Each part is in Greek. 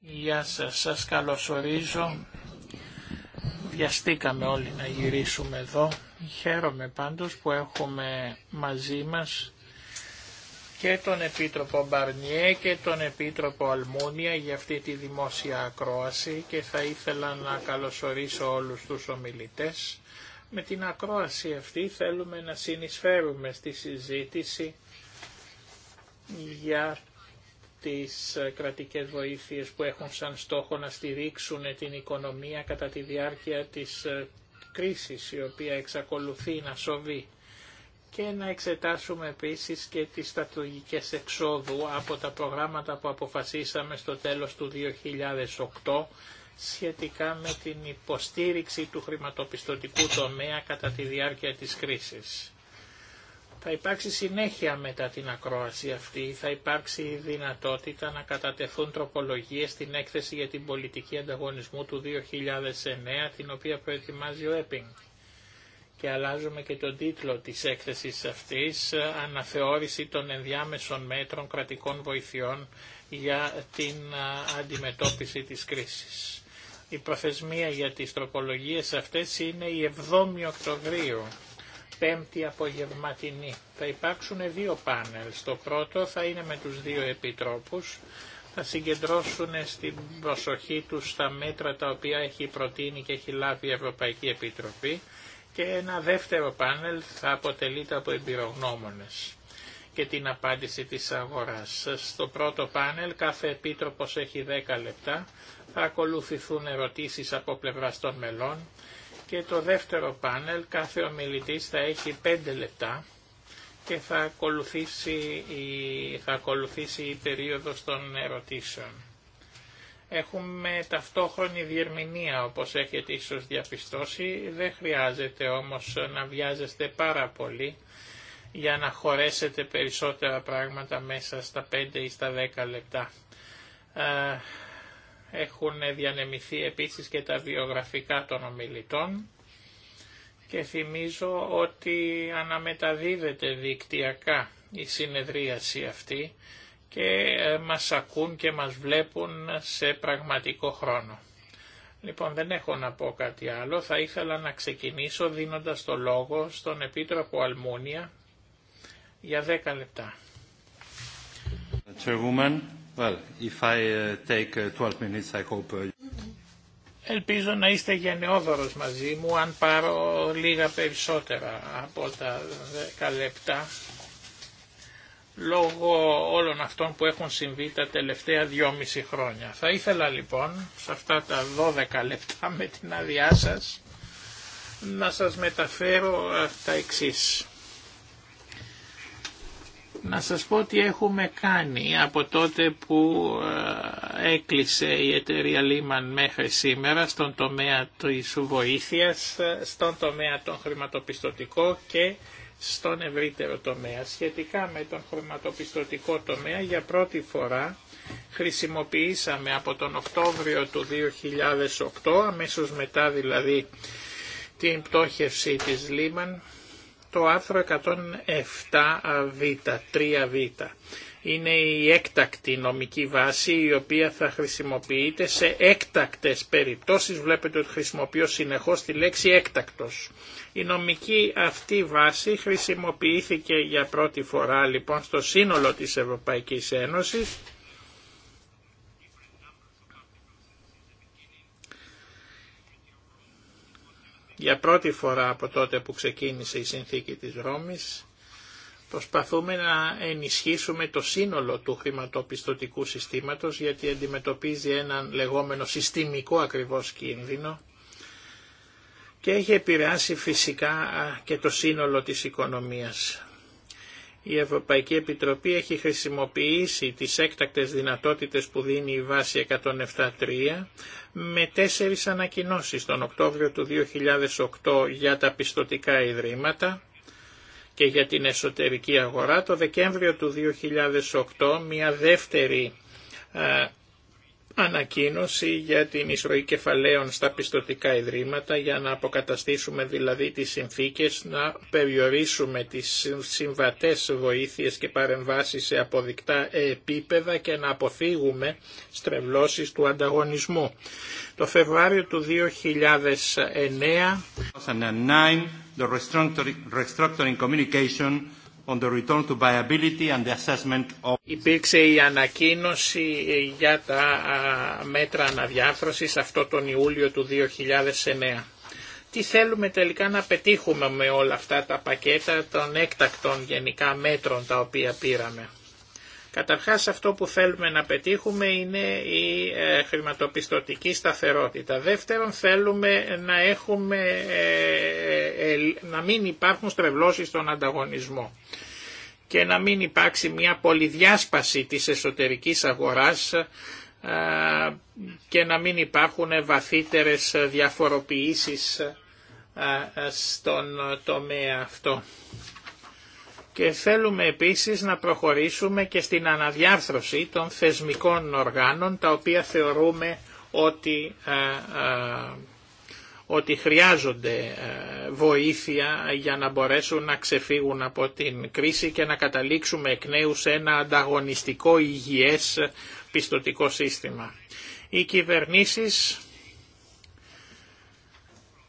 Γεια σας, σας καλωσορίζω. Βιαστήκαμε όλοι να γυρίσουμε εδώ. Χαίρομαι πάντως που έχουμε μαζί μας και τον Επίτροπο Μπαρνιέ και τον Επίτροπο Αλμούνια για αυτή τη δημόσια ακρόαση και θα ήθελα να καλωσορίσω όλους τους ομιλητές. Με την ακρόαση αυτή θέλουμε να συνεισφέρουμε στη συζήτηση για τις ε, κρατικές βοήθειες που έχουν σαν στόχο να στηρίξουν την οικονομία κατά τη διάρκεια της ε, κρίσης η οποία εξακολουθεί να σοβεί και να εξετάσουμε επίσης και τις στρατηγικές εξόδου από τα προγράμματα που αποφασίσαμε στο τέλος του 2008 σχετικά με την υποστήριξη του χρηματοπιστωτικού τομέα κατά τη διάρκεια της κρίσης. Θα υπάρξει συνέχεια μετά την ακρόαση αυτή, θα υπάρξει η δυνατότητα να κατατεθούν τροπολογίες στην έκθεση για την πολιτική ανταγωνισμού του 2009, την οποία προετοιμάζει ο Έπινγκ. Και αλλάζουμε και τον τίτλο της έκθεσης αυτής, αναθεώρηση των ενδιάμεσων μέτρων κρατικών βοηθειών για την αντιμετώπιση της κρίσης. Η προθεσμία για τις τροπολογίες αυτές είναι η 7η Οκτωβρίου πέμπτη απογευματινή. Θα υπάρξουν δύο πάνελ. Στο πρώτο θα είναι με τους δύο επιτρόπους. Θα συγκεντρώσουν στην προσοχή τους τα μέτρα τα οποία έχει προτείνει και έχει λάβει η Ευρωπαϊκή Επιτροπή και ένα δεύτερο πάνελ θα αποτελείται από εμπειρογνώμονες και την απάντηση της αγοράς. Στο πρώτο πάνελ κάθε επίτροπος έχει 10 λεπτά, θα ακολουθηθούν ερωτήσεις από πλευράς των μελών και το δεύτερο πάνελ, κάθε ομιλητής θα έχει 5 λεπτά και θα ακολουθήσει η, θα ακολουθήσει η περίοδος των ερωτήσεων. Έχουμε ταυτόχρονη διερμηνία όπως έχετε ίσως διαπιστώσει, δεν χρειάζεται όμως να βιάζεστε πάρα πολύ για να χωρέσετε περισσότερα πράγματα μέσα στα 5 ή στα 10 λεπτά. Ε, έχουν διανεμηθεί επίσης και τα βιογραφικά των ομιλητών και θυμίζω ότι αναμεταδίδεται δικτυακά η συνεδρίαση αυτή και ε, μας ακούν και μας βλέπουν σε πραγματικό χρόνο. Λοιπόν, δεν έχω να πω κάτι άλλο. Θα ήθελα να ξεκινήσω δίνοντας το λόγο στον Επίτροπο Αλμούνια για 10 λεπτά. Ελπίζω να είστε γενναιόδωρος μαζί μου, αν πάρω λίγα περισσότερα από τα 10 λεπτά, λόγω όλων αυτών που έχουν συμβεί τα τελευταία δυόμιση χρόνια. Θα ήθελα λοιπόν, σε αυτά τα 12 λεπτά με την άδειά σας, να σας μεταφέρω ε, τα εξής. Να σας πω τι έχουμε κάνει από τότε που ε, έκλεισε η εταιρεία Λίμαν μέχρι σήμερα στον τομέα της βοήθειας, στον τομέα των χρηματοπιστωτικών και στον ευρύτερο τομέα. Σχετικά με τον χρηματοπιστωτικό τομέα για πρώτη φορά χρησιμοποιήσαμε από τον Οκτώβριο του 2008, αμέσως μετά δηλαδή την πτώχευση της Λίμαν, το άρθρο 107β, 3β. Είναι η έκτακτη νομική βάση η οποία θα χρησιμοποιείται σε έκτακτες περιπτώσεις. Βλέπετε ότι χρησιμοποιώ συνεχώς τη λέξη έκτακτος. Η νομική αυτή βάση χρησιμοποιήθηκε για πρώτη φορά λοιπόν στο σύνολο της Ευρωπαϊκής Ένωσης Για πρώτη φορά από τότε που ξεκίνησε η συνθήκη της Ρώμης, προσπαθούμε να ενισχύσουμε το σύνολο του χρηματοπιστωτικού συστήματος, γιατί αντιμετωπίζει έναν λεγόμενο συστημικό ακριβώς κίνδυνο, και έχει επηρεάσει φυσικά και το σύνολο της οικονομίας η Ευρωπαϊκή Επιτροπή έχει χρησιμοποιήσει τις έκτακτες δυνατότητες που δίνει η βάση 107.3 με τέσσερις ανακοινώσεις τον Οκτώβριο του 2008 για τα πιστοτικά ιδρύματα και για την εσωτερική αγορά. Το Δεκέμβριο του 2008 μια δεύτερη ε, ανακοίνωση για την ισροή κεφαλαίων στα πιστοτικά ιδρύματα για να αποκαταστήσουμε δηλαδή τις συνθήκες, να περιορίσουμε τις συμβατές βοήθειες και παρεμβάσεις σε αποδεικτά επίπεδα και να αποφύγουμε στρεβλώσεις του ανταγωνισμού. Το Φεβρουάριο του 2009 the restructuring communication Υπήρξε η ανακοίνωση για τα μέτρα αναδιάρθρωσης αυτό τον Ιούλιο του 2009. Τι θέλουμε τελικά να πετύχουμε με όλα αυτά τα πακέτα των έκτακτων γενικά μέτρων τα οποία πήραμε. Καταρχάς αυτό που θέλουμε να πετύχουμε είναι η ε, χρηματοπιστωτική σταθερότητα. Δεύτερον θέλουμε να, έχουμε, ε, ε, να μην υπάρχουν στρεβλώσεις στον ανταγωνισμό και να μην υπάρξει μια πολυδιάσπαση της εσωτερικής αγοράς και να μην υπάρχουν βαθύτερες διαφοροποιήσεις στον τομέα αυτό και θέλουμε επίσης να προχωρήσουμε και στην αναδιάρθρωση των θεσμικών οργάνων τα οποία θεωρούμε ότι, ε, ε, ότι χρειάζονται ε, βοήθεια για να μπορέσουν να ξεφύγουν από την κρίση και να καταλήξουμε εκ νέου σε ένα ανταγωνιστικό υγιές πιστοτικό σύστημα. Οι κυβερνήσεις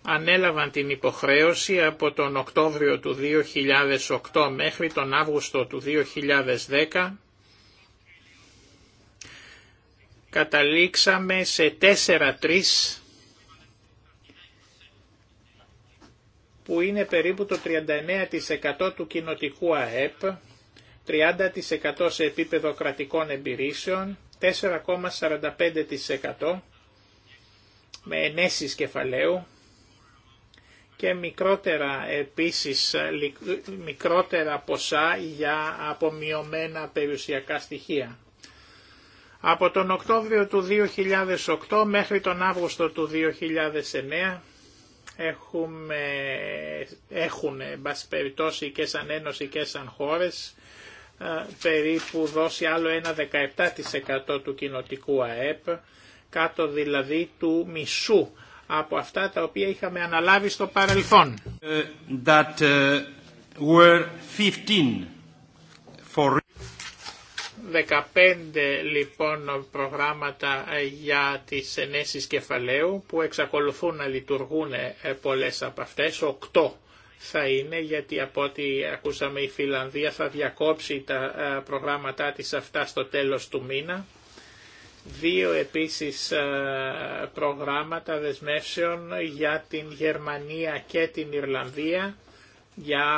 ανέλαβαν την υποχρέωση από τον Οκτώβριο του 2008 μέχρι τον Αύγουστο του 2010 καταλήξαμε σε 4-3 που είναι περίπου το 39% του κοινοτικού ΑΕΠ, 30% σε επίπεδο κρατικών εμπειρήσεων, 4,45% με ενέσεις κεφαλαίου, και μικρότερα επίσης μικρότερα ποσά για απομειωμένα περιουσιακά στοιχεία. Από τον Οκτώβριο του 2008 μέχρι τον Αύγουστο του 2009 έχουμε, έχουν περιπτώσει και σαν ένωση και σαν χώρες ε, περίπου δώσει άλλο ένα 17% του κοινοτικού ΑΕΠ κάτω δηλαδή του μισού από αυτά τα οποία είχαμε αναλάβει στο παρελθόν. Ε, that ε, were 15 for... 15 λοιπόν προγράμματα ε, για τις ενέσεις κεφαλαίου που εξακολουθούν να λειτουργούν πολλές από αυτές, οκτώ θα είναι γιατί από ό,τι ακούσαμε η Φιλανδία θα διακόψει τα προγράμματά της αυτά στο τέλος του μήνα δύο επίσης ε, προγράμματα δεσμεύσεων για την Γερμανία και την Ιρλανδία για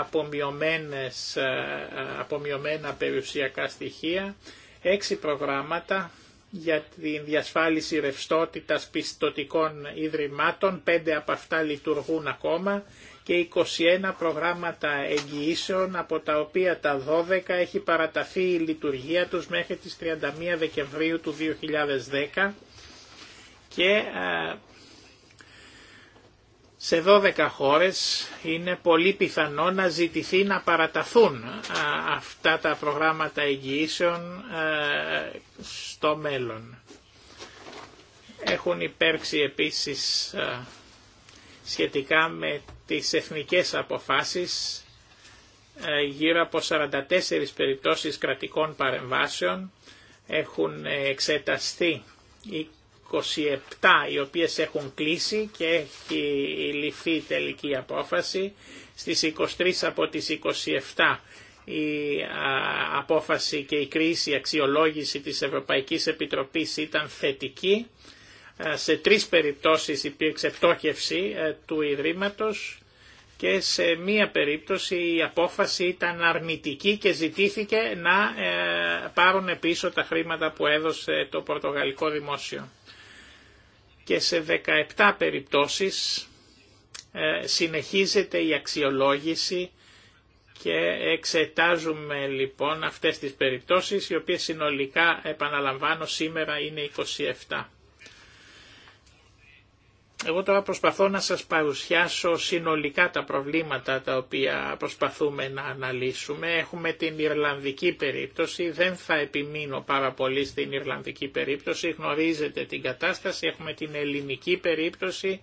απομειωμένα ε, περιουσιακά στοιχεία, έξι προγράμματα για την διασφάλιση ρευστότητας πιστοτικών ιδρυμάτων, πέντε από αυτά λειτουργούν ακόμα και 21 προγράμματα εγγυήσεων από τα οποία τα 12 έχει παραταθεί η λειτουργία τους μέχρι τις 31 Δεκεμβρίου του 2010 και σε 12 χώρες είναι πολύ πιθανό να ζητηθεί να παραταθούν αυτά τα προγράμματα εγγυήσεων στο μέλλον. Έχουν υπέρξει επίσης σχετικά με τις εθνικές αποφάσεις ε, γύρω από 44 περιπτώσεις κρατικών παρεμβάσεων έχουν ε, εξεταστεί 27 οι οποίες έχουν κλείσει και έχει ληφθεί τελική απόφαση. Στις 23 από τις 27 η απόφαση και η κρίση, η αξιολόγηση της Ευρωπαϊκής Επιτροπής ήταν θετική ε, σε τρεις περιπτώσεις υπήρξε πτώχευση ε, του Ιδρύματος και σε μία περίπτωση η απόφαση ήταν αρνητική και ζητήθηκε να ε, πάρουν πίσω τα χρήματα που έδωσε το Πορτογαλικό Δημόσιο. Και σε 17 περιπτώσεις συνεχίζεται η αξιολόγηση και εξετάζουμε λοιπόν αυτές τις περιπτώσεις οι οποίες συνολικά επαναλαμβάνω σήμερα είναι 27. Εγώ τώρα προσπαθώ να σας παρουσιάσω συνολικά τα προβλήματα τα οποία προσπαθούμε να αναλύσουμε. Έχουμε την Ιρλανδική περίπτωση, δεν θα επιμείνω πάρα πολύ στην Ιρλανδική περίπτωση, γνωρίζετε την κατάσταση, έχουμε την Ελληνική περίπτωση,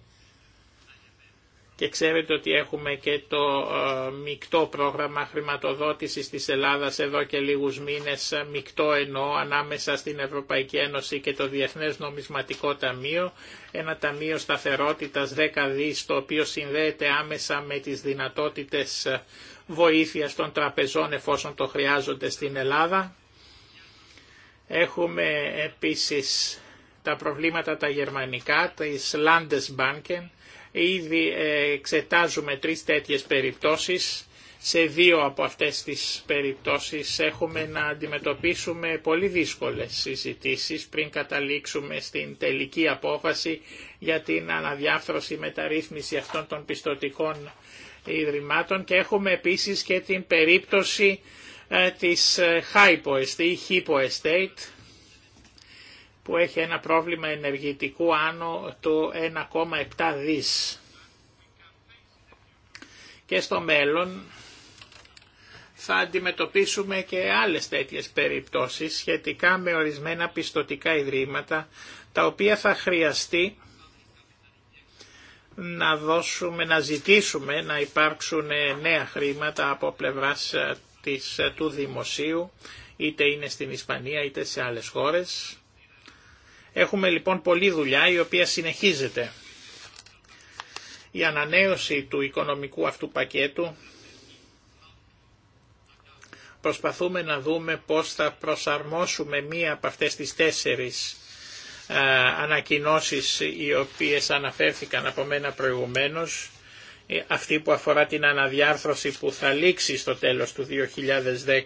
και ξέρετε ότι έχουμε και το ε, μεικτό πρόγραμμα χρηματοδότησης της Ελλάδας εδώ και λίγους μήνες, ε, μεικτό εννοώ ανάμεσα στην Ευρωπαϊκή Ένωση και το Διεθνές Νομισματικό Ταμείο, ένα ταμείο σταθερότητας 10 δις, το οποίο συνδέεται άμεσα με τις δυνατότητες ε, βοήθειας των τραπεζών εφόσον το χρειάζονται στην Ελλάδα. Έχουμε επίσης τα προβλήματα τα γερμανικά, τις Landesbanken, Ήδη ε, εξετάζουμε τρεις τέτοιες περιπτώσεις. Σε δύο από αυτές τις περιπτώσεις έχουμε να αντιμετωπίσουμε πολύ δύσκολες συζητήσεις πριν καταλήξουμε στην τελική απόφαση για την αναδιάφθρωση μεταρρύθμιση αυτών των πιστοτικών ιδρυμάτων και έχουμε επίσης και την περίπτωση ε, της ε, HIPO Estate, Estate που έχει ένα πρόβλημα ενεργητικού άνω του 1,7 δις. Και στο μέλλον θα αντιμετωπίσουμε και άλλες τέτοιες περιπτώσεις σχετικά με ορισμένα πιστοτικά ιδρύματα τα οποία θα χρειαστεί να, δώσουμε, να ζητήσουμε να υπάρξουν νέα χρήματα από πλευράς ε, της, ε, του δημοσίου είτε είναι στην Ισπανία είτε σε άλλες χώρες Έχουμε λοιπόν πολλή δουλειά η οποία συνεχίζεται. Η ανανέωση του οικονομικού αυτού πακέτου προσπαθούμε να δούμε πώς θα προσαρμόσουμε μία από αυτές τις τέσσερις ε, ανακοινώσεις οι οποίες αναφέρθηκαν από μένα προηγουμένως ε, αυτή που αφορά την αναδιάρθρωση που θα λήξει στο τέλος του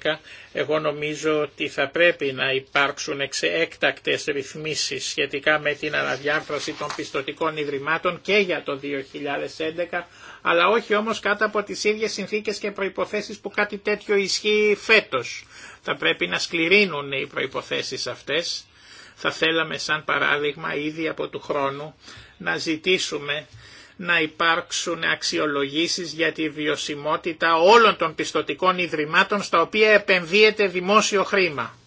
2010, εγώ νομίζω ότι θα πρέπει να υπάρξουν εξέκτακτες ρυθμίσεις σχετικά με την αναδιάρθρωση των πιστοτικών ιδρυμάτων και για το 2011, αλλά όχι όμως κάτω από τις ίδιες συνθήκες και προϋποθέσεις που κάτι τέτοιο ισχύει φέτος. Θα πρέπει να σκληρύνουν οι προϋποθέσεις αυτές. Θα θέλαμε σαν παράδειγμα ήδη από του χρόνου να ζητήσουμε να υπάρξουν αξιολογήσεις για τη βιωσιμότητα όλων των πιστοτικών ιδρυμάτων στα οποία επενδύεται δημόσιο χρήμα.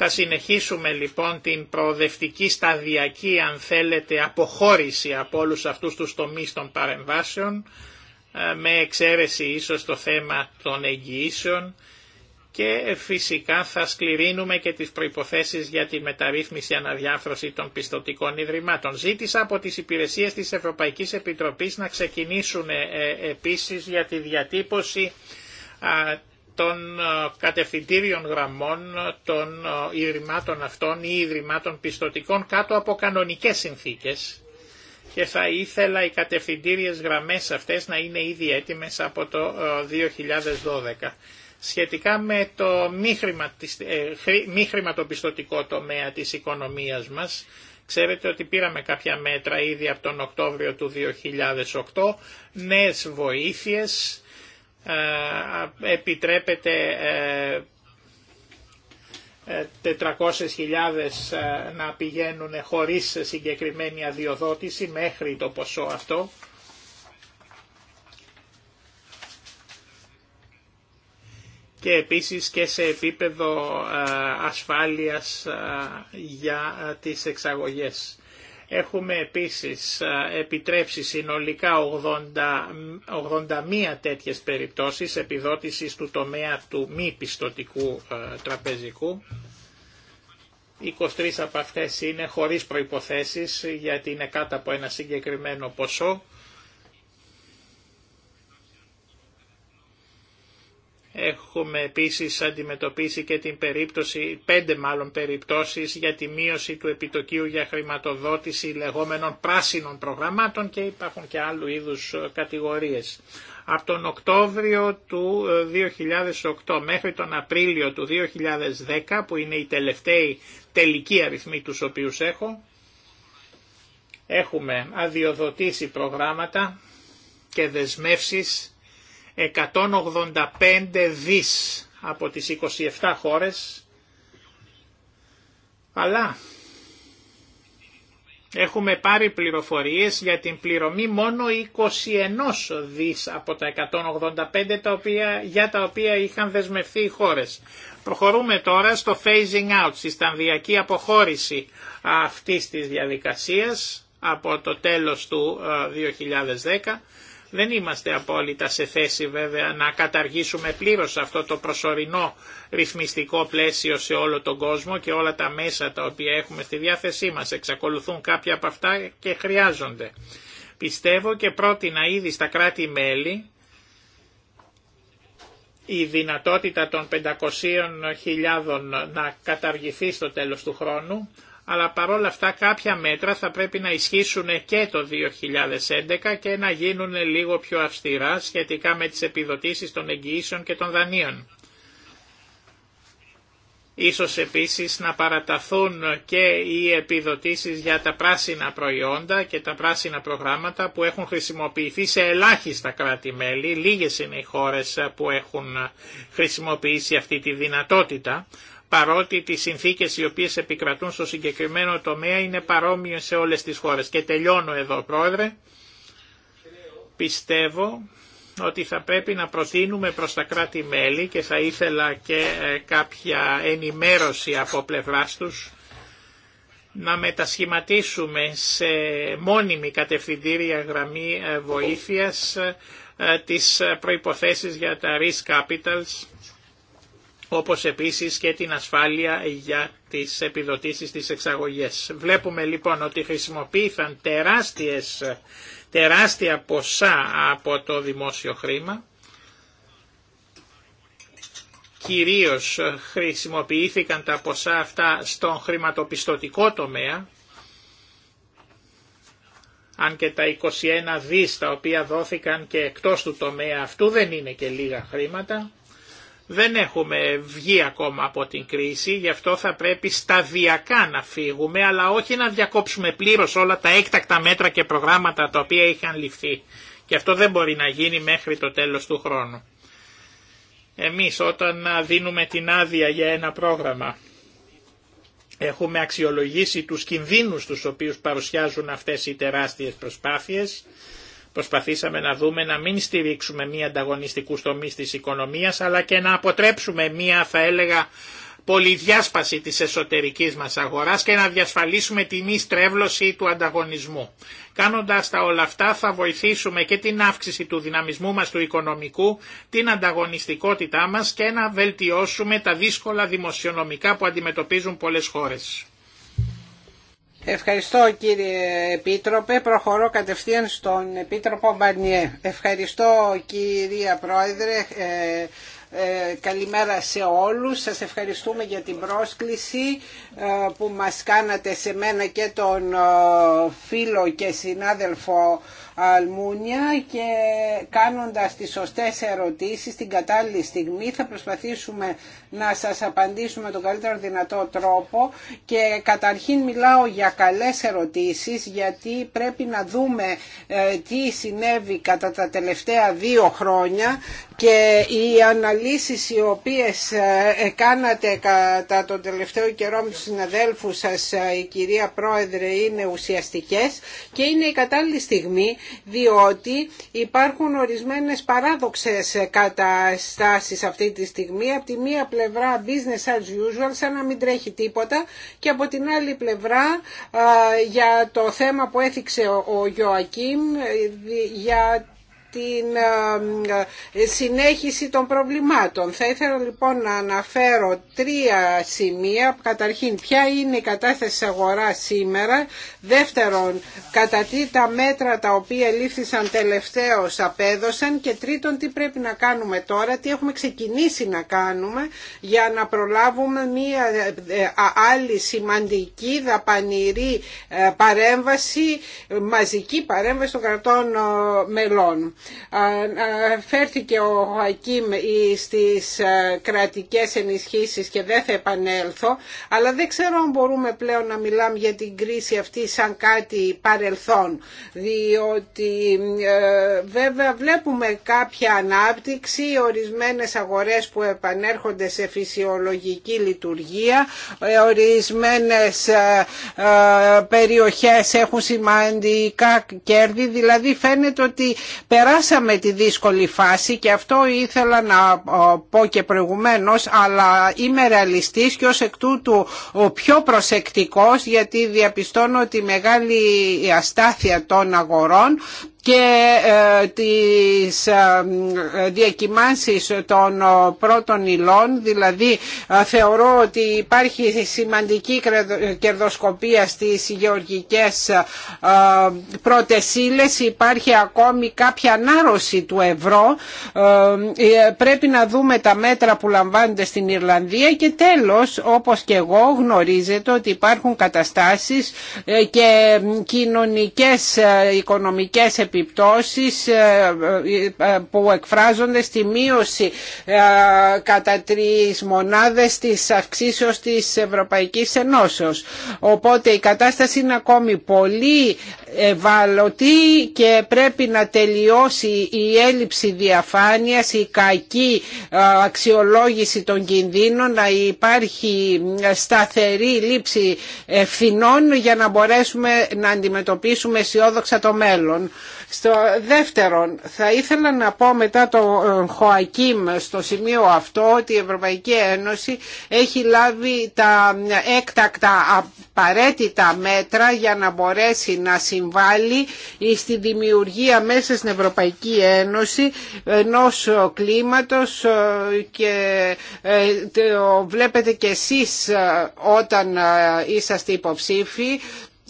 Θα συνεχίσουμε λοιπόν την προοδευτική σταδιακή αν θέλετε αποχώρηση από όλους αυτούς τους τομείς των παρεμβάσεων ε, με εξαίρεση ίσως το θέμα των εγγυήσεων και ε, φυσικά θα σκληρύνουμε και τις προϋποθέσεις για τη μεταρρύθμιση αναδιάφρωση των πιστοτικών ιδρυμάτων. Ζήτησα από τις υπηρεσίες της Ευρωπαϊκής Επιτροπής να ξεκινήσουν ε, ε, επίσης για τη διατύπωση των κατευθυντήριων γραμμών των ιδρυμάτων αυτών ή ιδρυμάτων πιστοτικών κάτω από κανονικές συνθήκες και θα ήθελα οι κατευθυντήριες γραμμές αυτές να είναι ήδη έτοιμες από το 2012 σχετικά με το ε, μη χρηματοπιστωτικό τομέα της οικονομίας μας. Ξέρετε ότι πήραμε κάποια μέτρα ήδη από τον Οκτώβριο του 2008, νέες βοήθειες, ε, επιτρέπεται 400.000 ε, να πηγαίνουν χωρίς συγκεκριμένη αδειοδότηση μέχρι το ποσό αυτό και επίσης και σε επίπεδο ε, ασφάλειας ε, για ε, τις εξαγωγές. Έχουμε επίσης επιτρέψει συνολικά 80, 81 τέτοιες περιπτώσεις επιδότησης του τομέα του μη πιστοτικού τραπεζικού. 23 από αυτές είναι χωρίς προϋποθέσεις γιατί είναι κάτω από ένα συγκεκριμένο ποσό Έχουμε επίσης αντιμετωπίσει και την περίπτωση, πέντε μάλλον περιπτώσεις για τη μείωση του επιτοκίου για χρηματοδότηση λεγόμενων πράσινων προγραμμάτων και υπάρχουν και άλλου είδους ε, κατηγορίες. Από τον Οκτώβριο του 2008 ε, μέχρι τον Απρίλιο του 2010 που είναι η τελευταία τελική αριθμή τους οποίους έχω, έχουμε αδειοδοτήσει προγράμματα και δεσμεύσεις 185 δις από τις 27 χώρες, αλλά έχουμε πάρει πληροφορίες για την πληρωμή μόνο 21 δις από τα 185 τα οποία, για τα οποία είχαν δεσμευθεί οι χώρες. Προχωρούμε τώρα στο phasing out, στη στανδιακή αποχώρηση αυτής της διαδικασίας από το τέλος του 2010 ε, δεν είμαστε απόλυτα σε θέση βέβαια να καταργήσουμε πλήρως αυτό το προσωρινό ρυθμιστικό πλαίσιο σε όλο τον κόσμο και όλα τα μέσα τα οποία έχουμε στη διάθεσή μας. Εξακολουθούν κάποια από αυτά και χρειάζονται. Πιστεύω και πρότεινα ήδη στα κράτη-μέλη η δυνατότητα των 500.000 να καταργηθεί στο τέλος του χρόνου, αλλά παρόλα αυτά κάποια μέτρα θα πρέπει να ισχύσουν και το 2011 και να γίνουν λίγο πιο αυστηρά σχετικά με τις επιδοτήσεις των εγγυήσεων και των δανείων. Ίσως επίσης να παραταθούν και οι επιδοτήσεις για τα πράσινα προϊόντα και τα πράσινα προγράμματα που έχουν χρησιμοποιηθεί σε ελάχιστα κράτη-μέλη. Λίγες είναι οι χώρες που έχουν χρησιμοποιήσει αυτή τη δυνατότητα, παρότι τις συνθήκες οι οποίες επικρατούν στο συγκεκριμένο τομέα είναι παρόμοιες σε όλες τις χώρες. Και τελειώνω εδώ πρόεδρε, πιστεύω ότι θα πρέπει να προτείνουμε προς τα κράτη-μέλη και θα ήθελα και ε, κάποια ενημέρωση από πλευράς τους να μετασχηματίσουμε σε μόνιμη κατευθυντήρια γραμμή ε, βοήθειας ε, τις προϋποθέσεις για τα risk capitals όπως επίσης και την ασφάλεια για τις επιδοτήσεις της εξαγωγές. Βλέπουμε λοιπόν ότι χρησιμοποίηθαν τεράστιες, τεράστια ποσά από το δημόσιο χρήμα, κυρίως χρησιμοποιήθηκαν τα ποσά αυτά στον χρηματοπιστωτικό τομέα, αν και τα 21 δις τα οποία δόθηκαν και εκτός του τομέα αυτού δεν είναι και λίγα χρήματα, δεν έχουμε βγει ακόμα από την κρίση, γι' αυτό θα πρέπει σταδιακά να φύγουμε, αλλά όχι να διακόψουμε πλήρως όλα τα έκτακτα μέτρα και προγράμματα τα οποία είχαν ληφθεί. Και αυτό δεν μπορεί να γίνει μέχρι το τέλος του χρόνου. Εμείς όταν δίνουμε την άδεια για ένα πρόγραμμα, έχουμε αξιολογήσει τους κινδύνους τους οποίους παρουσιάζουν αυτές οι τεράστιες προσπάθειες, Προσπαθήσαμε να δούμε να μην στηρίξουμε μία ανταγωνιστικού τομεί της οικονομίας αλλά και να αποτρέψουμε μία θα έλεγα πολυδιάσπαση της εσωτερικής μας αγοράς και να διασφαλίσουμε τη μη στρέβλωση του ανταγωνισμού. Κάνοντας τα όλα αυτά θα βοηθήσουμε και την αύξηση του δυναμισμού μας του οικονομικού, την ανταγωνιστικότητά μας και να βελτιώσουμε τα δύσκολα δημοσιονομικά που αντιμετωπίζουν πολλές χώρες. Ευχαριστώ κύριε Επίτροπε. Προχωρώ κατευθείαν στον Επίτροπο Μπαρνιέ. Ευχαριστώ κυρία Πρόεδρε. Ε, ε, καλημέρα σε όλους. Σας ευχαριστούμε για την πρόσκληση ε, που μας κάνατε σε μένα και τον φίλο και συνάδελφο Αλμούνια και κάνοντας τις σωστές ερωτήσεις την κατάλληλη στιγμή θα προσπαθήσουμε να σας απαντήσουμε με τον καλύτερο δυνατό τρόπο και καταρχήν μιλάω για καλές ερωτήσεις γιατί πρέπει να δούμε ε, τι συνέβη κατά τα τελευταία δύο χρόνια και οι αναλύσεις οι οποίες ε, κάνατε κατά τον τελευταίο καιρό με τους συναδέλφους σας ε, η κυρία Πρόεδρε είναι ουσιαστικές και είναι η κατάλληλη στιγμή διότι υπάρχουν ορισμένες παράδοξες καταστάσεις αυτή τη στιγμή από τη μία πλευρά business as usual, σαν να μην τρέχει τίποτα και από την άλλη πλευρά για το θέμα που έθιξε ο Γιωακίμ, ε, για την ε, ε, συνέχιση των προβλημάτων. Θα ήθελα λοιπόν να αναφέρω τρία σημεία. Καταρχήν, ποια είναι η κατάσταση αγορά σήμερα. Δεύτερον, κατά τι τα μέτρα τα οποία λήφθησαν τελευταίως απέδωσαν. Και τρίτον, τι πρέπει να κάνουμε τώρα, τι έχουμε ξεκινήσει να κάνουμε για να προλάβουμε μία ε, άλλη σημαντική δαπανηρή παρέμβαση, μαζική παρέμβαση των κρατών μελών. Φέρθηκε ο Χακίμ στις ε, κρατικές ενισχύσεις και δεν θα επανέλθω, αλλά δεν ξέρω αν μπορούμε πλέον να μιλάμε για την κρίση αυτή σαν κάτι παρελθόν, διότι ε, βέβαια βλέπουμε κάποια ανάπτυξη, ορισμένες αγορές που επανέρχονται σε φυσιολογική λειτουργία, ε, ορισμένες περιοχές έχουν σημαντικά κέρδη, δηλαδή φαίνεται ότι περάσαμε τη δύσκολη φάση και αυτό ήθελα να ε, πω και προηγουμένως αλλά είμαι ρεαλιστής και ως εκ τούτου ο πιο προσεκτικός γιατί διαπιστώνω τη μεγάλη αστάθεια των αγορών και ε, τις ε, διακοιμάνσεις των ε, πρώτων υλών δηλαδή θεωρώ ότι υπάρχει σημαντική κερδοσκοπία στις γεωργικές πρώτες ύλες υπάρχει ακόμη κάποια ανάρρωση του ευρώ πρέπει να δούμε τα μέτρα που λαμβάνονται στην Ιρλανδία και τέλος όπως και εγώ γνωρίζετε ότι υπάρχουν καταστάσεις και κοινωνικές οικονομικές επιπτώσεις ε, ε, που εκφράζονται στη μείωση ε, κατά τρεις μονάδες της αυξήσεως της Ευρωπαϊκής Ενώσεως. Οπότε η κατάσταση είναι ακόμη πολύ ευάλωτη και πρέπει να τελειώσει η έλλειψη διαφάνειας, η κακή αξιολόγηση των κινδύνων, να υπάρχει σταθερή λήψη ευθυνών για να μπορέσουμε να αντιμετωπίσουμε αισιόδοξα το μέλλον. Στο δεύτερον, θα ήθελα να πω μετά το ε, Χοακίμ στο σημείο αυτό ότι η Ευρωπαϊκή Ένωση έχει λάβει τα έκτακτα απαραίτητα μέτρα για να μπορέσει να συμβάλλει στη δημιουργία μέσα στην Ευρωπαϊκή Ένωση ενός κλίματος ε, και ε, βλέπετε και εσείς όταν είσαστε υποψήφοι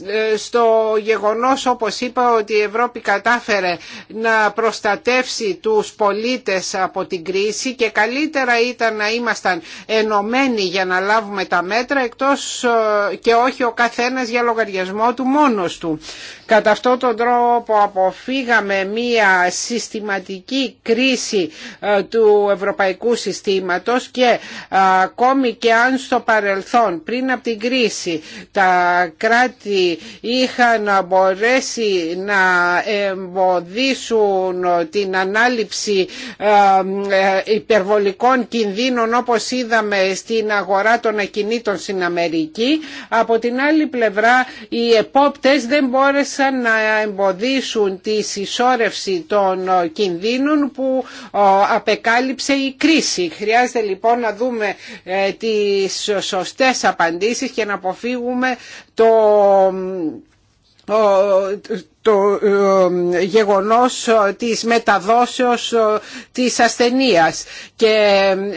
ε, στο γεγονός όπως είπα ότι η Ευρώπη κατάφερε να προστατεύσει τους πολίτες από την κρίση και καλύτερα ήταν να ήμασταν ενωμένοι για να λάβουμε τα μέτρα εκτός ε, και όχι ο καθένας για λογαριασμό του μόνος του. Κατά αυτόν τον τρόπο αποφύγαμε μία συστηματική κρίση ε, του ευρωπαϊκού συστήματος και ακόμη και αν στο παρελθόν πριν από την κρίση τα κράτη είχαν μπορέσει να εμποδίσουν την ανάληψη ε, ε, υπερβολικών κινδύνων όπως είδαμε στην αγορά των ακινήτων στην Αμερική. Από την άλλη πλευρά οι επόπτες δεν μπόρεσαν να εμποδίσουν τη συσσόρευση των κινδύνων που ε, απεκάλυψε η κρίση. Χρειάζεται λοιπόν να δούμε τις σωστές απαντήσεις και να αποφύγουμε το το ε, γεγονός ε, της μεταδόσεως ε, της ασθενείας και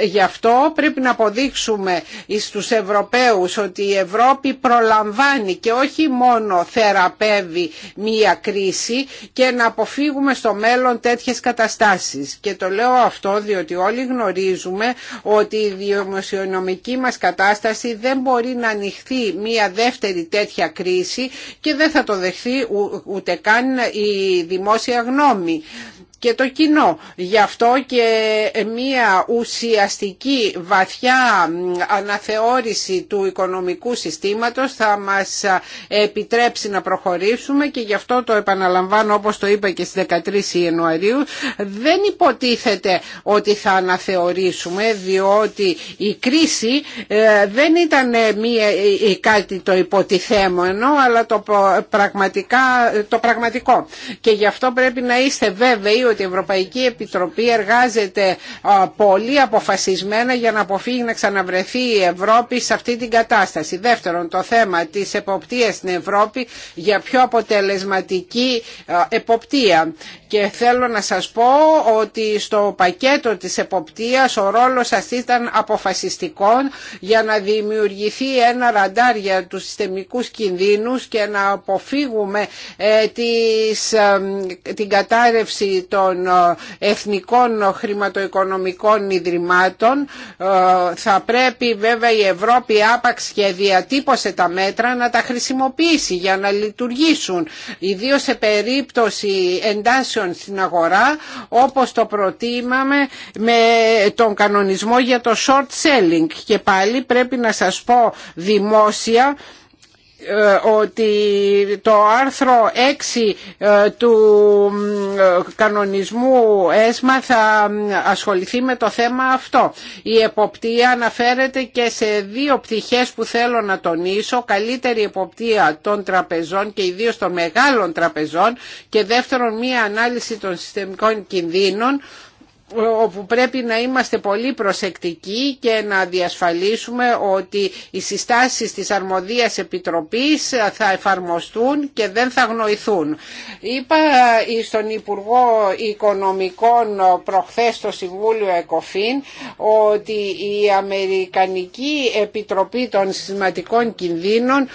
γι' αυτό πρέπει να αποδείξουμε στους Ευρωπαίους ότι η Ευρώπη προλαμβάνει και όχι μόνο θεραπεύει μία κρίση και να αποφύγουμε στο μέλλον τέτοιες καταστάσεις και το λέω αυτό διότι όλοι γνωρίζουμε ότι η δημοσιονομική μας κατάσταση δεν μπορεί να ανοιχθεί μία δεύτερη τέτοια κρίση και δεν θα το δεχθεί ούτε καν η δημόσια γνώμη και το κοινό. Γι' αυτό και μία ουσιαστική βαθιά αναθεώρηση του οικονομικού συστήματος θα μας επιτρέψει να προχωρήσουμε και γι' αυτό το επαναλαμβάνω όπως το είπα και στις 13 Ιανουαρίου δεν υποτίθεται ότι θα αναθεωρήσουμε διότι η κρίση ε, δεν ήταν ε, μία, ε, κάτι το υποτιθέμενο αλλά το, πραγματικά, το πραγματικό και γι' αυτό πρέπει να είστε βέβαιοι ότι η Ευρωπαϊκή Επιτροπή εργάζεται πολύ αποφασισμένα για να αποφύγει να ξαναβρεθεί η Ευρώπη σε αυτή την κατάσταση. Δεύτερον, το θέμα της εποπτείας στην Ευρώπη για πιο αποτελεσματική εποπτεία. Και θέλω να σας πω ότι στο πακέτο της εποπτείας ο ρόλος σας ήταν αποφασιστικών για να δημιουργηθεί ένα ραντάρ για τους συστημικούς κινδύνους και να αποφύγουμε ε, ε, την κατάρρευση των των ε, εθνικών χρηματοοικονομικών ιδρυμάτων. Ε, θα πρέπει βέβαια η Ευρώπη άπαξ και διατύπωσε τα μέτρα να τα χρησιμοποιήσει για να λειτουργήσουν. Ιδίω σε περίπτωση εντάσεων στην αγορά όπως το προτίμαμε με τον κανονισμό για το short selling. Και πάλι πρέπει να σας πω δημόσια ε, ότι το άρθρο 6 ε, του ε, κανονισμού ΕΣΜΑ θα ασχοληθεί με το θέμα αυτό. Η εποπτεία αναφέρεται και σε δύο πτυχές που θέλω να τονίσω. Καλύτερη εποπτεία των τραπεζών και ιδίως των μεγάλων τραπεζών και δεύτερον μία ανάλυση των συστημικών κινδύνων όπου πρέπει να είμαστε πολύ προσεκτικοί και να διασφαλίσουμε ότι οι συστάσεις της αρμοδίας επιτροπής θα εφαρμοστούν και δεν θα γνωηθούν. Είπα στον Υπουργό Οικονομικών προχθές στο Συμβούλιο ΕΚΟΦΗΝ ότι η Αμερικανική Επιτροπή των Συστηματικών Κινδύνων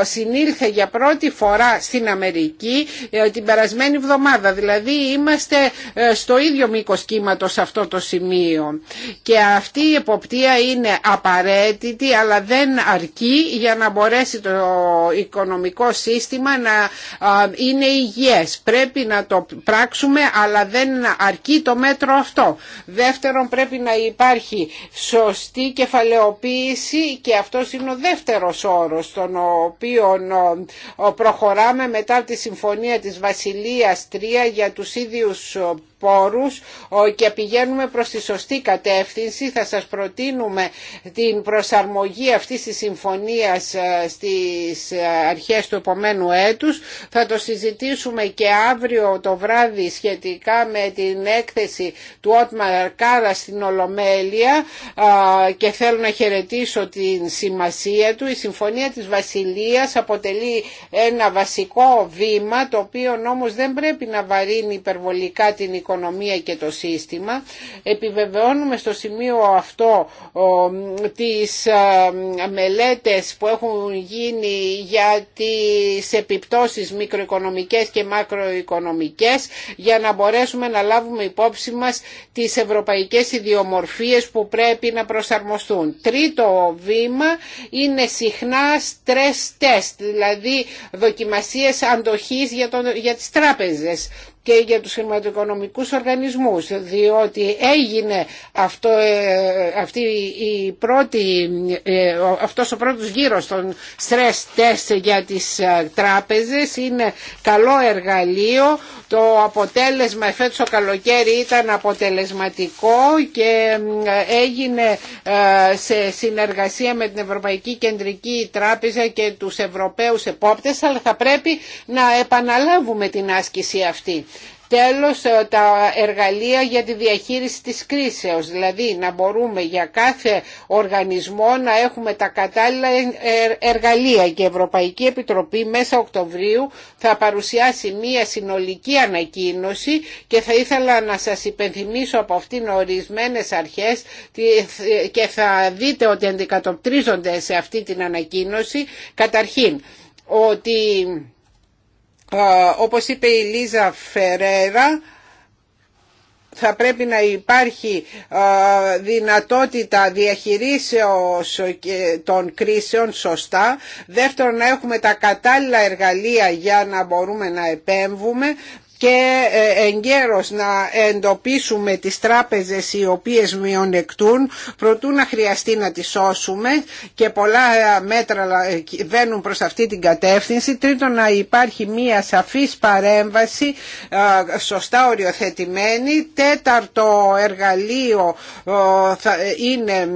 ε, συνήλθε για πρώτη φορά στην Αμερική ε, την περασμένη εβδομάδα. Δηλαδή είμαστε ε, στο ίδιο μήκος κύματος σε αυτό το σημείο. Και αυτή η εποπτεία είναι απαραίτητη αλλά δεν αρκεί για να μπορέσει το οικονομικό σύστημα να είναι υγιές. Πρέπει να το πράξουμε αλλά δεν αρκεί το μέτρο αυτό. Δεύτερον πρέπει να υπάρχει σωστή κεφαλαιοποίηση και αυτός είναι ο δεύτερος όρος τον οποίο προχωράμε μετά τη συμφωνία της Βασιλείας 3 για τους ίδιους πόρους και πηγαίνουμε προς τη σωστή κατεύθυνση. Θα σας προτείνουμε την προσαρμογή αυτής της συμφωνίας ε, στις ε, αρχές του επομένου έτους. Θα το συζητήσουμε και αύριο το βράδυ σχετικά με την έκθεση του Ότμαρ Κάρα στην Ολομέλεια ε, και θέλω να χαιρετήσω την σημασία του. Η Συμφωνία της Βασιλείας αποτελεί ένα βασικό βήμα το οποίο όμως δεν πρέπει να βαρύνει υπερβολικά την οικονομία οικονομία και το σύστημα. Επιβεβαιώνουμε στο σημείο αυτό τις ε, μελέτες που έχουν γίνει για τις επιπτώσεις μικροοικονομικές και μακροοικονομικές για να μπορέσουμε να λάβουμε υπόψη μας τις ευρωπαϊκές ιδιομορφίες που πρέπει να προσαρμοστούν. Τρίτο βήμα είναι συχνά stress test, δηλαδή δοκιμασίες αντοχής για, τον, για τις τράπεζες και για τους χρηματοοικονομικούς οργανισμούς διότι έγινε αυτό, ε, αυτή η πρώτη, ε, αυτός ο πρώτος γύρος των stress test για τις ε, τράπεζες είναι καλό εργαλείο το αποτέλεσμα φέτος το καλοκαίρι ήταν αποτελεσματικό και έγινε ε, σε συνεργασία με την Ευρωπαϊκή Κεντρική Τράπεζα και τους Ευρωπαίους επόπτες αλλά θα πρέπει να επαναλάβουμε την άσκηση αυτή. Τέλος, ε, τα εργαλεία για τη διαχείριση της κρίσεως, δηλαδή να μπορούμε για κάθε οργανισμό να έχουμε τα κατάλληλα ε, εργαλεία και η Ευρωπαϊκή Επιτροπή μέσα Οκτωβρίου θα παρουσιάσει μία συνολική ανακοίνωση και θα ήθελα να σας υπενθυμίσω από αυτήν ορισμένες αρχές και θα δείτε ότι αντικατοπτρίζονται σε αυτή την ανακοίνωση. Καταρχήν, ότι όπως είπε η Λίζα Φερέρα, θα πρέπει να υπάρχει δυνατότητα διαχειρίσεως των κρίσεων σωστά. Δεύτερον, να έχουμε τα κατάλληλα εργαλεία για να μπορούμε να επέμβουμε και ε, εγκαίρως να εντοπίσουμε τις τράπεζες οι οποίες μειονεκτούν προτού να χρειαστεί να τις σώσουμε και πολλά ε, μέτρα ε, βαίνουν προς αυτή την κατεύθυνση. Τρίτον να υπάρχει μία σαφής παρέμβαση σωστά οριοθετημένη. Τέταρτο εργαλείο θα, είναι,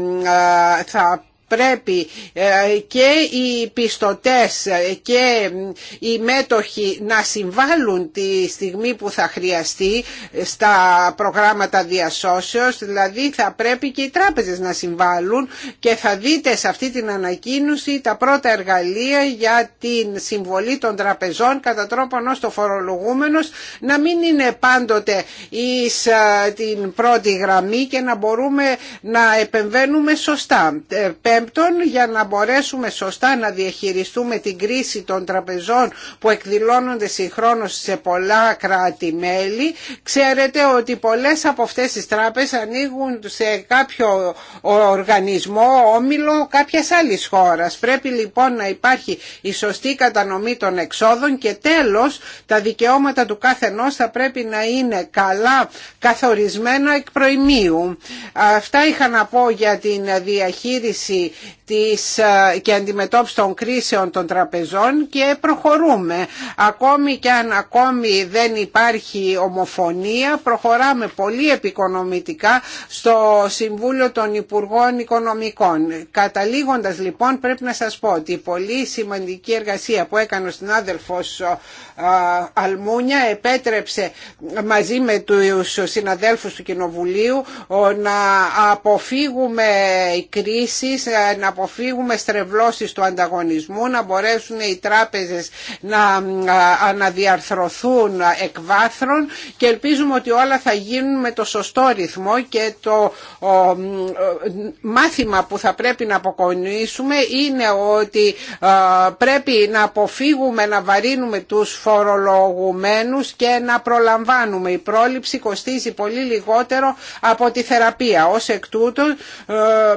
θα πρέπει ε, και οι πιστωτές και ε, οι μέτοχοι να συμβάλλουν τη στιγμή που θα χρειαστεί στα προγράμματα διασώσεως, δηλαδή θα πρέπει και οι τράπεζες να συμβάλλουν και θα δείτε σε αυτή την ανακοίνωση τα πρώτα εργαλεία για την συμβολή των τραπεζών κατά τρόπον ως το φορολογούμενος να μην είναι πάντοτε εις ε, την πρώτη γραμμή και να μπορούμε να επεμβαίνουμε σωστά για να μπορέσουμε σωστά να διαχειριστούμε την κρίση των τραπεζών που εκδηλώνονται συγχρόνως σε πολλά κράτη-μέλη, ξέρετε ότι πολλές από αυτές τις τράπεζες ανοίγουν σε κάποιο οργανισμό, όμιλο κάποια άλλης χώρας. Πρέπει λοιπόν να υπάρχει η σωστή κατανομή των εξόδων και τέλος τα δικαιώματα του καθενός θα πρέπει να είναι καλά καθορισμένα εκ προημίου. Αυτά είχα να πω για την διαχείριση της, και αντιμετώπιση των κρίσεων των τραπεζών και προχωρούμε. Ακόμη και αν ακόμη δεν υπάρχει ομοφωνία, προχωράμε πολύ επικονομητικά στο Συμβούλιο των Υπουργών Οικονομικών. Καταλήγοντας λοιπόν πρέπει να σας πω ότι η πολύ σημαντική εργασία που έκανε ο συνάδελφος Αλμούνια επέτρεψε μαζί με τους συναδέλφους του Κοινοβουλίου να αποφύγουμε κρίσεις, ε, να αποφύγουμε στρεβλώσεις του ανταγωνισμού, να μπορέσουν οι τράπεζες να ε, αναδιαρθρωθούν εκ βάθρων και ελπίζουμε ότι όλα θα γίνουν με το σωστό ρυθμό και το ε, μάθημα που θα πρέπει να αποκονίσουμε είναι ότι πρέπει να αποφύγουμε να βαρύνουμε τους φορολογουμένους και να προλαμβάνουμε. Η πρόληψη κοστίζει πολύ λιγότερο από τη θεραπεία. Ως εκ τούτου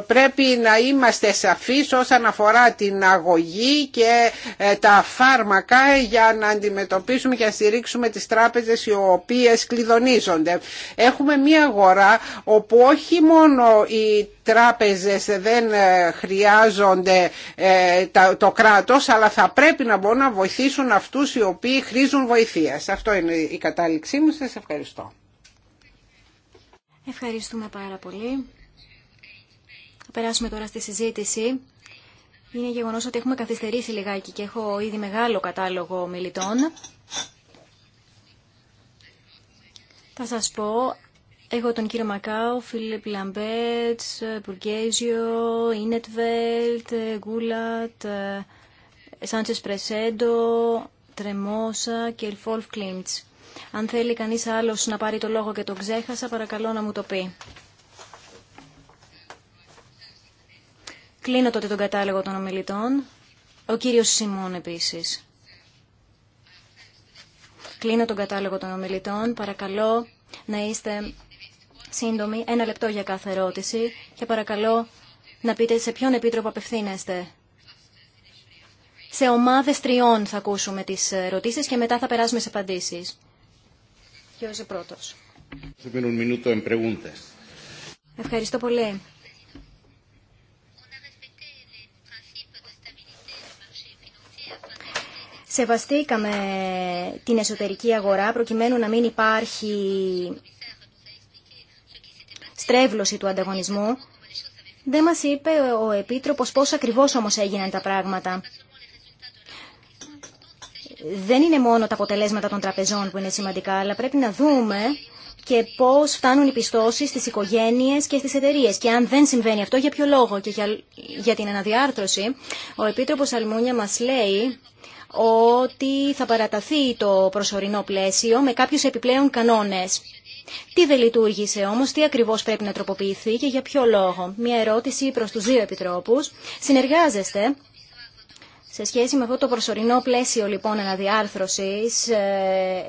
πρέπει να είμαστε είμαστε σαφείς όσον αφορά την αγωγή και ε, τα φάρμακα για να αντιμετωπίσουμε και να στηρίξουμε τις τράπεζες οι οποίες κλειδονίζονται. Έχουμε μία αγορά όπου όχι μόνο οι τράπεζες δεν ε, χρειάζονται ε, το κράτος αλλά θα πρέπει να μπορούν να βοηθήσουν αυτούς οι οποίοι χρήζουν βοηθείας. Αυτό είναι η κατάληξή μου. Σας ευχαριστώ. Ευχαριστούμε πάρα πολύ περάσουμε τώρα στη συζήτηση. Είναι γεγονό ότι έχουμε καθυστερήσει λιγάκι και έχω ήδη μεγάλο κατάλογο μιλητών. Θα σας πω, έχω τον κύριο Μακάου, Φίλιπ Λαμπέτ, Μπουργκέζιο, Ίνετβελτ, Γκούλατ, Σάντσες Πρεσέντο, Τρεμόσα και Φόλφ Κλίντς. Αν θέλει κανείς άλλος να πάρει το λόγο και το ξέχασα, παρακαλώ να μου το πει. Κλείνω τότε τον κατάλογο των ομιλητών. Ο κύριος Σιμών επίσης. Κλείνω τον κατάλογο των ομιλητών. Παρακαλώ να είστε σύντομοι, ένα λεπτό για κάθε ερώτηση και παρακαλώ να πείτε σε ποιον επίτροπο απευθύνεστε. Σε ομάδες τριών θα ακούσουμε τις ερωτήσεις και μετά θα περάσουμε σε απαντήσεις. Ποιος είναι πρώτος. Ευχαριστώ πολύ. Σεβαστήκαμε την εσωτερική αγορά προκειμένου να μην υπάρχει στρέβλωση του ανταγωνισμού. Δεν μας είπε ο Επίτροπος πώς ακριβώς όμως έγιναν τα πράγματα. Δεν είναι μόνο τα αποτελέσματα των τραπεζών που είναι σημαντικά, αλλά πρέπει να δούμε και πώς φτάνουν οι πιστώσεις στις οικογένειες και στις εταιρείες. Και αν δεν συμβαίνει αυτό, για ποιο λόγο και για, για την αναδιάρθρωση. Ο Επίτροπος Αλμούνια μας λέει ότι θα παραταθεί το προσωρινό πλαίσιο με κάποιους επιπλέον κανόνες. Τι δεν λειτουργήσε όμως, τι ακριβώς πρέπει να τροποποιηθεί και για ποιο λόγο. Μία ερώτηση προς τους δύο επιτρόπους. Συνεργάζεστε σε σχέση με αυτό το προσωρινό πλαίσιο λοιπόν αναδιάρθρωσης, ε,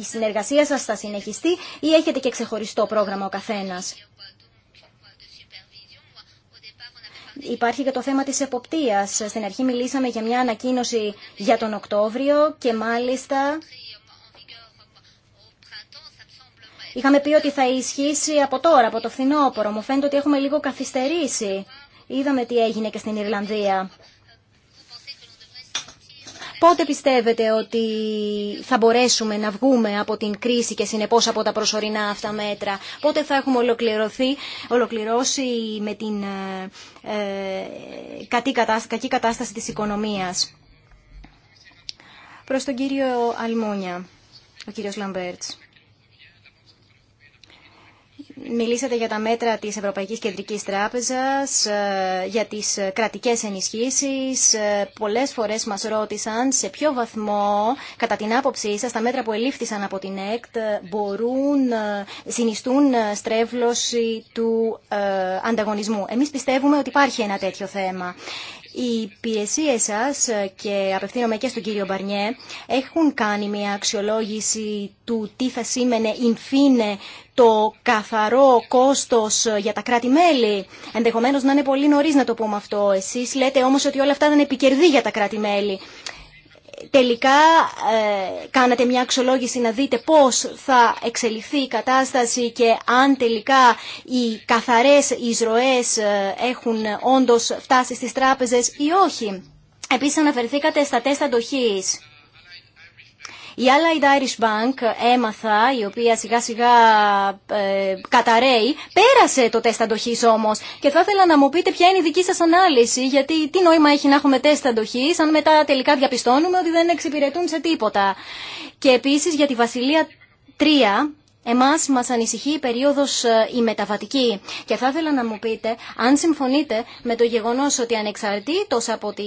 η συνεργασία σας θα συνεχιστεί ή έχετε και ξεχωριστό πρόγραμμα ο καθένας. υπάρχει και το θέμα της εποπτείας. Στην αρχή μιλήσαμε για μια ανακοίνωση για τον Οκτώβριο και μάλιστα είχαμε πει ότι θα ισχύσει από τώρα, από το φθινόπωρο. Μου φαίνεται ότι έχουμε λίγο καθυστερήσει. Είδαμε τι έγινε και στην Ιρλανδία. Πότε πιστεύετε ότι θα μπορέσουμε να βγούμε από την κρίση και συνεπώς από τα προσωρινά αυτά μέτρα. Πότε θα έχουμε ολοκληρωθεί, ολοκληρώσει με την ε, ε κακή κατάσταση της οικονομίας. Προς τον κύριο Αλμόνια, ο κύριος Λαμπέρτς. Μιλήσατε για τα μέτρα της Ευρωπαϊκής Κεντρικής Τράπεζας, ε, για τις ε, κρατικές ενισχύσεις. Ε, πολλές φορές μας ρώτησαν σε ποιο βαθμό, κατά την άποψή σας, τα μέτρα που ελήφθησαν από την ΕΚΤ μπορούν, συνιστούν στρέβλωση του ανταγωνισμού. Εμείς πιστεύουμε ότι υπάρχει ένα τέτοιο θέμα. Οι υπηρεσίε σα και απευθύνομαι και στον κύριο Μπαρνιέ έχουν κάνει μια αξιολόγηση του τι θα σήμαινε in fine το καθαρό κόστο για τα κράτη-μέλη. Ενδεχομένω να είναι πολύ νωρί να το πούμε αυτό. εσεί. λέτε όμω ότι όλα αυτά δεν επικερδεί για τα κράτη-μέλη τελικά ε, κάνατε μια αξιολόγηση να δείτε πώς θα εξελιχθεί η κατάσταση και αν τελικά οι καθαρές εισρωές ε, έχουν όντως φτάσει στις τράπεζες ή όχι. Επίσης αναφερθήκατε στα τεστ αντοχής. Η Allied Irish Bank, έμαθα, η οποία σιγά σιγά ε, καταραίει, πέρασε το τεστ αντοχή όμω. Και θα ήθελα να μου πείτε ποια είναι η δική σα ανάλυση, γιατί τι νόημα έχει να έχουμε τεστ αντοχή, αν μετά τελικά διαπιστώνουμε ότι δεν εξυπηρετούν σε τίποτα. Και επίση για τη Βασιλεία 3, Εμάς μας ανησυχεί η περίοδος ε, η μεταβατική και θα ήθελα να μου πείτε αν συμφωνείτε με το γεγονός ότι ανεξαρτήτως από τη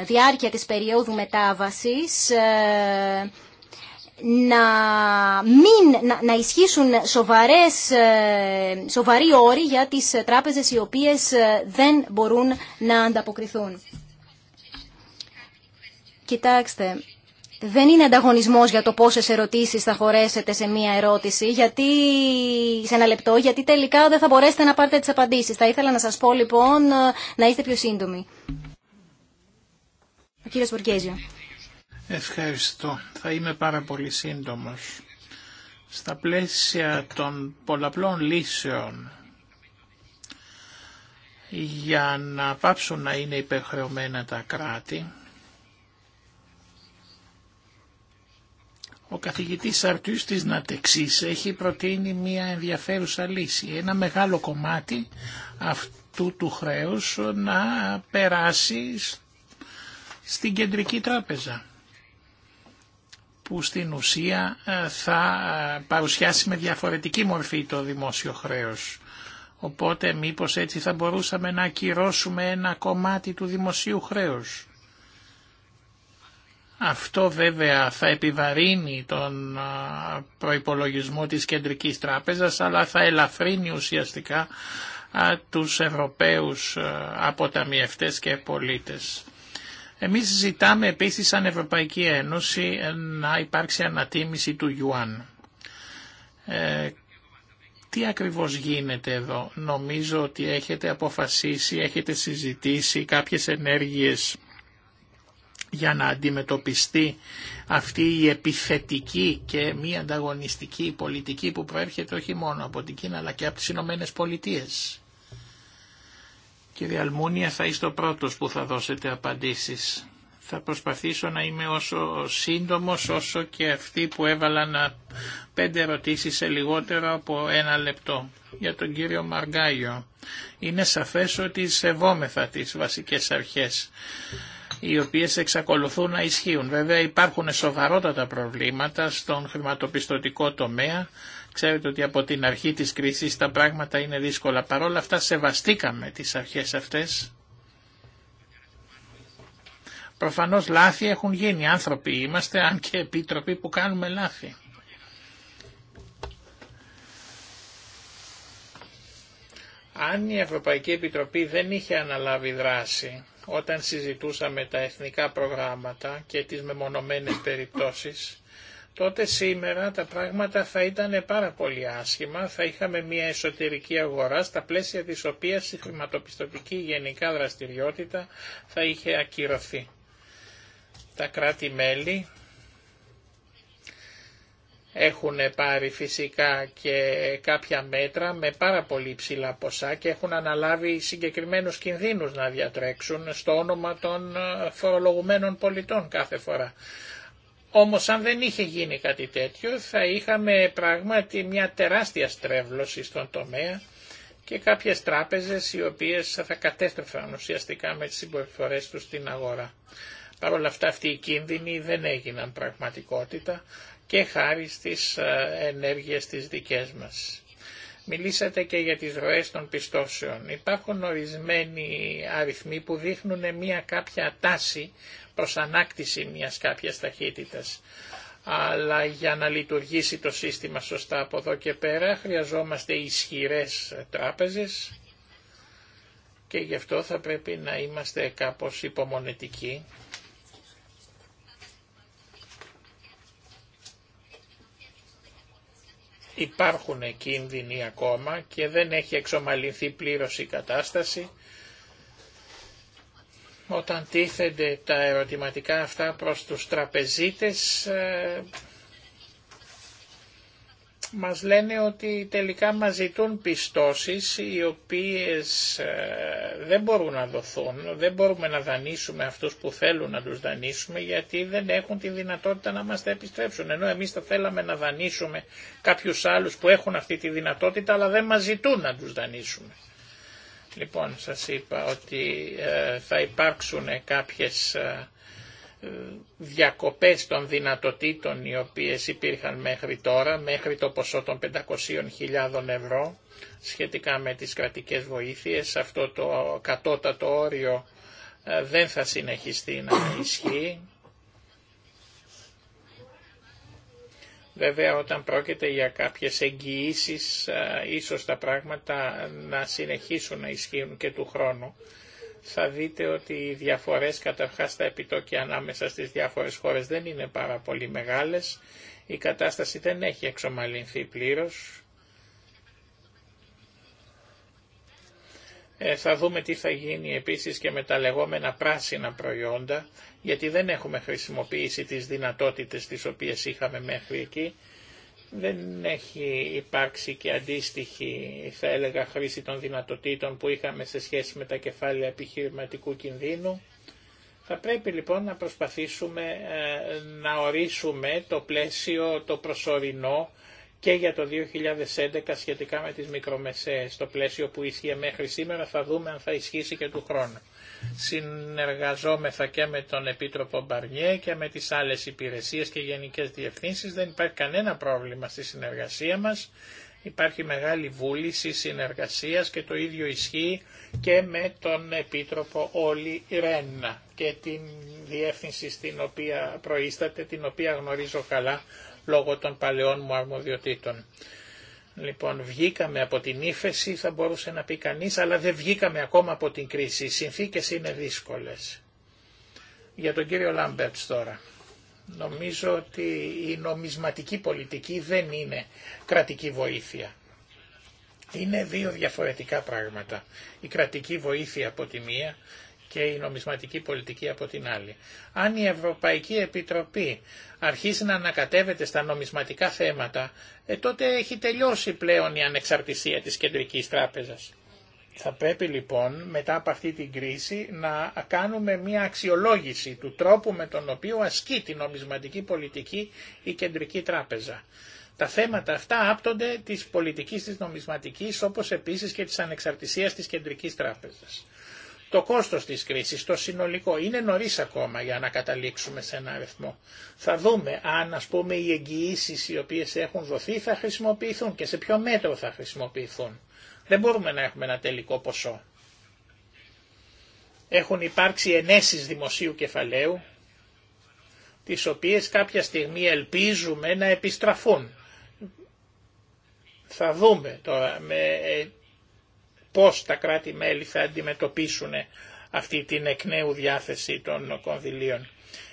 ε, διάρκεια της περίοδου μετάβασης ε, να, μην, να, ισχύσουν σοβαρές, ε, σοβαροί όροι για τις τράπεζες οι οποίες ε, δεν μπορούν να ανταποκριθούν. Κοιτάξτε, δεν είναι ανταγωνισμός για το πόσε ερωτήσεις θα χωρέσετε σε μία ερώτηση, γιατί, σε ένα λεπτό, γιατί τελικά δεν θα μπορέσετε να πάρετε τις απαντήσεις. Θα ήθελα να σας πω λοιπόν ε, να είστε πιο σύντομοι. Ο κύριος Ευχαριστώ. Θα είμαι πάρα πολύ σύντομος. Στα πλαίσια των πολλαπλών λύσεων για να πάψουν να είναι υπερχρεωμένα τα κράτη, Ο καθηγητής Αρτούς της Νατεξής έχει προτείνει μια ενδιαφέρουσα λύση. Ένα μεγάλο κομμάτι αυτού του χρέους να περάσει στην κεντρική τράπεζα που στην ουσία ε, θα ε, παρουσιάσει με διαφορετική μορφή το δημόσιο χρέος. Οπότε μήπως έτσι θα μπορούσαμε να ακυρώσουμε ένα κομμάτι του δημοσίου χρέους. Αυτό βέβαια θα επιβαρύνει τον ε, προϋπολογισμό της Κεντρικής Τράπεζας αλλά θα ελαφρύνει ουσιαστικά τους Ευρωπαίους αποταμιευτές και πολίτες. Εμείς ζητάμε επίσης σαν Ευρωπαϊκή Ένωση να υπάρξει ανατίμηση του Ιουάν. Ε, τι ακριβώς γίνεται εδώ. Νομίζω ότι έχετε αποφασίσει, έχετε συζητήσει κάποιες ενέργειες για να αντιμετωπιστεί αυτή η επιθετική και μη ανταγωνιστική πολιτική που προέρχεται όχι μόνο από την Κίνα αλλά και από τις Ηνωμένε Πολιτείες. Κύριε Αλμούνια, θα είστε ο πρώτος που θα δώσετε απαντήσεις. Θα προσπαθήσω να είμαι όσο σύντομος όσο και αυτοί που έβαλαν πέντε ερωτήσεις σε λιγότερο από ένα λεπτό. Για τον κύριο Μαργκάγιο, είναι σαφές ότι σεβόμεθα τις βασικές αρχές οι οποίες εξακολουθούν να ισχύουν. Βέβαια υπάρχουν σοβαρότατα προβλήματα στον χρηματοπιστωτικό τομέα Ξέρετε ότι από την αρχή της κρίσης τα πράγματα είναι δύσκολα. Παρ' όλα αυτά σεβαστήκαμε τις αρχές αυτές. Προφανώς λάθη έχουν γίνει. Άνθρωποι είμαστε, αν και επίτροποι που κάνουμε λάθη. Αν η Ευρωπαϊκή Επιτροπή δεν είχε αναλάβει δράση όταν συζητούσαμε τα εθνικά προγράμματα και τις μεμονωμένες περιπτώσεις, τότε σήμερα τα πράγματα θα ήταν πάρα πολύ άσχημα, θα είχαμε μια εσωτερική αγορά στα πλαίσια της οποίας η χρηματοπιστωτική γενικά δραστηριότητα θα είχε ακυρωθεί. Τα κράτη-μέλη έχουν πάρει φυσικά και κάποια μέτρα με πάρα πολύ ψηλά ποσά και έχουν αναλάβει συγκεκριμένους κινδύνους να διατρέξουν στο όνομα των φορολογουμένων πολιτών κάθε φορά. Όμως αν δεν είχε γίνει κάτι τέτοιο θα είχαμε πράγματι μια τεράστια στρέβλωση στον τομέα και κάποιες τράπεζες οι οποίες θα κατέστρεφαν ουσιαστικά με τις συμπεριφορές τους στην αγορά. Παρ' όλα αυτά αυτοί οι κίνδυνοι δεν έγιναν πραγματικότητα και χάρη στις ε, ενέργειες τις δικές μας. Μιλήσατε και για τις ροές των πιστώσεων. Υπάρχουν ορισμένοι αριθμοί που δείχνουν μια κάποια τάση προς ανάκτηση μιας κάποιας ταχύτητας. Αλλά για να λειτουργήσει το σύστημα σωστά από εδώ και πέρα χρειαζόμαστε ισχυρές τράπεζες και γι' αυτό θα πρέπει να είμαστε κάπως υπομονετικοί. Υπάρχουν κίνδυνοι ακόμα και δεν έχει εξομαλυνθεί πλήρως η κατάσταση όταν τίθενται τα ερωτηματικά αυτά προς τους τραπεζίτες, ε, μας λένε ότι τελικά μας ζητούν πιστώσεις οι οποίες ε, δεν μπορούν να δοθούν, δεν μπορούμε να δανείσουμε αυτούς που θέλουν να τους δανείσουμε γιατί δεν έχουν τη δυνατότητα να μας τα επιστρέψουν. Ενώ εμείς θα θέλαμε να δανείσουμε κάποιους άλλους που έχουν αυτή τη δυνατότητα αλλά δεν μας ζητούν να τους δανείσουμε. Λοιπόν, σας είπα ότι ε, θα υπάρξουν κάποιες ε, διακοπές των δυνατοτήτων οι οποίες υπήρχαν μέχρι τώρα, μέχρι το ποσό των 500.000 ευρώ σχετικά με τις κρατικές βοήθειες. Αυτό το κατώτατο όριο ε, δεν θα συνεχιστεί να ισχύει. Βέβαια όταν πρόκειται για κάποιες εγγυήσει ίσως τα πράγματα να συνεχίσουν να ισχύουν και του χρόνου. Θα δείτε ότι οι διαφορές καταρχάς στα επιτόκια ανάμεσα στις διάφορες χώρες δεν είναι πάρα πολύ μεγάλες. Η κατάσταση δεν έχει εξομαλυνθεί πλήρως. Ε, θα δούμε τι θα γίνει επίσης και με τα λεγόμενα πράσινα προϊόντα γιατί δεν έχουμε χρησιμοποιήσει τις δυνατότητες τις οποίες είχαμε μέχρι εκεί. Δεν έχει υπάρξει και αντίστοιχη, θα έλεγα, χρήση των δυνατοτήτων που είχαμε σε σχέση με τα κεφάλαια επιχειρηματικού κινδύνου. Θα πρέπει λοιπόν να προσπαθήσουμε ε, να ορίσουμε το πλαίσιο, το προσωρινό και για το 2011 σχετικά με τις μικρομεσαίες. Το πλαίσιο που ισχύει μέχρι σήμερα θα δούμε αν θα ισχύσει και του χρόνου συνεργαζόμεθα και με τον Επίτροπο Μπαρνιέ και με τις άλλες υπηρεσίες και γενικές διευθύνσεις. Δεν υπάρχει κανένα πρόβλημα στη συνεργασία μας. Υπάρχει μεγάλη βούληση συνεργασίας και το ίδιο ισχύει και με τον Επίτροπο Όλη Ρένα και την διεύθυνση στην οποία προείσταται, την οποία γνωρίζω καλά λόγω των παλαιών μου αρμοδιοτήτων. Λοιπόν, βγήκαμε από την ύφεση, θα μπορούσε να πει κανείς, αλλά δεν βγήκαμε ακόμα από την κρίση. Οι συνθήκες είναι δύσκολες. Για τον κύριο Λάμπερτς τώρα. Νομίζω ότι η νομισματική πολιτική δεν είναι κρατική βοήθεια. Είναι δύο διαφορετικά πράγματα. Η κρατική βοήθεια από τη μία και η νομισματική πολιτική από την άλλη. Αν η Ευρωπαϊκή Επιτροπή αρχίσει να ανακατεύεται στα νομισματικά θέματα, ε, τότε έχει τελειώσει πλέον η ανεξαρτησία της Κεντρικής Τράπεζας. Θα πρέπει λοιπόν μετά από αυτή την κρίση να κάνουμε μια αξιολόγηση του τρόπου με τον οποίο ασκεί την νομισματική πολιτική η Κεντρική Τράπεζα. Τα θέματα αυτά άπτονται της πολιτικής της νομισματικής όπως επίσης και της ανεξαρτησίας της Κεντρικής Τράπεζας το κόστος της κρίσης, το συνολικό. Είναι νωρίς ακόμα για να καταλήξουμε σε ένα αριθμό. Θα δούμε αν ας πούμε οι εγγυήσει οι οποίες έχουν δοθεί θα χρησιμοποιηθούν και σε ποιο μέτρο θα χρησιμοποιηθούν. Δεν μπορούμε να έχουμε ένα τελικό ποσό. Έχουν υπάρξει ενέσεις δημοσίου κεφαλαίου, τις οποίες κάποια στιγμή ελπίζουμε να επιστραφούν. Θα δούμε τώρα με ε, πώς τα κράτη-μέλη θα αντιμετωπίσουν αυτή την εκ νέου διάθεση των κονδυλίων.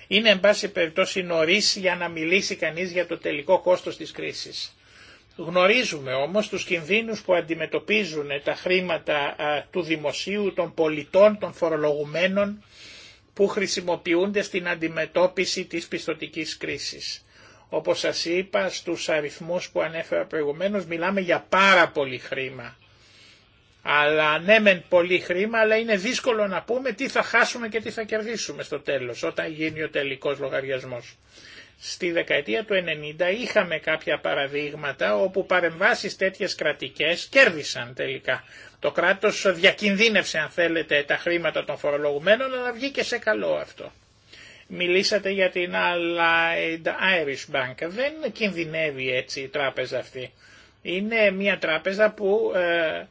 Είναι εν πάση περιπτώσει νωρί για να μιλήσει κανείς για το τελικό κόστος της κρίσης. Γνωρίζουμε όμως τους κινδύνους που αντιμετωπίζουν τα χρήματα του δημοσίου, των πολιτών, των φορολογουμένων που χρησιμοποιούνται στην αντιμετώπιση της πιστοτικής κρίσης. Όπως σας είπα στους αριθμούς που ανέφερα προηγουμένως μιλάμε για πάρα πολύ χρήμα αλλά ναι μεν πολύ χρήμα, αλλά είναι δύσκολο να πούμε τι θα χάσουμε και τι θα κερδίσουμε στο τέλος, όταν γίνει ο τελικός λογαριασμός. Στη δεκαετία του 90 είχαμε κάποια παραδείγματα όπου παρεμβάσεις τέτοιες κρατικές κέρδισαν τελικά. Το κράτος διακινδύνευσε αν θέλετε τα χρήματα των φορολογουμένων αλλά βγήκε σε καλό αυτό. Μιλήσατε για την Irish Bank. Δεν κινδυνεύει έτσι η τράπεζα αυτή. Είναι μια τράπεζα που ε,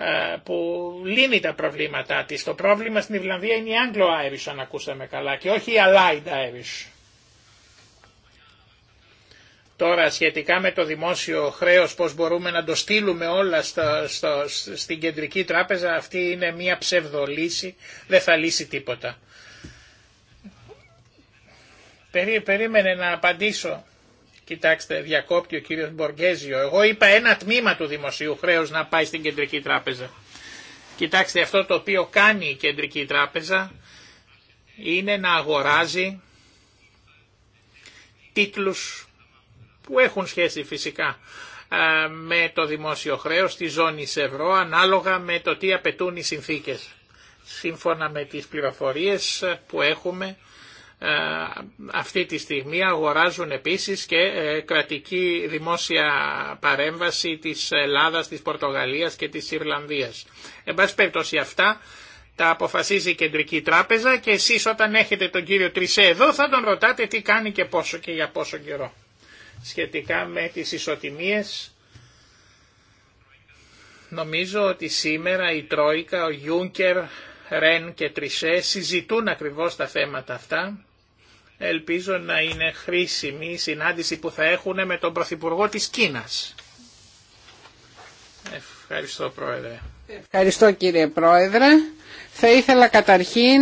ε, που λύνει τα προβλήματά της. Το πρόβλημα στην Ιρλανδία είναι η Anglo-Irish αν ακούσαμε καλά και όχι η Allied Irish. Τώρα σχετικά με το δημόσιο χρέος πώς μπορούμε να το στείλουμε όλα στο, στην κεντρική τράπεζα αυτή είναι μια ψευδολύση, δεν θα λύσει τίποτα. Περί, περίμενε να απαντήσω Κοιτάξτε, διακόπτει ο κύριος Μποργέζιο. Εγώ είπα ένα τμήμα του δημοσίου χρέους να πάει στην Κεντρική Τράπεζα. Κοιτάξτε, αυτό το οποίο κάνει η Κεντρική Τράπεζα είναι να αγοράζει τίτλους που έχουν σχέση φυσικά με το δημόσιο χρέος τη ζώνη ευρώ ανάλογα με το τι απαιτούν οι συνθήκες. Σύμφωνα με τις πληροφορίες που έχουμε ε, αυτή τη στιγμή αγοράζουν επίσης και ε, κρατική δημόσια παρέμβαση της Ελλάδας, της Πορτογαλίας και της Ιρλανδίας. Εν πάση περιπτώσει αυτά τα αποφασίζει η Κεντρική Τράπεζα και εσείς όταν έχετε τον κύριο Τρισέ εδώ θα τον ρωτάτε τι κάνει και πόσο και για πόσο καιρό σχετικά με τις ισοτιμίες. Νομίζω ότι σήμερα η Τρόικα, ο Γιούνκερ, Ρεν και Τρισέ συζητούν ακριβώς τα θέματα αυτά Ελπίζω να είναι χρήσιμη η συνάντηση που θα έχουν με τον Πρωθυπουργό της Κίνας. Ευχαριστώ Πρόεδρε. Ευχαριστώ κύριε Πρόεδρε. Θα ήθελα καταρχήν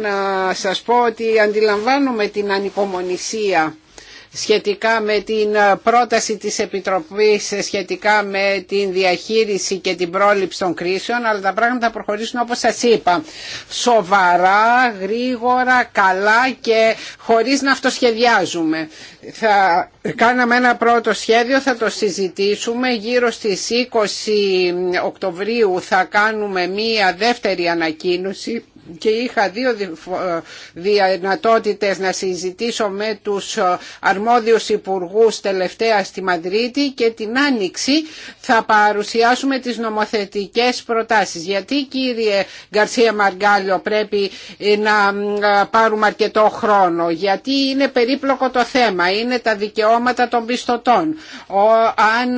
να σας πω ότι αντιλαμβάνουμε την ανυπομονησία σχετικά με την ε, πρόταση της Επιτροπής ε, σχετικά με την διαχείριση και την πρόληψη των κρίσεων αλλά τα πράγματα θα προχωρήσουν όπως σας είπα σοβαρά, γρήγορα, καλά και χωρίς να αυτοσχεδιάζουμε. Θα κάναμε ένα πρώτο σχέδιο, θα το συζητήσουμε γύρω στις 20 Οκτωβρίου θα κάνουμε μία δεύτερη ανακοίνωση και είχα δύο ε, δυνατότητε να συζητήσω με τους ε, αρμόδιους υπουργούς τελευταία στη Μαδρίτη και την Άνοιξη θα παρουσιάσουμε τις νομοθετικές προτάσεις. Γιατί κύριε Γκαρσία Μαργκάλιο πρέπει ε, να πάρουμε αρκετό χρόνο, γιατί είναι περίπλοκο το θέμα, είναι τα δικαιώματα των πιστωτών. αν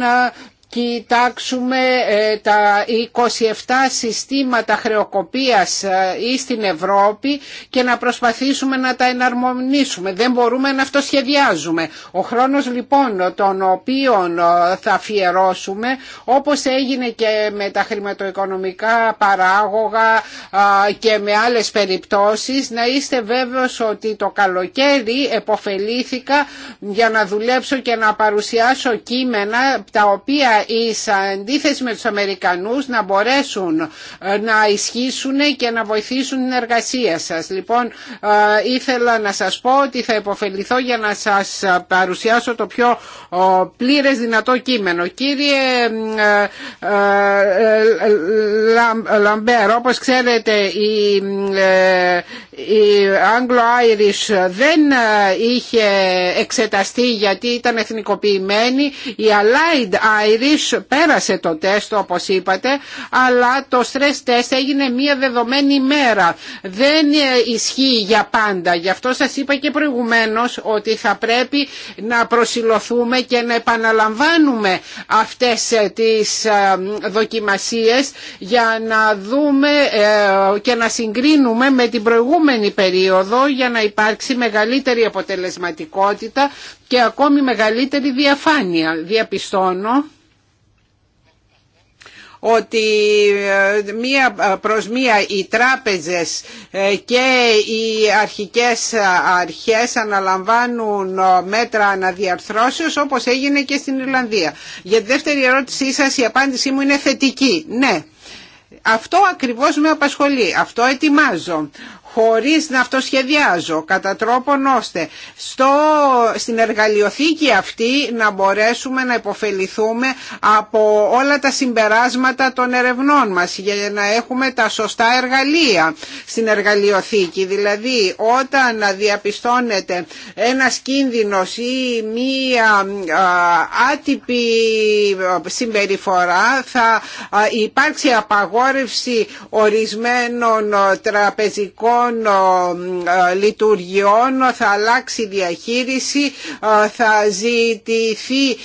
κοιτάξουμε ε, τα 27 συστήματα χρεοκοπίας ε, ή στην Ευρώπη και να προσπαθήσουμε να τα εναρμονίσουμε. Δεν μπορούμε να αυτοσχεδιάζουμε. Ο χρόνος λοιπόν τον οποίο ε, θα αφιερώσουμε όπως έγινε και με τα χρηματοοικονομικά παράγωγα και με άλλες περιπτώσεις να είστε βέβαιος ότι το καλοκαίρι εποφελήθηκα για να δουλέψω και να παρουσιάσω κείμενα τα οποία εις αντίθεση με τους Αμερικανούς να μπορέσουν ε, να ισχύσουν και να βοηθήσουν την εργασία σας. Λοιπόν, ε, ήθελα να σας πω ότι θα υποφεληθώ για να σας παρουσιάσω το πιο πλήρες δυνατό κείμενο. Κύριε ε, Λαμπέρ, όπως ξέρετε η Anglo-Irish δεν είχε εξεταστεί γιατί ήταν εθνικοποιημένη. Η Allied Irish πέρασε το τεστ όπως είπατε αλλά το stress test έγινε μια δεδομένη μέρα. Δεν ε, ισχύει για πάντα. Γι' αυτό σας είπα και προηγουμένως ότι θα πρέπει να προσιλωθούμε και να επαναλαμβάνουμε αυτές ε, τις ε, δοκιμασίες για να δούμε και να συγκρίνουμε με την προηγούμενη περίοδο για να υπάρξει μεγαλύτερη αποτελεσματικότητα και ακόμη μεγαλύτερη διαφάνεια. Διαπιστώνω ότι ε, μία ε, προς μία οι τράπεζες ε, και οι αρχικές αρχές αναλαμβάνουν μέτρα αναδιαρθρώσεως όπως έγινε και στην Ιρλανδία. Για τη δεύτερη ερώτησή σας η απάντησή μου είναι θετική. Ναι. Αυτό ακριβώς με απασχολεί, αυτό ετοιμάζω χωρίς να αυτοσχεδιάζω κατά τρόπον ώστε στο, στην εργαλειοθήκη αυτή να μπορέσουμε να υποφεληθούμε από όλα τα συμπεράσματα των ερευνών μας για να έχουμε τα σωστά εργαλεία στην εργαλειοθήκη. Δηλαδή όταν διαπιστώνεται ένας κίνδυνος ή μία άτυπη συμπεριφορά θα υπάρξει απαγόρευση ορισμένων τραπεζικών των ε, ε, λειτουργιών, θα αλλάξει η διαχείριση, ε, θα ζητηθεί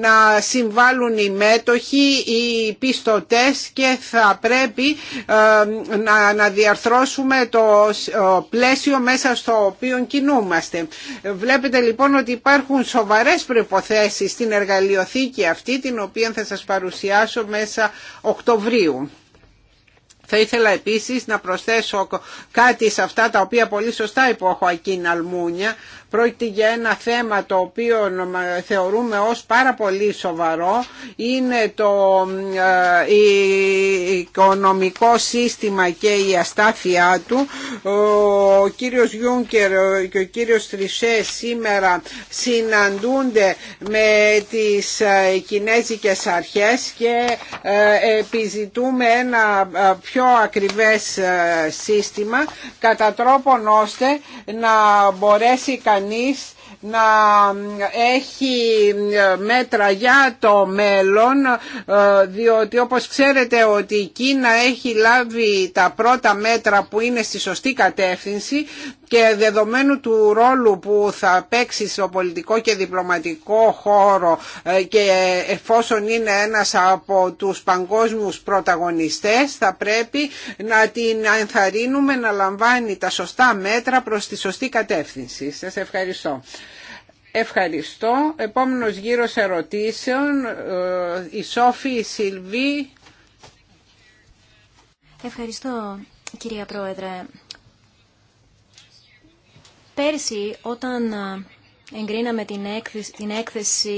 να συμβάλλουν οι μέτοχοι, οι πιστωτές και θα πρέπει να διαρθρώσουμε το πλαίσιο μέσα στο οποίο κινούμαστε. Βλέπετε λοιπόν ότι υπάρχουν σοβαρές προϋποθέσεις στην εργαλειοθήκη αυτή την οποία θα σας παρουσιάσω μέσα Οκτωβρίου. Θα ήθελα επίσης να προσθέσω κάτι σε αυτά τα οποία πολύ σωστά υπόχω ο Αλμούνια Πρόκειται για ένα θέμα το οποίο θεωρούμε ως πάρα πολύ σοβαρό. Είναι το ε, οικονομικό σύστημα και η αστάθειά του. Ο κύριος Γιούνκερ και ο κύριος Τρισέ σήμερα συναντούνται με τις ε, κινέζικες αρχές και ε, επιζητούμε ένα πιο ακριβές σύστημα κατά τρόπον ώστε να μπορέσει κανείς να έχει μέτρα για το μέλλον ε, διότι όπως ξέρετε ότι η Κίνα έχει λάβει τα πρώτα μέτρα που είναι στη σωστή κατεύθυνση και δεδομένου του ρόλου που θα παίξει στο πολιτικό και διπλωματικό χώρο ε, και εφόσον είναι ένας από τους παγκόσμιους πρωταγωνιστές θα πρέπει να την ενθαρρύνουμε να λαμβάνει τα σωστά μέτρα προς τη σωστή κατεύθυνση. Σας ευχαριστώ. Ευχαριστώ. Επόμενος γύρος ερωτήσεων, ε, η Σόφη, η Σιλβή. Ευχαριστώ κυρία Πρόεδρε. Πέρσι, όταν ε, εγκρίναμε την έκθεση, την έκθεση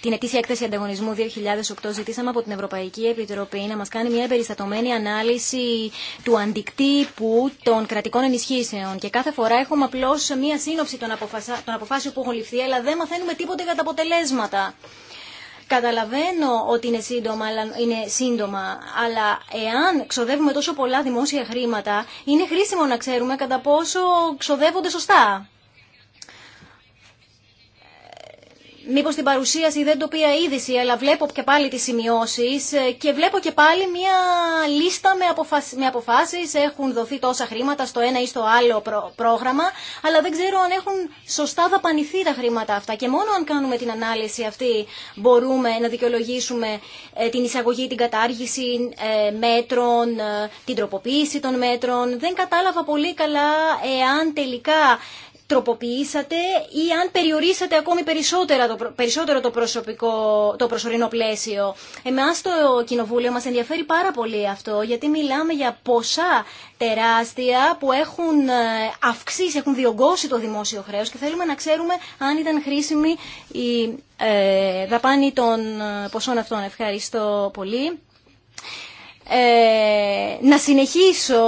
την ετήσια έκθεση ανταγωνισμού 2008 ζητήσαμε από την Ευρωπαϊκή Επιτροπή να μας κάνει μια περιστατωμένη ανάλυση του αντικτύπου των κρατικών ενισχύσεων. Και κάθε φορά έχουμε απλώς μια σύνοψη των, αποφάσεων που έχουν ληφθεί, αλλά δεν μαθαίνουμε τίποτα για τα αποτελέσματα. Καταλαβαίνω ότι είναι σύντομα, αλλά, αλλά εάν ξοδεύουμε τόσο πολλά δημόσια χρήματα, είναι χρήσιμο να ξέρουμε κατά πόσο ξοδεύονται σωστά. Μήπω την παρουσίαση δεν το πήρα είδηση, αλλά βλέπω και πάλι τις σημειώσεις ε, και βλέπω και πάλι μια λίστα με, αποφασ... με αποφάσεις. Έχουν δοθεί τόσα χρήματα στο ένα ή στο άλλο πρόγραμμα, αλλά δεν ξέρω αν έχουν σωστά δαπανηθεί τα χρήματα αυτά. Και μόνο αν κάνουμε την ανάλυση αυτή μπορούμε να δικαιολογήσουμε ε, την εισαγωγή, την κατάργηση ε, μέτρων, την τροποποίηση των μέτρων. Δεν κατάλαβα πολύ καλά εάν τελικά τροποποιήσατε ή αν περιορίσατε ακόμη περισσότερο το, περισσότερο το, προσωπικό, το προσωρινό πλαίσιο. Εμάς το Κοινοβούλιο μας ενδιαφέρει πάρα πολύ αυτό, γιατί μιλάμε για ποσά τεράστια που έχουν ε, αυξήσει, έχουν διωγγώσει το δημόσιο χρέος και θέλουμε να ξέρουμε αν ήταν χρήσιμη η ε, δαπάνη των ε, ποσών αυτών. Ευχαριστώ πολύ. Ε, να συνεχίσω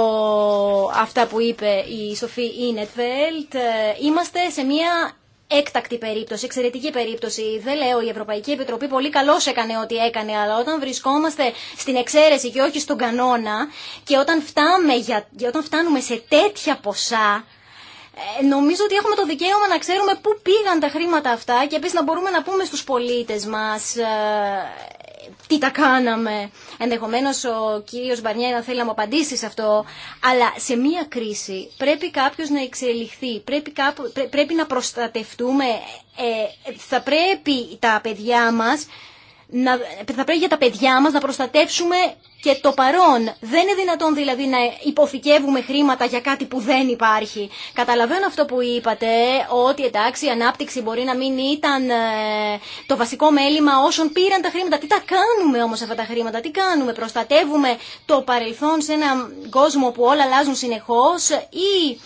αυτά που είπε η Σοφή Ίνετφελτ. Ε, είμαστε σε μια έκτακτη περίπτωση, εξαιρετική περίπτωση. Δεν λέω η Ευρωπαϊκή Επιτροπή πολύ καλώ έκανε ό,τι έκανε, αλλά όταν βρισκόμαστε στην εξαίρεση και όχι στον κανόνα και όταν, φτάμε για, όταν φτάνουμε σε τέτοια ποσά, ε, νομίζω ότι έχουμε το δικαίωμα να ξέρουμε πού πήγαν τα χρήματα αυτά και επίσης να μπορούμε να πούμε στους πολίτες μας τι τα κάναμε. Ενδεχομένως ο κύριος Μπαρνιέ να θέλει να μου απαντήσει σε αυτό. Αλλά σε μία κρίση πρέπει κάποιος να εξελιχθεί. Πρέπει, κάπου, πρέπει να προστατευτούμε. Ε, ε, θα πρέπει τα παιδιά μας να, θα πρέπει για τα παιδιά μας να προστατεύσουμε και το παρόν. Δεν είναι δυνατόν δηλαδή να υποθηκεύουμε χρήματα για κάτι που δεν υπάρχει. Καταλαβαίνω αυτό που είπατε, ότι εντάξει η ανάπτυξη μπορεί να μην ήταν ε, το βασικό μέλημα όσων πήραν τα χρήματα. Τι τα κάνουμε όμως αυτά τα χρήματα, τι κάνουμε, προστατεύουμε το παρελθόν σε έναν κόσμο που όλα αλλάζουν συνεχώς ή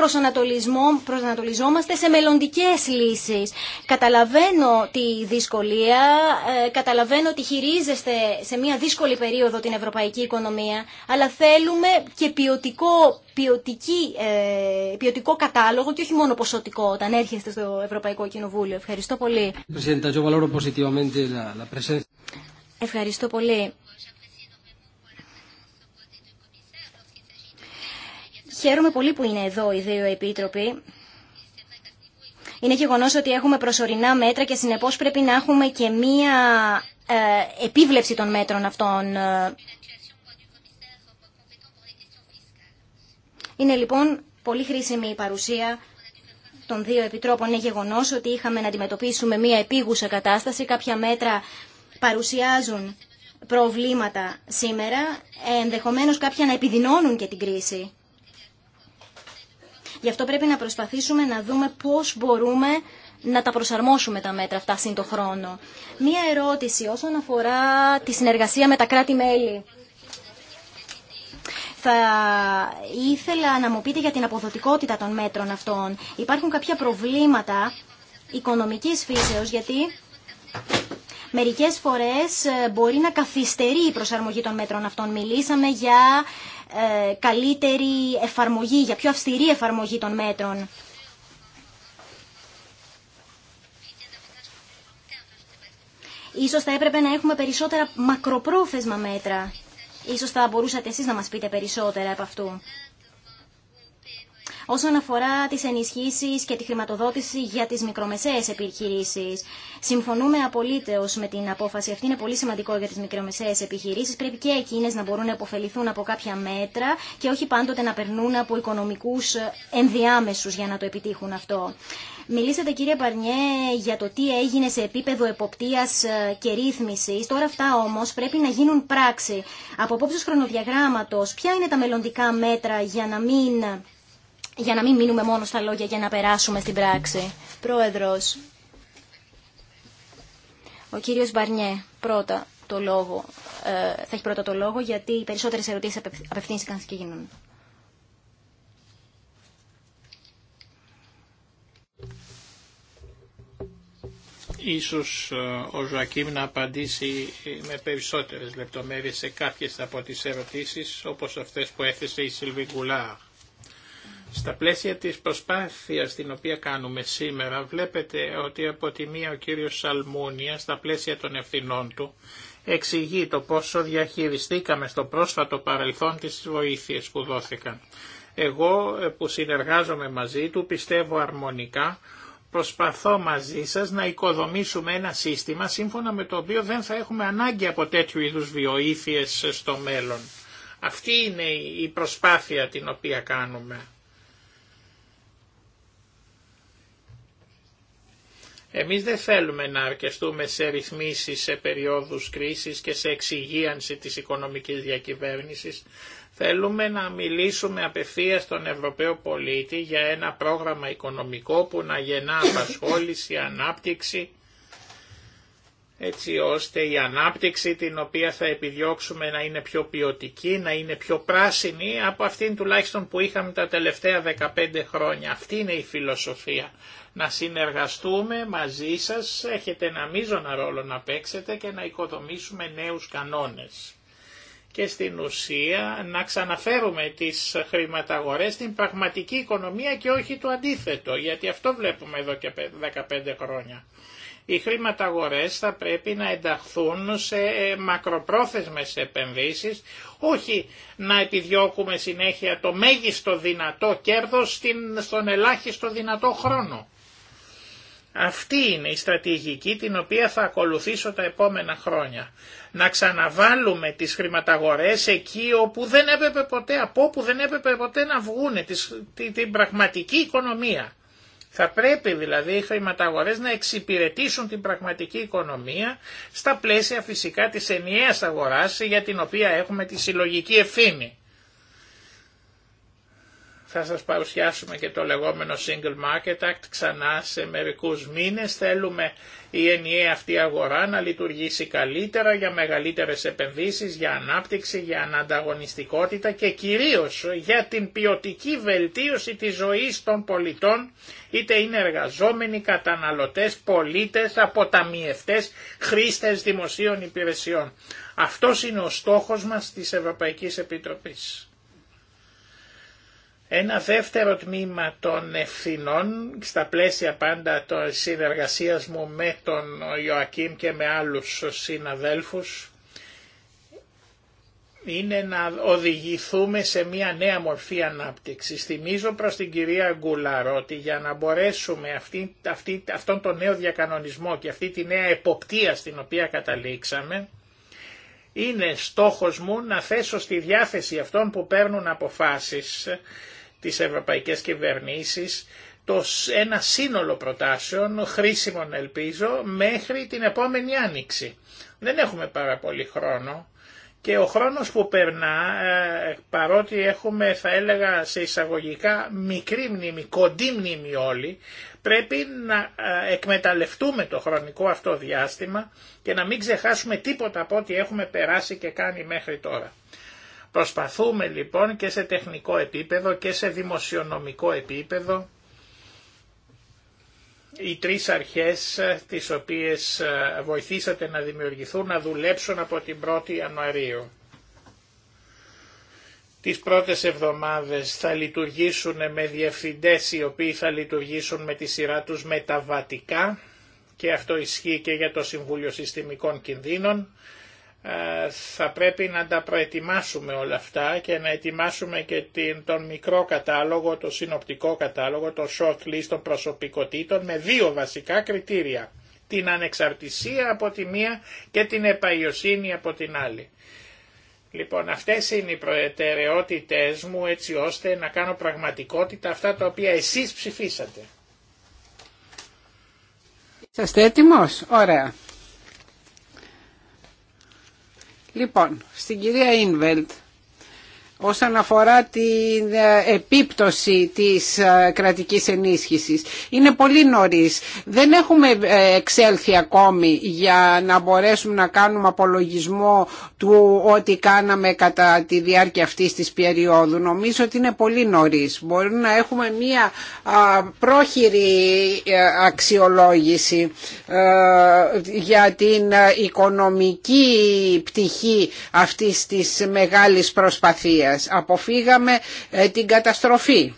προσανατολισμό, προσανατολιζόμαστε σε μελλοντικές λύσεις. Καταλαβαίνω τη δυσκολία, ε, καταλαβαίνω ότι χειρίζεστε σε μια δύσκολη περίοδο την ευρωπαϊκή οικονομία, αλλά θέλουμε και ποιοτικό, ποιοτική, ε, ποιοτικό κατάλογο και όχι μόνο ποσοτικό όταν έρχεστε στο Ευρωπαϊκό Κοινοβούλιο. Ευχαριστώ πολύ. Ευχαριστώ πολύ. Χαίρομαι πολύ που είναι εδώ οι δύο επίτροποι. Είναι γεγονό ότι έχουμε προσωρινά μέτρα και συνεπώς πρέπει να έχουμε και μία ε, επίβλεψη των μέτρων αυτών. Είναι λοιπόν πολύ χρήσιμη η παρουσία των δύο επιτρόπων. Είναι γεγονό ότι είχαμε να αντιμετωπίσουμε μία επίγουσα κατάσταση. Κάποια μέτρα παρουσιάζουν προβλήματα σήμερα, ενδεχομένως κάποια να επιδεινώνουν και την κρίση. Γι' αυτό πρέπει να προσπαθήσουμε να δούμε πώς μπορούμε να τα προσαρμόσουμε τα μέτρα αυτά σύν χρόνο. Μία ερώτηση όσον αφορά τη συνεργασία με τα κράτη-μέλη. Θα ήθελα να μου πείτε για την αποδοτικότητα των μέτρων αυτών. Υπάρχουν κάποια προβλήματα οικονομικής φύσεως, γιατί μερικές φορές ε, μπορεί να καθυστερεί η προσαρμογή των μέτρων αυτών. Μιλήσαμε για ε, καλύτερη εφαρμογή, για πιο αυστηρή εφαρμογή των μέτρων. Ίσως θα έπρεπε να έχουμε περισσότερα μακροπρόθεσμα μέτρα. Ίσως θα μπορούσατε εσείς να μας πείτε περισσότερα από αυτού όσον αφορά τις ενισχύσεις και τη χρηματοδότηση για τις μικρομεσαίες επιχειρήσεις. Συμφωνούμε απολύτω με την απόφαση αυτή, είναι πολύ σημαντικό για τις μικρομεσαίες επιχειρήσεις. Πρέπει και εκείνες να μπορούν να υποφεληθούν από κάποια μέτρα και όχι πάντοτε να περνούν από οικονομικούς ενδιάμεσους για να το επιτύχουν αυτό. Μιλήσατε κύριε Παρνιέ για το τι έγινε σε επίπεδο εποπτείας ε, και ρύθμισης. Τώρα αυτά όμως πρέπει να γίνουν πράξη. Από απόψεως χρονοδιαγράμματος, ποια είναι τα μελλοντικά μέτρα για να μην για να μην μείνουμε μόνο στα λόγια για να περάσουμε στην πράξη. Πρόεδρος, ο κύριος Μπαρνιέ, πρώτα το λόγο, ε, θα έχει πρώτα το λόγο, γιατί οι περισσότερες ερωτήσεις απευθύνθηκαν και γίνουν. Ίσως ε, ο Ζωακίμ να απαντήσει ε, με περισσότερες λεπτομέρειες σε κάποιες από τις ερωτήσεις, όπως αυτές που έθεσε η Σιλβί Γκουλάρ. Στα πλαίσια της προσπάθειας την οποία κάνουμε σήμερα βλέπετε ότι από τη μία ο κύριος Σαλμούνια στα πλαίσια των ευθυνών του εξηγεί το πόσο διαχειριστήκαμε στο πρόσφατο παρελθόν τις βοήθειες που δόθηκαν. Εγώ ε, που συνεργάζομαι μαζί του πιστεύω αρμονικά προσπαθώ μαζί σας να οικοδομήσουμε ένα σύστημα σύμφωνα με το οποίο δεν θα έχουμε ανάγκη από τέτοιου είδους βιοήθειες στο μέλλον. Αυτή είναι η προσπάθεια την οποία κάνουμε. Εμείς δεν θέλουμε να αρκεστούμε σε ρυθμίσεις, σε περιόδους κρίσης και σε εξυγίανση της οικονομικής διακυβέρνησης. Θέλουμε να μιλήσουμε απευθείας στον Ευρωπαίο πολίτη για ένα πρόγραμμα οικονομικό που να γεννά απασχόληση, ανάπτυξη, έτσι ώστε η ανάπτυξη την οποία θα επιδιώξουμε να είναι πιο ποιοτική, να είναι πιο πράσινη από αυτήν τουλάχιστον που είχαμε τα τελευταία 15 χρόνια. Αυτή είναι η φιλοσοφία να συνεργαστούμε μαζί σας, έχετε ένα μείζωνα ρόλο να παίξετε και να οικοδομήσουμε νέους κανόνες. Και στην ουσία να ξαναφέρουμε τις χρηματαγορές στην πραγματική οικονομία και όχι το αντίθετο, γιατί αυτό βλέπουμε εδώ και 15 χρόνια. Οι χρηματαγορές θα πρέπει να ενταχθούν σε ε, μακροπρόθεσμες επενδύσεις, όχι να επιδιώκουμε συνέχεια το μέγιστο δυνατό κέρδος στον ελάχιστο δυνατό χρόνο. Αυτή είναι η στρατηγική την οποία θα ακολουθήσω τα επόμενα χρόνια. Να ξαναβάλουμε τις χρηματαγορές εκεί όπου δεν έπρεπε ποτέ, από όπου δεν έπρεπε ποτέ να βγούνε την πραγματική οικονομία. Θα πρέπει δηλαδή οι χρηματαγορές να εξυπηρετήσουν την πραγματική οικονομία στα πλαίσια φυσικά της ενιαίας αγοράς για την οποία έχουμε τη συλλογική ευθύνη. Θα σας παρουσιάσουμε και το λεγόμενο Single Market Act ξανά σε μερικούς μήνες. Θέλουμε η ενιαία αυτή αγορά να λειτουργήσει καλύτερα για μεγαλύτερες επενδύσεις, για ανάπτυξη, για ανανταγωνιστικότητα και κυρίως για την ποιοτική βελτίωση της ζωής των πολιτών, είτε είναι εργαζόμενοι, καταναλωτές, πολίτες, αποταμιευτές, χρήστες δημοσίων υπηρεσιών. Αυτός είναι ο στόχος μας της Ευρωπαϊκής Επιτροπής. Ένα δεύτερο τμήμα των ευθυνών, στα πλαίσια πάντα των συνεργασίας μου με τον Ιωακήμ και με άλλους συναδέλφους, είναι να οδηγηθούμε σε μια νέα μορφή ανάπτυξης. Θυμίζω προς την κυρία Γκουλαρό ότι για να μπορέσουμε αυτή, αυτή, αυτόν τον νέο διακανονισμό και αυτή τη νέα εποπτεία στην οποία καταλήξαμε, είναι στόχος μου να θέσω στη διάθεση αυτών που παίρνουν αποφάσεις τις ευρωπαϊκές κυβερνήσεις το ένα σύνολο προτάσεων, χρήσιμων ελπίζω, μέχρι την επόμενη άνοιξη. Δεν έχουμε πάρα πολύ χρόνο και ο χρόνος που περνά, ε, παρότι έχουμε θα έλεγα σε εισαγωγικά μικρή μνήμη, κοντή μνήμη όλοι, πρέπει να ε, εκμεταλλευτούμε το χρονικό αυτό διάστημα και να μην ξεχάσουμε τίποτα από ό,τι έχουμε περάσει και κάνει μέχρι τώρα. Προσπαθούμε λοιπόν και σε τεχνικό επίπεδο και σε δημοσιονομικό επίπεδο οι τρεις αρχές ε, τις οποίες ε, βοηθήσατε να δημιουργηθούν να δουλέψουν από την 1η Ιανουαρίου. Τις πρώτες εβδομάδες θα λειτουργήσουν με διευθυντές οι οποίοι θα λειτουργήσουν με τη σειρά τους μεταβατικά και αυτό ισχύει και για το Συμβούλιο Συστημικών Κινδύνων ε, θα πρέπει να τα προετοιμάσουμε όλα αυτά και να ετοιμάσουμε και τον μικρό κατάλογο, το συνοπτικό κατάλογο, το short list των προσωπικότητων με δύο βασικά κριτήρια. Την ανεξαρτησία από τη μία και την επαϊωσύνη από την άλλη. Λοιπόν, αυτές είναι οι προτεραιότητες μου έτσι ώστε να κάνω πραγματικότητα αυτά τα οποία εσείς ψηφίσατε. Είστε έτοιμος? Ωραία. Λοιπόν, στην κυρία Ίνβελτ όσον αφορά την ε, επίπτωση της ε, κρατικής ενίσχυσης. Είναι πολύ νωρίς. Δεν έχουμε ε, εξέλθει ακόμη για να μπορέσουμε να κάνουμε απολογισμό του ό,τι κάναμε κατά τη διάρκεια αυτής της περίοδου. Νομίζω ότι είναι πολύ νωρίς. Μπορούμε να έχουμε μία πρόχειρη αξιολόγηση για την οικονομική πτυχή αυτής της μεγάλης προσπαθίας. Αποφύγαμε ε, την καταστροφή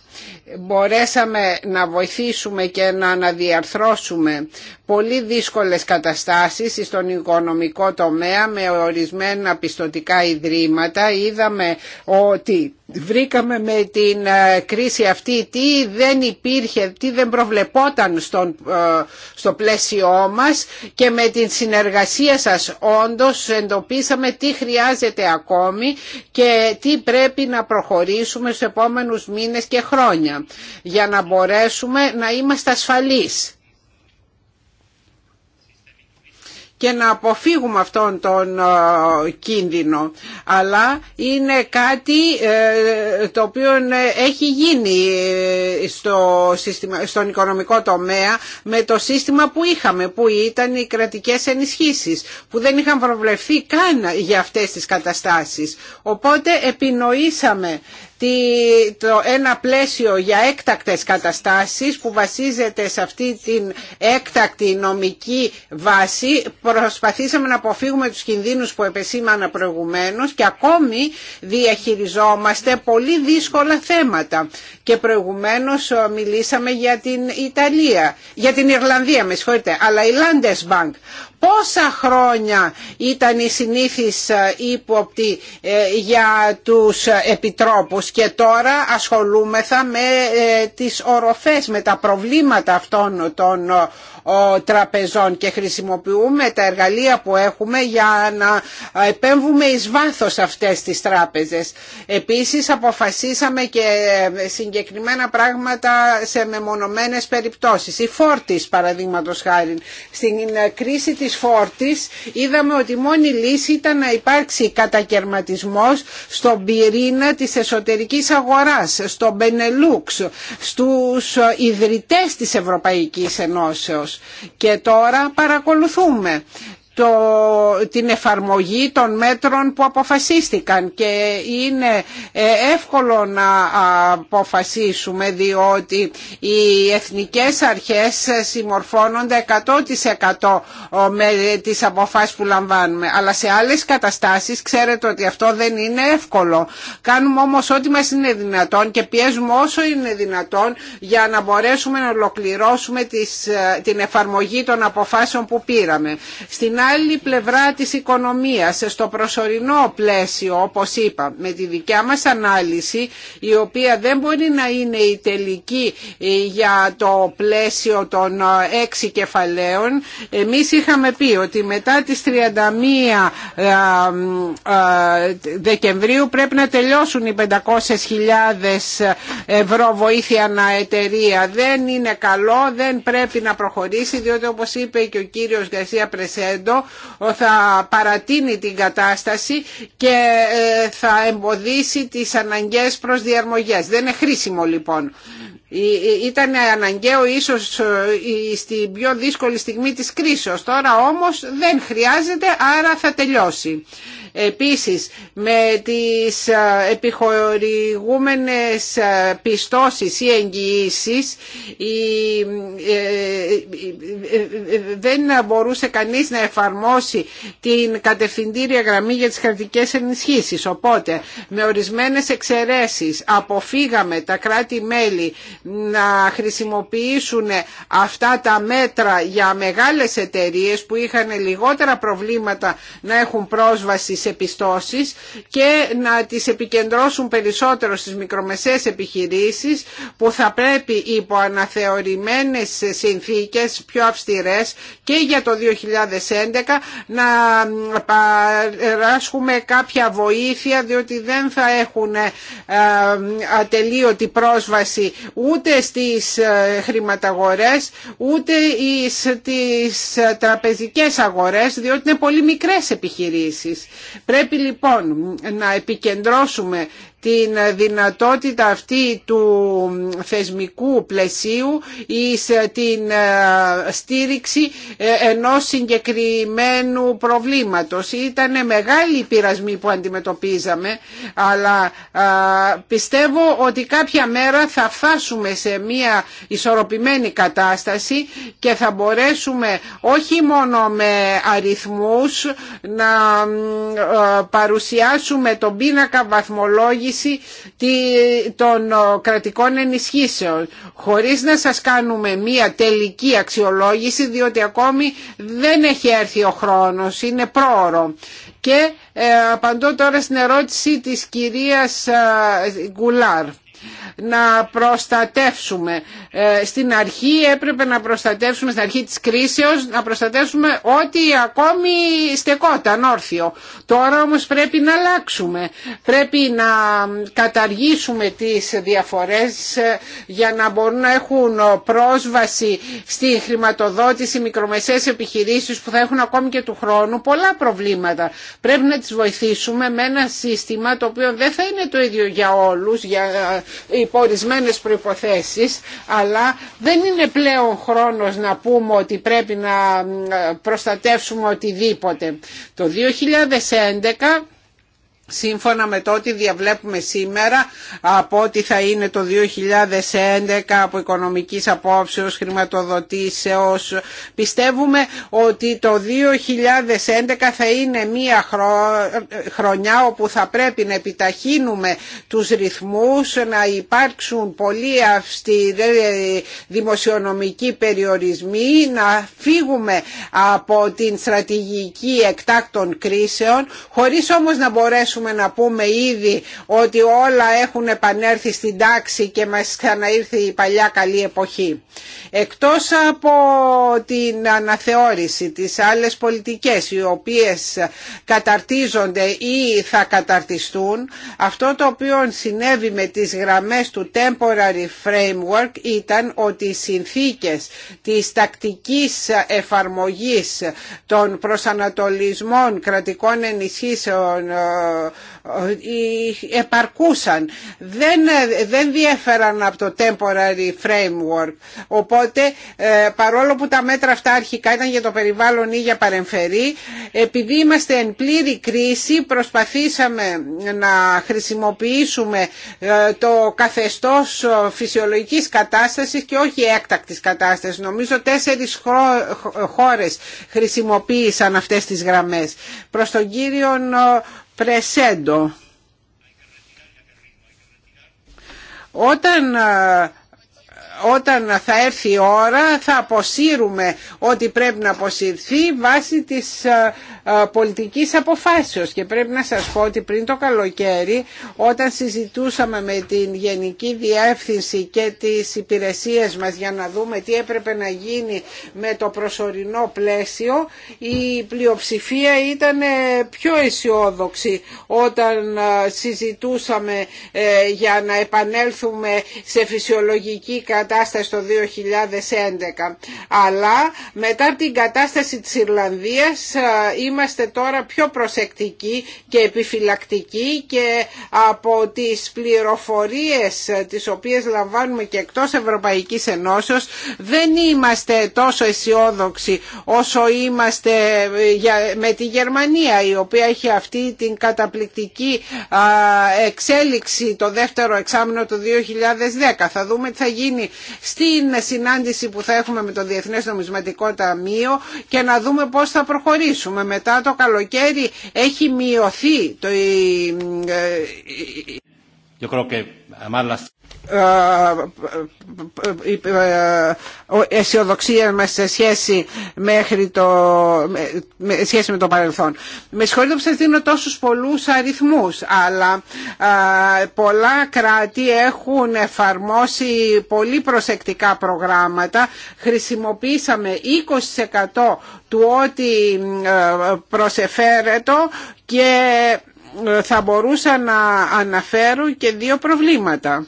μπορέσαμε να βοηθήσουμε και να αναδιαρθρώσουμε πολύ δύσκολες καταστάσεις στον οικονομικό τομέα με ορισμένα πιστοτικά ιδρύματα. Είδαμε ότι βρήκαμε με την ε, κρίση αυτή τι δεν υπήρχε, τι δεν προβλεπόταν στον, ε, στο πλαίσιό μας και με την συνεργασία σας όντως εντοπίσαμε τι χρειάζεται ακόμη και τι πρέπει να προχωρήσουμε στους επόμενους μήνες και χρόνια για να μπορέσουμε να είμαστε ασφαλείς. και να αποφύγουμε αυτόν τον ε, κίνδυνο. Αλλά είναι κάτι ε, το οποίο ε, έχει γίνει στο σύστημα, στον οικονομικό τομέα με το σύστημα που είχαμε, που ήταν οι κρατικές ενισχύσεις, που δεν είχαν προβλεφθεί καν για αυτές τις καταστάσεις. Οπότε επινοήσαμε το, ένα πλαίσιο για έκτακτες καταστάσεις που βασίζεται σε αυτή την έκτακτη νομική βάση προσπαθήσαμε να αποφύγουμε τους κινδύνους που επεσήμανα προηγουμένως και ακόμη διαχειριζόμαστε πολύ δύσκολα θέματα και προηγουμένως ε, μιλήσαμε για την Ιταλία για την Ιρλανδία με συγχωρείτε αλλά η Landesbank πόσα χρόνια ήταν η συνήθις ε, ύποπτη ε, για τους ε, επιτρόπους και τώρα ασχολούμεθα με τις οροφές, με τα προβλήματα αυτών των ο τραπεζών και χρησιμοποιούμε τα εργαλεία που έχουμε για να ε, επέμβουμε εις βάθος αυτές τις τράπεζες. Επίσης αποφασίσαμε και ε, συγκεκριμένα πράγματα σε μεμονωμένες περιπτώσεις. Η Φόρτις παραδείγματο χάρη. Στην ε, κρίση της Φόρτις είδαμε ότι η μόνη λύση ήταν να υπάρξει κατακαιρματισμός στον πυρήνα της εσωτερικής αγοράς, στον Μπενελούξ, στους ιδρυτές της Ευρωπαϊκής Ενώσεως και τώρα παρακολουθούμε το, την εφαρμογή των μέτρων που αποφασίστηκαν και είναι ε, εύκολο να αποφασίσουμε διότι οι εθνικές αρχές συμμορφώνονται 100% με τις αποφάσεις που λαμβάνουμε αλλά σε άλλες καταστάσεις ξέρετε ότι αυτό δεν είναι εύκολο κάνουμε όμως ό,τι μας είναι δυνατόν και πιέζουμε όσο είναι δυνατόν για να μπορέσουμε να ολοκληρώσουμε ε, την εφαρμογή των αποφάσεων που πήραμε άλλη πλευρά της οικονομίας, στο προσωρινό πλαίσιο όπως είπα, με τη δικιά μας ανάλυση η οποία δεν μπορεί να είναι η τελική ε, για το πλαίσιο των ε, έξι κεφαλαίων. Εμείς είχαμε πει ότι μετά τις 31 ε, Δεκεμβρίου πρέπει να τελειώσουν οι 500.000 ευρώ βοήθεια να εταιρεία. Δεν είναι καλό, δεν πρέπει να προχωρήσει διότι όπως είπε και ο κύριος Γκαρσία Πρεσέντο θα παρατείνει την κατάσταση και ε, θα εμποδίσει τις αναγκαίες προσδιαρμογές. Δεν είναι χρήσιμο λοιπόν. Ήταν αναγκαίο ίσως ε, στην πιο δύσκολη στιγμή της κρίσεως. Τώρα όμως δεν χρειάζεται άρα θα τελειώσει. Επίσης με τις επιχορηγούμενες πιστώσεις ή εγγυήσεις ε, ε, ε, δεν μπορούσε κανείς να εφαρμόσει την κατευθυντήρια γραμμή για τις κρατικές ενισχύσεις. Οπότε με ορισμένες εξαιρέσεις αποφύγαμε τα κράτη-μέλη να χρησιμοποιήσουν αυτά τα μέτρα για μεγάλες εταιρείες που είχαν λιγότερα προβλήματα να έχουν πρόσβαση τις επιστώσεις και να τις επικεντρώσουν περισσότερο στις μικρομεσαίες επιχειρήσεις που θα πρέπει υπό αναθεωρημένες συνθήκες πιο αυστηρές και για το 2011 να παράσχουμε κάποια βοήθεια διότι δεν θα έχουν ε, ατελείωτη πρόσβαση ούτε στις ε, χρηματαγορές ούτε στις ε, τραπεζικές αγορές διότι είναι πολύ μικρές επιχειρήσεις. Πρέπει λοιπόν να επικεντρώσουμε την δυνατότητα αυτή του θεσμικού πλαισίου ή ε, την ε, στήριξη ε, ενός συγκεκριμένου προβλήματος. Ήταν μεγάλη η πειρασμή που αντιμετωπίζαμε, αλλά πιστεύω ότι κάποια μέρα θα φτάσουμε σε μια ισορροπημένη κατάσταση και θα μπορέσουμε όχι μόνο με αριθμούς να παρουσιάσουμε τον πίνακα βαθμολόγηση των ε, κρατικών ενισχύσεων χωρίς να σας κάνουμε μία τελική αξιολόγηση διότι ακόμη δεν έχει έρθει ο χρόνος, είναι πρόωρο. Και ε, απαντώ τώρα στην ερώτηση της κυρίας ε, Γκουλάρ να προστατεύσουμε. Ε, στην αρχή έπρεπε να προστατεύσουμε, στην αρχή της κρίσεως, να προστατεύσουμε ό,τι ακόμη στεκόταν όρθιο. Τώρα όμως πρέπει να αλλάξουμε. Πρέπει να καταργήσουμε τις διαφορές ε, για να μπορούν να έχουν πρόσβαση στη χρηματοδότηση μικρομεσαίες επιχειρήσεις που θα έχουν ακόμη και του χρόνου πολλά προβλήματα. Πρέπει να τις βοηθήσουμε με ένα σύστημα το οποίο δεν θα είναι το ίδιο για όλους, υπό ορισμένες προϋποθέσεις αλλά δεν είναι πλέον χρόνος να πούμε ότι πρέπει να ε, προστατεύσουμε οτιδήποτε. Το 2011 σύμφωνα με το ότι διαβλέπουμε σήμερα από ότι θα είναι το 2011 από οικονομικής απόψεως χρηματοδοτήσεως πιστεύουμε ότι το 2011 θα είναι μια χρονιά όπου θα πρέπει να επιταχύνουμε τους ρυθμούς να υπάρξουν πολύ αυστηροί δημοσιονομικοί περιορισμοί να φύγουμε από την στρατηγική εκτάκτων κρίσεων χωρίς όμως να μπορέσουμε μπορέσουμε να πούμε ήδη ότι όλα έχουν επανέλθει στην τάξη και μας ξαναήρθε η παλιά καλή εποχή. Εκτός από την αναθεώρηση της άλλες πολιτικές οι οποίες καταρτίζονται ή θα καταρτιστούν, αυτό το οποίο συνέβη με τις γραμμές του Temporary Framework ήταν ότι οι συνθήκες της τακτικής εφαρμογής των προσανατολισμών κρατικών ενισχύσεων ε, ε, ε, επαρκούσαν. Δεν, δεν διέφεραν από το temporary framework. Οπότε ε, παρόλο που τα μέτρα αυτά αρχικά ήταν για το περιβάλλον ή για παρεμφερή, επειδή είμαστε εν πλήρη κρίση προσπαθήσαμε να χρησιμοποιήσουμε το καθεστώς φυσιολογικής κατάστασης και όχι έκτακτης κατάστασης. Νομίζω τέσσερις χώρες χρησιμοποίησαν αυτές τις γραμμές. Προς τον κύριο Πρεσέντο. Όταν όταν θα έρθει η ώρα θα αποσύρουμε ό,τι πρέπει να αποσυρθεί βάσει της ε, ε, πολιτικής αποφάσεως και πρέπει να σας πω ότι πριν το καλοκαίρι όταν συζητούσαμε με την Γενική Διεύθυνση και τις υπηρεσίες μας για να δούμε τι έπρεπε να γίνει με το προσωρινό πλαίσιο η πλειοψηφία ήταν ε, πιο αισιόδοξη όταν συζητούσαμε για να επανέλθουμε σε φυσιολογική κατάσταση κατάσταση το 2011. Αλλά μετά την κατάσταση της Ιρλανδίας είμαστε τώρα πιο προσεκτικοί και επιφυλακτικοί και από τις πληροφορίες τις οποίες λαμβάνουμε και εκτός Ευρωπαϊκής Ενώσεως δεν είμαστε τόσο αισιόδοξοι όσο είμαστε ε, με τη Γερμανία η οποία έχει αυτή την καταπληκτική εξέλιξη το δεύτερο εξάμεινο του 2010. Θα δούμε τι θα γίνει στην συνάντηση που θα έχουμε με το Διεθνές Νομισματικό Ταμείο και να δούμε πώς θα προχωρήσουμε. Μετά το καλοκαίρι έχει μειωθεί το, ε, Yo creo ε, ε, ε, αισιοδοξία μας σε σχέση, το, με, με το παρελθόν. Με συγχωρείτε που σας δίνω τόσους πολλούς αριθμούς, αλλά πολλά κράτη έχουν εφαρμόσει πολύ προσεκτικά προγράμματα. Χρησιμοποίησαμε 20% του ό,τι προσεφέρετο και θα μπορούσα να αναφέρω και δύο προβλήματα.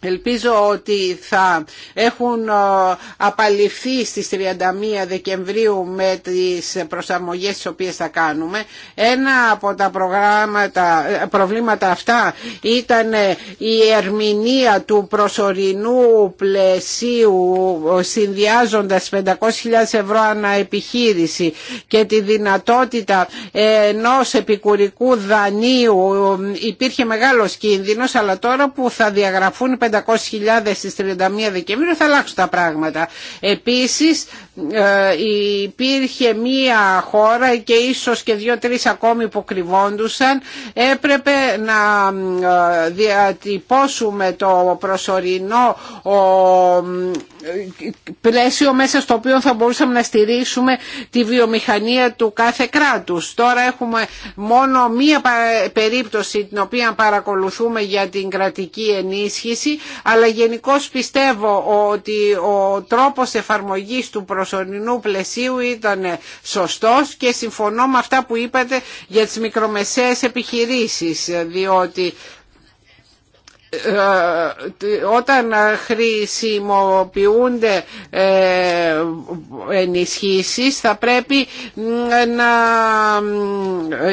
Ελπίζω ότι θα έχουν ε, απαλληφθεί στις 31 Δεκεμβρίου με τις προσαρμογές τις οποίες θα κάνουμε. Ένα από τα προγράμματα, ε, προβλήματα αυτά ήταν ε, η ερμηνεία του προσωρινού πλαισίου συνδυάζοντας 500.000 ευρώ ανά επιχείρηση και τη δυνατότητα ενός επικουρικού δανείου. Υπήρχε μεγάλος κίνδυνος αλλά τώρα που θα διαγραφούν 500.000 στις 31 Δεκεμβρίου θα αλλάξουν τα πράγματα. Επίσης ε, υπήρχε μία χώρα και ίσως και δύο-τρεις ακόμη που κρυβόντουσαν έπρεπε να ε, διατυπώσουμε το προσωρινό πλαίσιο μέσα στο οποίο θα μπορούσαμε να στηρίξουμε τη βιομηχανία του κάθε κράτους. Τώρα έχουμε μόνο μία περίπτωση την οποία παρακολουθούμε για την κρατική ενίσχυση αλλά γενικώ πιστεύω ότι ο τρόπος εφαρμογής του προσωρινού προσωρινού πλαισίου ήταν σωστός και συμφωνώ με αυτά που είπατε για τις μικρομεσαίες επιχειρήσεις διότι ε, ε, όταν χρησιμοποιούνται ε, ενισχύσεις θα πρέπει να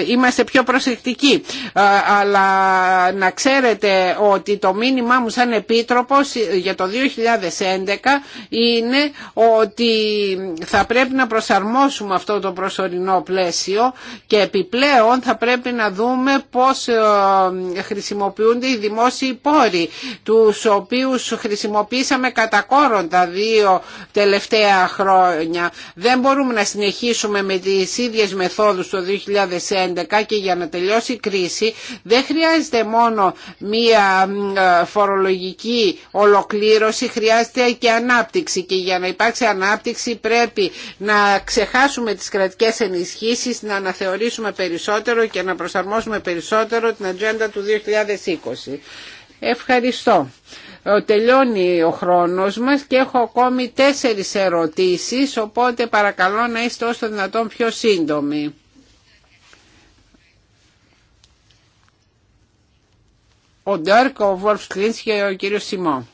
είμαστε πιο προσεκτικοί αλλά να ξέρετε ότι το μήνυμά μου σαν επίτροπος για το 2011 είναι ότι θα πρέπει να προσαρμόσουμε αυτό το προσωρινό πλαίσιο και επιπλέον θα πρέπει να δούμε πώς χρησιμοποιούνται οι δημόσιοι πόροι τους οποίους χρησιμοποίησαμε κατά κόρον τα δύο τελευταία χρόνια. Δεν μπορούμε να συνεχίσουμε με τις ίδιες μεθόδους το 2011 και για να τελειώσει η κρίση δεν χρειάζεται μόνο μία φορολογική ολοκλήρωση, χρειάζεται και ανάπτυξη και για να υπάρξει ανάπτυξη πρέπει να ξεχάσουμε τις κρατικές ενισχύσεις, να αναθεωρήσουμε περισσότερο και να προσαρμόσουμε περισσότερο την ατζέντα του 2020. Ευχαριστώ. Τελειώνει ο χρόνος μας και έχω ακόμη τέσσερις ερωτήσεις, οπότε παρακαλώ να είστε όσο δυνατόν πιο σύντομοι. Ο Ντέρκ, ο και ο κύριος Σιμό.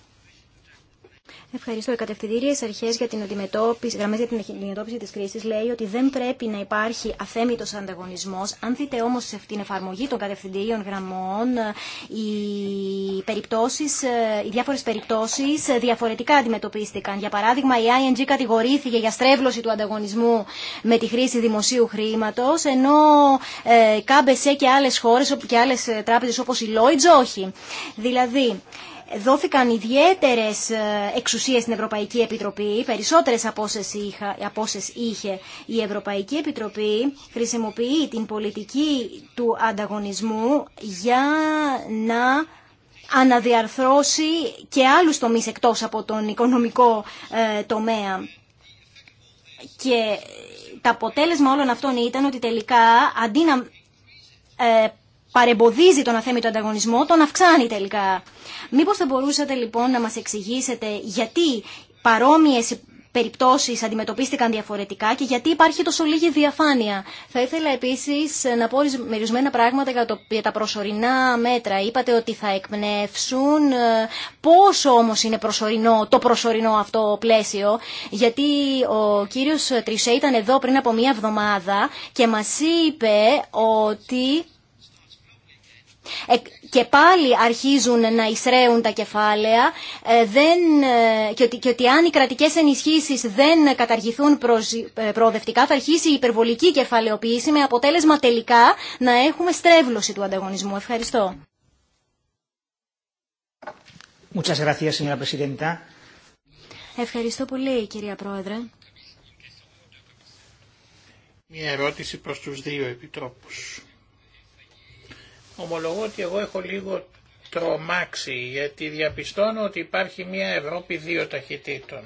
Ευχαριστώ. Οι κατευθυντήριε αρχέ για την αντιμετώπιση, γραμμέ για την αντιμετώπιση τη κρίση λέει ότι δεν πρέπει να υπάρχει αθέμητο ανταγωνισμό. Αν δείτε όμω την εφαρμογή των κατευθυντήριων γραμμών, οι, περιπτώσεις, ε, οι διάφορε περιπτώσει ε, διαφορετικά αντιμετωπίστηκαν. Για παράδειγμα, η ING κατηγορήθηκε για στρέβλωση του ανταγωνισμού με τη χρήση δημοσίου χρήματο, ενώ ε, κάμπεσέ και άλλε χώρε και άλλε τράπεζε όπω η Lloyds όχι. Δηλαδή, δόθηκαν ιδιαίτερες ε, εξουσίες στην Ευρωπαϊκή Επιτροπή, περισσότερες από όσε είχε η Ευρωπαϊκή Επιτροπή, χρησιμοποιεί την πολιτική του ανταγωνισμού για να αναδιαρθρώσει και άλλους τομείς εκτός από τον οικονομικό ε, τομέα. Και το αποτέλεσμα όλων αυτών ήταν ότι τελικά αντί να ε, παρεμποδίζει τον αθέμητο ανταγωνισμό, τον αυξάνει τελικά. Μήπως θα μπορούσατε λοιπόν να μας εξηγήσετε γιατί παρόμοιες περιπτώσεις αντιμετωπίστηκαν διαφορετικά και γιατί υπάρχει τόσο λίγη διαφάνεια. Θα ήθελα επίσης να πω μερισμένα πράγματα για τα προσωρινά μέτρα. Είπατε ότι θα εκπνεύσουν. Πόσο όμως είναι προσωρινό το προσωρινό αυτό πλαίσιο. Γιατί ο κύριος Τρισέ ήταν εδώ πριν από μία εβδομάδα και μας είπε ότι ε, και πάλι αρχίζουν να εισραίουν τα κεφάλαια ε, δεν, ε, και, ότι, αν οι κρατικές ενισχύσεις δεν καταργηθούν προοδευτικά θα αρχίσει η υπερβολική κεφαλαιοποίηση με αποτέλεσμα τελικά να έχουμε στρέβλωση του ανταγωνισμού. Ευχαριστώ. Ευχαριστώ πολύ κυρία Πρόεδρε. Μια ερώτηση προς τους δύο επιτρόπους ομολογώ ότι εγώ έχω λίγο τρομάξει γιατί διαπιστώνω ότι υπάρχει μια Ευρώπη δύο ταχυτήτων.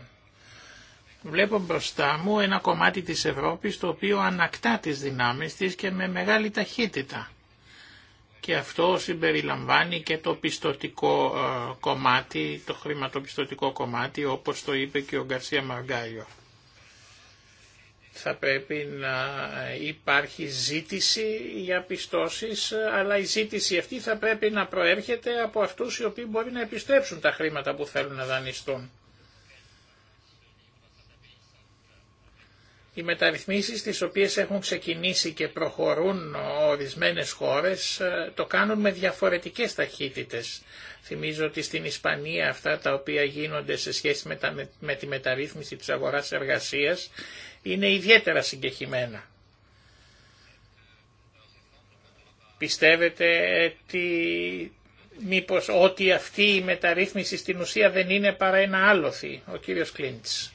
Βλέπω μπροστά μου ένα κομμάτι της Ευρώπης το οποίο ανακτά τις δυνάμεις της και με μεγάλη ταχύτητα. Και αυτό συμπεριλαμβάνει και το πιστοτικό ε, κομμάτι, το χρηματοπιστωτικό κομμάτι όπως το είπε και ο Γκαρσία Μαργκάλιο θα πρέπει να υπάρχει ζήτηση για πιστώσεις, αλλά η ζήτηση αυτή θα πρέπει να προέρχεται από αυτούς οι οποίοι μπορεί να επιστρέψουν τα χρήματα που θέλουν να δανειστούν. Οι μεταρρυθμίσεις τις οποίες έχουν ξεκινήσει και προχωρούν ορισμένες χώρες ε, το κάνουν με διαφορετικές ταχύτητες. Θυμίζω ότι στην Ισπανία αυτά τα οποία γίνονται σε σχέση με τη μεταρρύθμιση της αγοράς εργασίας είναι ιδιαίτερα συγκεχημένα. Πιστεύετε ότι μήπως ότι αυτή η μεταρρύθμιση στην ουσία δεν είναι παρά ένα άλοθη, ο κύριος Κλίντς.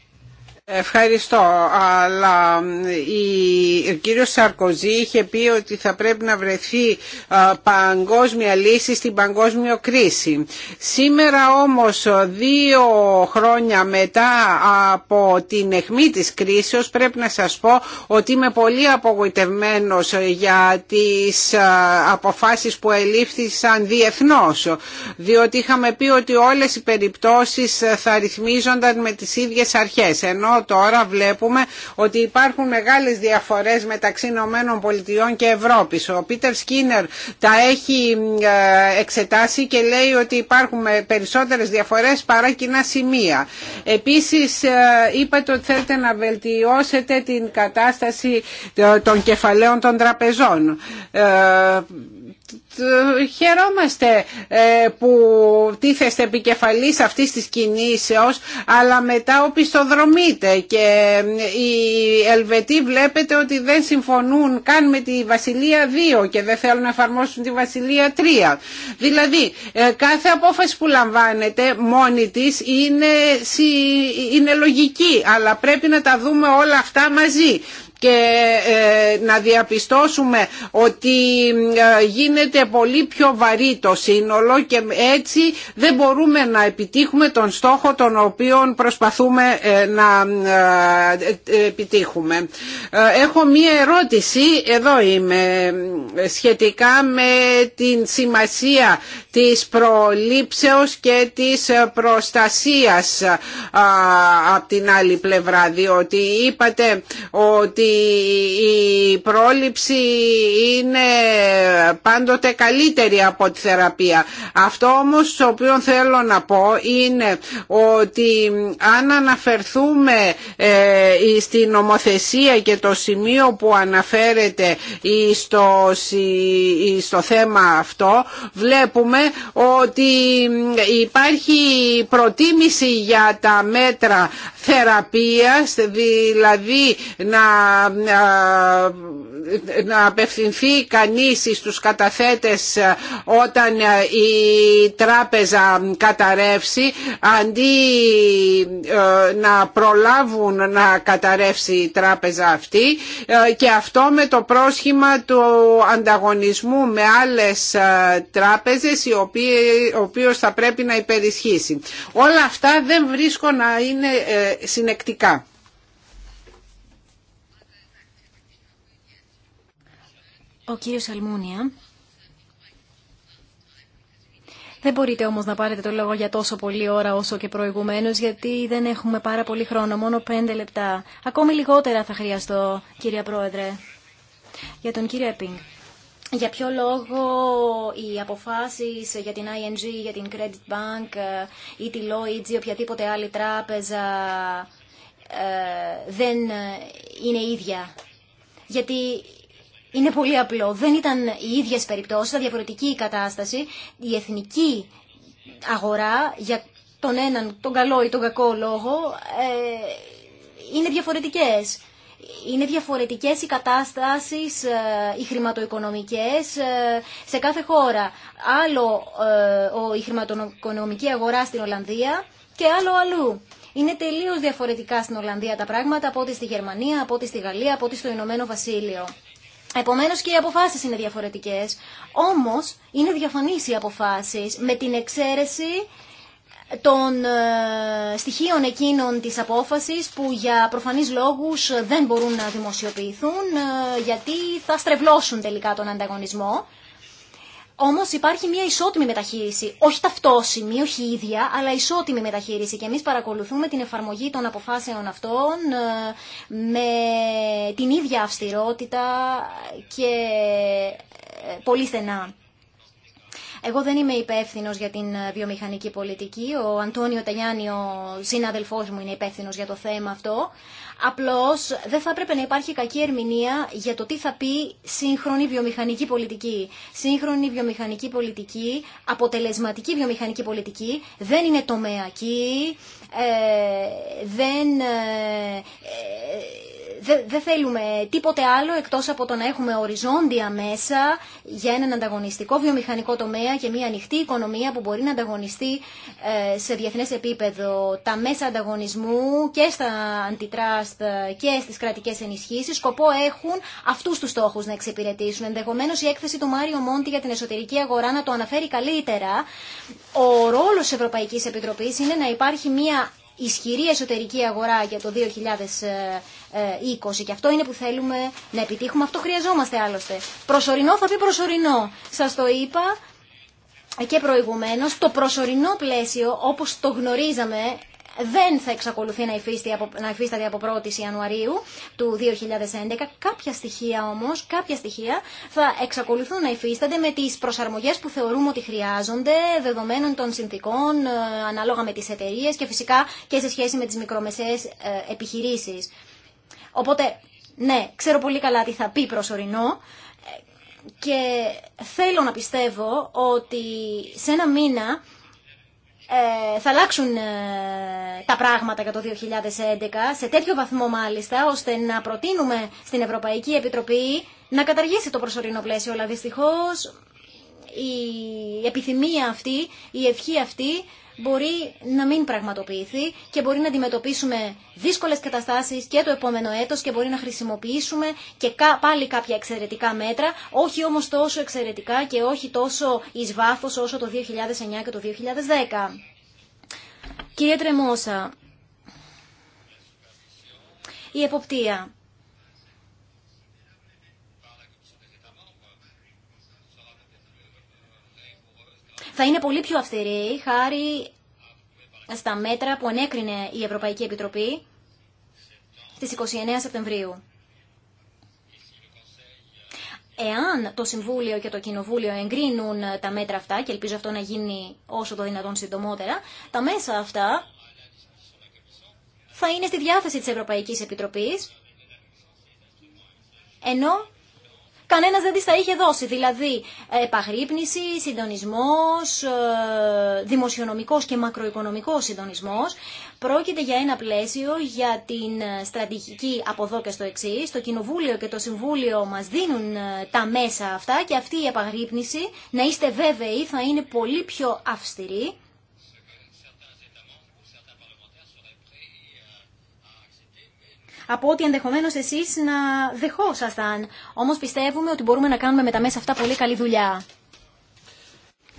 Ευχαριστώ, αλλά η, ο κύριος Σαρκοζή είχε πει ότι θα πρέπει να βρεθεί παγκόσμια λύση στην παγκόσμια κρίση. Σήμερα όμως δύο χρόνια μετά από την αιχμή της κρίσεως πρέπει να σας πω ότι είμαι πολύ απογοητευμένος για τις αποφάσεις που ελήφθησαν διεθνώς, διότι είχαμε πει ότι όλες οι περιπτώσεις θα ρυθμίζονταν με τις ίδιες αρχές, τώρα βλέπουμε ότι υπάρχουν μεγάλες διαφορές μεταξύ Ηνωμένων Πολιτειών και Ευρώπης. Ο Πίτερ Σκίνερ τα έχει ε, εξετάσει και λέει ότι υπάρχουν περισσότερες διαφορές παρά κοινά σημεία. Επίσης ε, είπατε ότι θέλετε να βελτιώσετε την κατάσταση ε, των κεφαλαίων των τραπεζών χαιρόμαστε ε, που τίθεστε επικεφαλής αυτής της κινήσεως αλλά μετά οπισθοδρομείτε και ε, οι Ελβετοί βλέπετε ότι δεν συμφωνούν καν με τη Βασιλεία 2 και δεν θέλουν να εφαρμόσουν τη Βασιλεία 3 δηλαδή ε, κάθε απόφαση που λαμβάνετε μόνη της είναι, είναι λογική αλλά πρέπει να τα δούμε όλα αυτά μαζί και ε, να διαπιστώσουμε ότι ε, γίνεται πολύ πιο βαρύ το σύνολο και έτσι δεν μπορούμε να επιτύχουμε τον στόχο τον οποίο προσπαθούμε ε, να επιτύχουμε. Έχω μία ερώτηση, εδώ είμαι, σχετικά με την σημασία της προλήψεως και της προστασίας από την άλλη πλευρά, διότι είπατε ότι η πρόληψη είναι πάντοτε καλύτερη από τη θεραπεία. Αυτό όμως το οποίο θέλω να πω είναι ότι αν αναφερθούμε ε, στην νομοθεσία και το σημείο που αναφέρεται στο, στο θέμα αυτό βλέπουμε ότι υπάρχει προτίμηση για τα μέτρα θεραπείας δηλαδή να να απευθυνθεί κανείς στους καταθέτες όταν η τράπεζα καταρρεύσει αντί ε, να προλάβουν να καταρρεύσει η τράπεζα αυτή ε, και αυτό με το πρόσχημα του ανταγωνισμού με άλλες ε, τράπεζες οι ο οποίος θα πρέπει να υπερισχύσει. Όλα αυτά δεν βρίσκω να είναι συνεκτικά. Ο κύριος Αλμούνια. Δεν μπορείτε όμως να πάρετε το λόγο για τόσο πολλή ώρα όσο και προηγουμένως, γιατί δεν έχουμε πάρα πολύ χρόνο, μόνο πέντε λεπτά. Ακόμη λιγότερα θα χρειαστώ, κύριε Πρόεδρε. Για τον κύριο Επίνγκ. Για ποιο λόγο οι αποφάσεις για την ING, για την Credit Bank ή τη Lloyds ή οποιαδήποτε άλλη τράπεζα ε, δεν είναι ίδια. Γιατί είναι πολύ απλό. Δεν ήταν οι ίδιε περιπτώσει, ήταν διαφορετική η κατάσταση. Η εθνική αγορά για τον έναν, τον καλό ή τον κακό λόγο ε, είναι διαφορετικε Είναι διαφορετικε οι κατάστασεις, ε, οι χρηματοοικονομικέ ε, σε κάθε χώρα. Άλλο ε, ο, η χρηματοοικονομική αγορά στην Ολλανδία και άλλο αλλού. Είναι τελείω διαφορετικά στην Ολλανδία τα πράγματα από ό,τι στη Γερμανία, από ό,τι στη Γαλλία, από ό,τι στο Ηνωμένο Βασίλειο. Επομένω και οι αποφάσει είναι διαφορετικέ. Όμω είναι διαφανεί οι αποφάσει με την εξαίρεση των ε, στοιχείων εκείνων της απόφασης που για προφανείς λόγους δεν μπορούν να δημοσιοποιηθούν ε, γιατί θα στρεβλώσουν τελικά τον ανταγωνισμό Όμω υπάρχει μια ισότιμη μεταχείριση, όχι ταυτόσιμη, όχι ίδια, αλλά ισότιμη μεταχείριση και εμεί παρακολουθούμε την εφαρμογή των αποφάσεων αυτών ε, με την ίδια αυστηρότητα και ε, πολύ στενά. Εγώ δεν είμαι υπεύθυνο για την βιομηχανική πολιτική. Ο Αντώνιο Τελιάνιο, ο συναδελφό μου, είναι υπεύθυνο για το θέμα αυτό. Απλώ δεν θα έπρεπε να υπάρχει κακή ερμηνεία για το τι θα πει σύγχρονη βιομηχανική πολιτική. Σύγχρονη βιομηχανική πολιτική, αποτελεσματική βιομηχανική πολιτική, δεν είναι τομεακή, ε, δεν... Ε, ε, δεν θέλουμε τίποτε άλλο εκτός από το να έχουμε οριζόντια μέσα για έναν ανταγωνιστικό βιομηχανικό τομέα και μια ανοιχτή οικονομία που μπορεί να ανταγωνιστεί ε, σε διεθνές επίπεδο. Τα μέσα ανταγωνισμού και στα αντιτράστ και στις κρατικές ενισχύσεις σκοπό έχουν αυτούς τους στόχους να εξυπηρετήσουν. Ενδεχομένως η έκθεση του Μάριο Μόντι για την εσωτερική αγορά να το αναφέρει καλύτερα. Ο ρόλος Ευρωπαϊκής Επιτροπής είναι να υπάρχει μια ισχυρή εσωτερική αγορά για το 2020 και αυτό είναι που θέλουμε να επιτύχουμε. Αυτό χρειαζόμαστε άλλωστε. Προσωρινό θα πει προσωρινό. Σας το είπα και προηγουμένως. Το προσωρινό πλαίσιο όπως το γνωρίζαμε δεν θα εξακολουθεί να, από, να υφίσταται από 1η Ιανουαρίου του 2011. Κάποια στοιχεία όμως, κάποια στοιχεία θα εξακολουθούν να υφίστανται με τις προσαρμογές που θεωρούμε ότι χρειάζονται δεδομένων των συνθήκων, ε, ανάλογα με τις εταιρείες και φυσικά και σε σχέση με τις μικρομεσαίες ε, επιχειρήσεις. Οπότε, ναι, ξέρω πολύ καλά τι θα πει προσωρινό ε, και θέλω να πιστεύω ότι σε ένα μήνα ε, θα αλλάξουν ε, τα πράγματα για το 2011, σε τέτοιο βαθμό μάλιστα, ώστε να προτείνουμε στην Ευρωπαϊκή Επιτροπή να καταργήσει το προσωρινό πλαίσιο, αλλά δυστυχώς η επιθυμία αυτή, η ευχή αυτή μπορεί να μην πραγματοποιηθεί και μπορεί να αντιμετωπίσουμε δύσκολες καταστάσεις και το επόμενο έτος και μπορεί να χρησιμοποιήσουμε και πάλι κάποια εξαιρετικά μέτρα, όχι όμως τόσο εξαιρετικά και όχι τόσο εις όσο το 2009 και το 2010. Κύριε Τρεμόσα, η εποπτεία. θα είναι πολύ πιο αυστηρή χάρη στα μέτρα που ανέκρινε η Ευρωπαϊκή Επιτροπή στις 29 Σεπτεμβρίου. Εάν το Συμβούλιο και το Κοινοβούλιο εγκρίνουν τα μέτρα αυτά, και ελπίζω αυτό να γίνει όσο το δυνατόν συντομότερα, τα μέσα αυτά θα είναι στη διάθεση της Ευρωπαϊκής Επιτροπής, ενώ Κανένα δεν τη τα είχε δώσει. Δηλαδή, ε, επαγρύπνηση, συντονισμό, ε, δημοσιονομικό και μακροοικονομικό συντονισμό. Πρόκειται για ένα πλαίσιο για την ε, στρατηγική από εδώ και στο εξή. Το Κοινοβούλιο και το Συμβούλιο μας δίνουν τα μέσα αυτά και αυτή η επαγρύπνηση, να είστε βέβαιοι, θα είναι πολύ πιο αυστηρή από ό,τι ενδεχομένω εσείς να δεχόσασταν. Όμως πιστεύουμε ότι μπορούμε να κάνουμε με τα μέσα αυτά πολύ καλή δουλειά.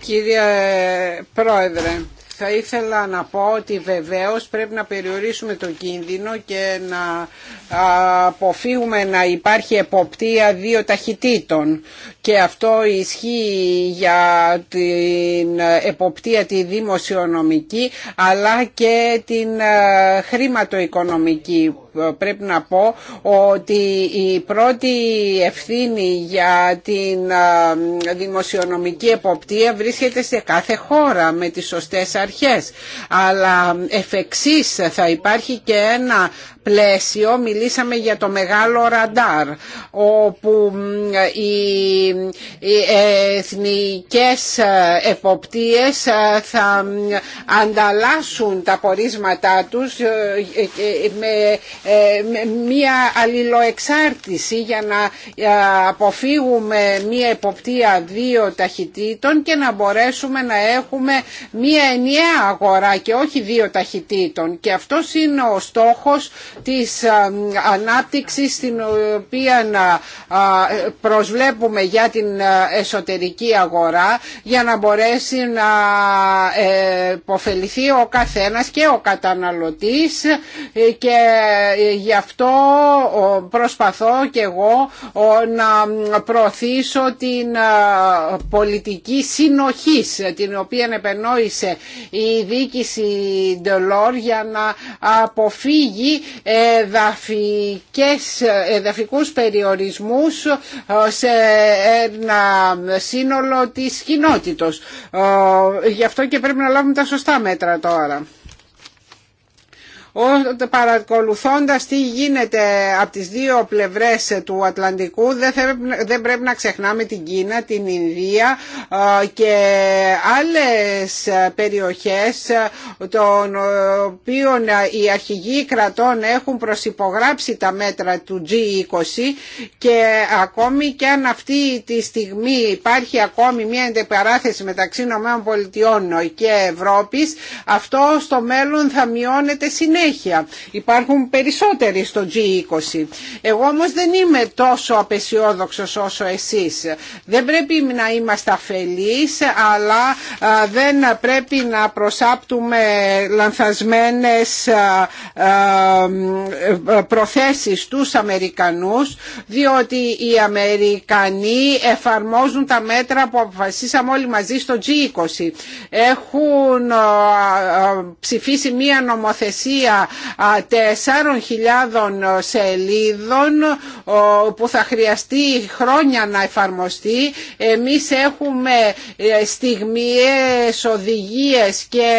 Κύριε ε, Πρόεδρε, θα ήθελα να πω ότι βεβαίως πρέπει να περιορίσουμε το κίνδυνο και να αποφύγουμε να υπάρχει εποπτεία δύο ταχυτήτων και αυτό ισχύει για την εποπτεία τη δημοσιονομική αλλά και την ε, χρηματοοικονομική πρέπει να πω ότι η πρώτη ευθύνη για την δημοσιονομική εποπτεία βρίσκεται σε κάθε χώρα με τις σωστές αρχές. Αλλά εφ' θα υπάρχει και ένα πλαίσιο μιλήσαμε για το μεγάλο ραντάρ όπου οι εθνικές εποπτείες ε, θα ανταλλάσσουν τα πορίσματά τους ε, ε, με μία αλληλοεξάρτηση για να αποφύγουμε μία εποπτεία δύο ταχυτήτων και να μπορέσουμε να έχουμε μία ενιαία αγορά και όχι δύο ταχυτήτων και αυτός είναι ο στόχος της ε, ανάπτυξης την οποία ε, προσβλέπουμε για την ε, εσωτερική αγορά για να μπορέσει να υποφεληθεί ο καθένας και ο καταναλωτής και γι' αυτό προσπαθώ και εγώ να προωθήσω την πολιτική συνοχής την οποία επενόησε η δίκηση Ντελόρ για να αποφύγει εδαφικές, εδαφικούς περιορισμούς ε, σε ένα σύνολο της κοινότητος. Ε, γι' αυτό και πρέπει να λάβουμε τα σωστά μέτρα τώρα παρακολουθώντας τι γίνεται από τις δύο πλευρές του Ατλαντικού δεν πρέπει να ξεχνάμε την Κίνα, την Ινδία και άλλες περιοχές των οποίων οι αρχηγοί κρατών έχουν προσυπογράψει τα μέτρα του G20 και ακόμη και αν αυτή τη στιγμή υπάρχει ακόμη μια εντεπαράθεση μεταξύ ΗΠΑ και Ευρώπης αυτό στο μέλλον θα μειώνεται συνέχεια Υπάρχουν περισσότεροι στο G20. Εγώ όμως δεν είμαι τόσο απεσιόδοξος όσο εσείς. Δεν πρέπει να είμαστε αφελείς, αλλά δεν πρέπει να προσάπτουμε λανθασμένες προθέσεις τους Αμερικανούς, διότι οι Αμερικανοί εφαρμόζουν τα μέτρα που αποφασίσαμε όλοι μαζί στο G20. Έχουν ψηφίσει μία νομοθεσία χιλιάδων 4.000 σελίδων που θα χρειαστεί χρόνια να εφαρμοστεί. Εμείς έχουμε ε, στιγμιές οδηγίες και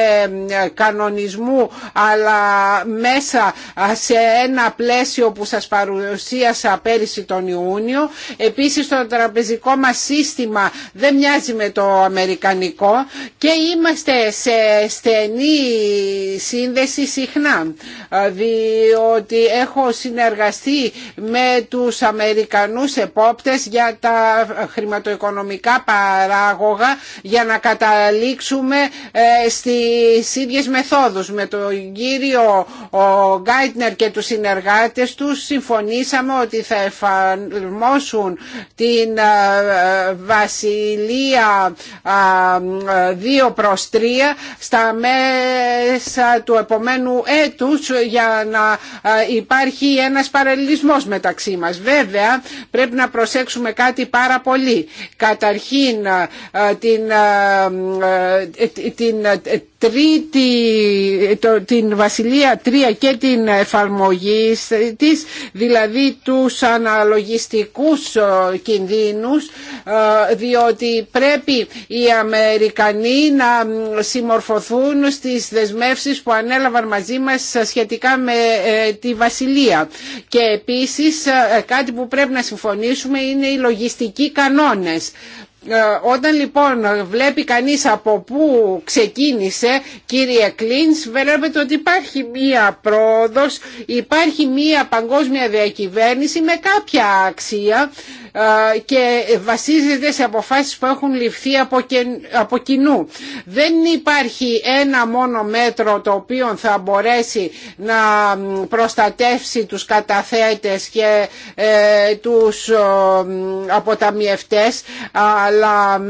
κανονισμού αλλά μέσα σε ένα πλαίσιο που σας παρουσίασα πέρυσι τον Ιούνιο. Επίσης το τραπεζικό μας σύστημα δεν μοιάζει με το αμερικανικό και είμαστε σε στενή σύνδεση συχνά διότι έχω συνεργαστεί με τους Αμερικανούς επόπτες για τα χρηματοοικονομικά παράγωγα για να καταλήξουμε ε, στις ίδιες μεθόδους. Με τον κύριο Γκάιτνερ και τους συνεργάτες τους συμφωνήσαμε ότι θα εφαρμόσουν την ε, βασιλεία 2 προς 3 στα μέσα του επομένου έτου ε, για να ε, υπάρχει ένας παραλληλισμός μεταξύ μας. Βέβαια πρέπει να προσέξουμε κάτι πάρα πολύ. Καταρχήν ε, την, την τρίτη, το, την Βασιλεία Τρία και την εφαρμογή της, δηλαδή τους αναλογιστικούς ε, κινδύνους, ε, διότι πρέπει οι Αμερικανοί να συμμορφωθούν στις δεσμεύσεις που ανέλαβαν μαζί μας σχετικά με ε, τη Βασιλεία. Και επίσης κάτι που πρέπει να συμφωνήσουμε είναι οι λογιστικοί κανόνες. Ε, όταν λοιπόν βλέπει κανείς από πού ξεκίνησε κύριε Κλίνς βλέπετε ότι υπάρχει μία πρόοδος, υπάρχει μία παγκόσμια διακυβέρνηση με κάποια αξία ε, και βασίζεται σε αποφάσεις που έχουν ληφθεί από κοινού. Δεν υπάρχει ένα μόνο μέτρο το οποίο θα μπορέσει να προστατεύσει τους καταθέτες και ε, τους αποταμιευτές αλλά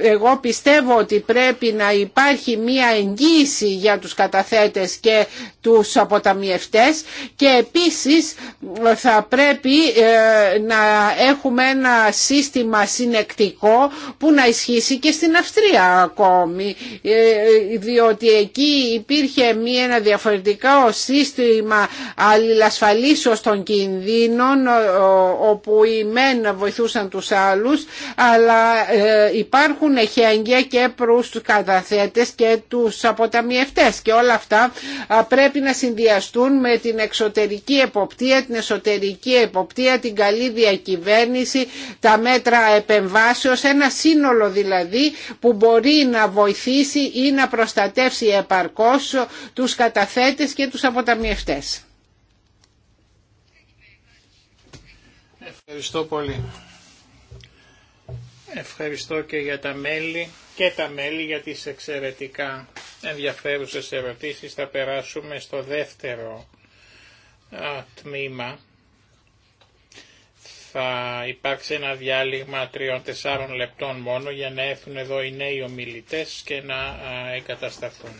ε, εγώ πιστεύω ότι πρέπει να υπάρχει μία εγγύηση για τους καταθέτες και τους αποταμιευτές και επίσης ε, θα πρέπει ε, να έχουμε ένα σύστημα συνεκτικό που να ισχύσει και στην Αυστρία ακόμη διότι εκεί υπήρχε μία, ένα διαφορετικό σύστημα αλληλασφαλίσεως των κινδύνων όπου οι μεν βοηθούσαν τους άλλους αλλά ε, υπάρχουν εχέγγυα και προς τους καταθέτες και τους αποταμιευτές και όλα αυτά πρέπει να συνδυαστούν με την εξωτερική εποπτεία, την εσωτερική εποπτεία, την καλή διακυβέρνηση, τα μέτρα επεμβάσεως, ένα σύνολο δηλαδή που μπορεί να βοηθήσει ή να προστατεύσει επαρκώς τους καταθέτες και τους αποταμιευτές. Ευχαριστώ πολύ. Ευχαριστώ και για τα μέλη και τα μέλη για τις εξαιρετικά ενδιαφέρουσες ερωτήσεις. Θα περάσουμε στο δεύτερο τμήμα. Θα υπάρξει ένα διάλειγμα τριών-τεσσάρων λεπτών μόνο για να έρθουν εδώ οι νέοι ομιλητές και να εγκατασταθούν.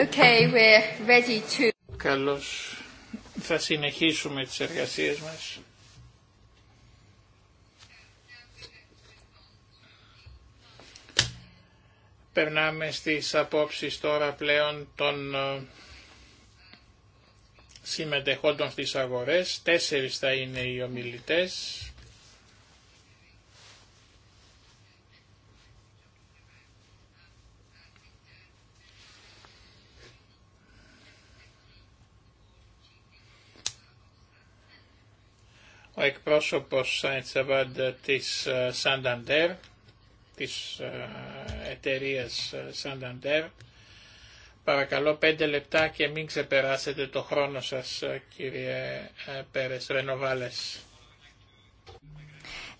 Okay, Καλώς. Θα συνεχίσουμε τις εργασίες μας. Περνάμε στις απόψεις τώρα πλέον των ε, συμμετεχόντων στις αγορές. Τέσσερις θα είναι οι ομιλητές. εκπρόσωπος Σάιντσαβάντ της Σανταντέρ, ε, της ε, εταιρείας Σανταντέρ. Ε, Παρακαλώ πέντε λεπτά και μην ξεπεράσετε το χρόνο σας κύριε Πέρες Ρενοβάλες.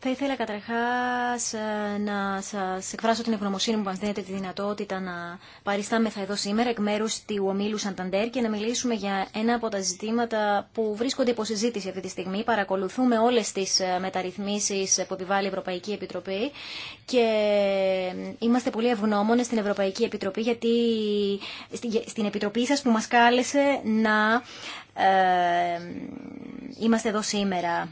Θα ήθελα καταρχάς ε, να σας εκφράσω την ευγνωμοσύνη μου που μας δίνετε τη δυνατότητα να παριστάμεθα εδώ σήμερα εκ μέρους του ομίλου Σανταντέρ και να μιλήσουμε για ένα από τα ζητήματα που βρίσκονται υπό συζήτηση αυτή τη στιγμή. Παρακολουθούμε όλες τις ε, μεταρρυθμίσεις που επιβάλλει η Ευρωπαϊκή Επιτροπή και ε, είμαστε πολύ ευγνώμονες στην Ευρωπαϊκή Επιτροπή γιατί στην Επιτροπή σας που μας κάλεσε να είμαστε εδώ σήμερα.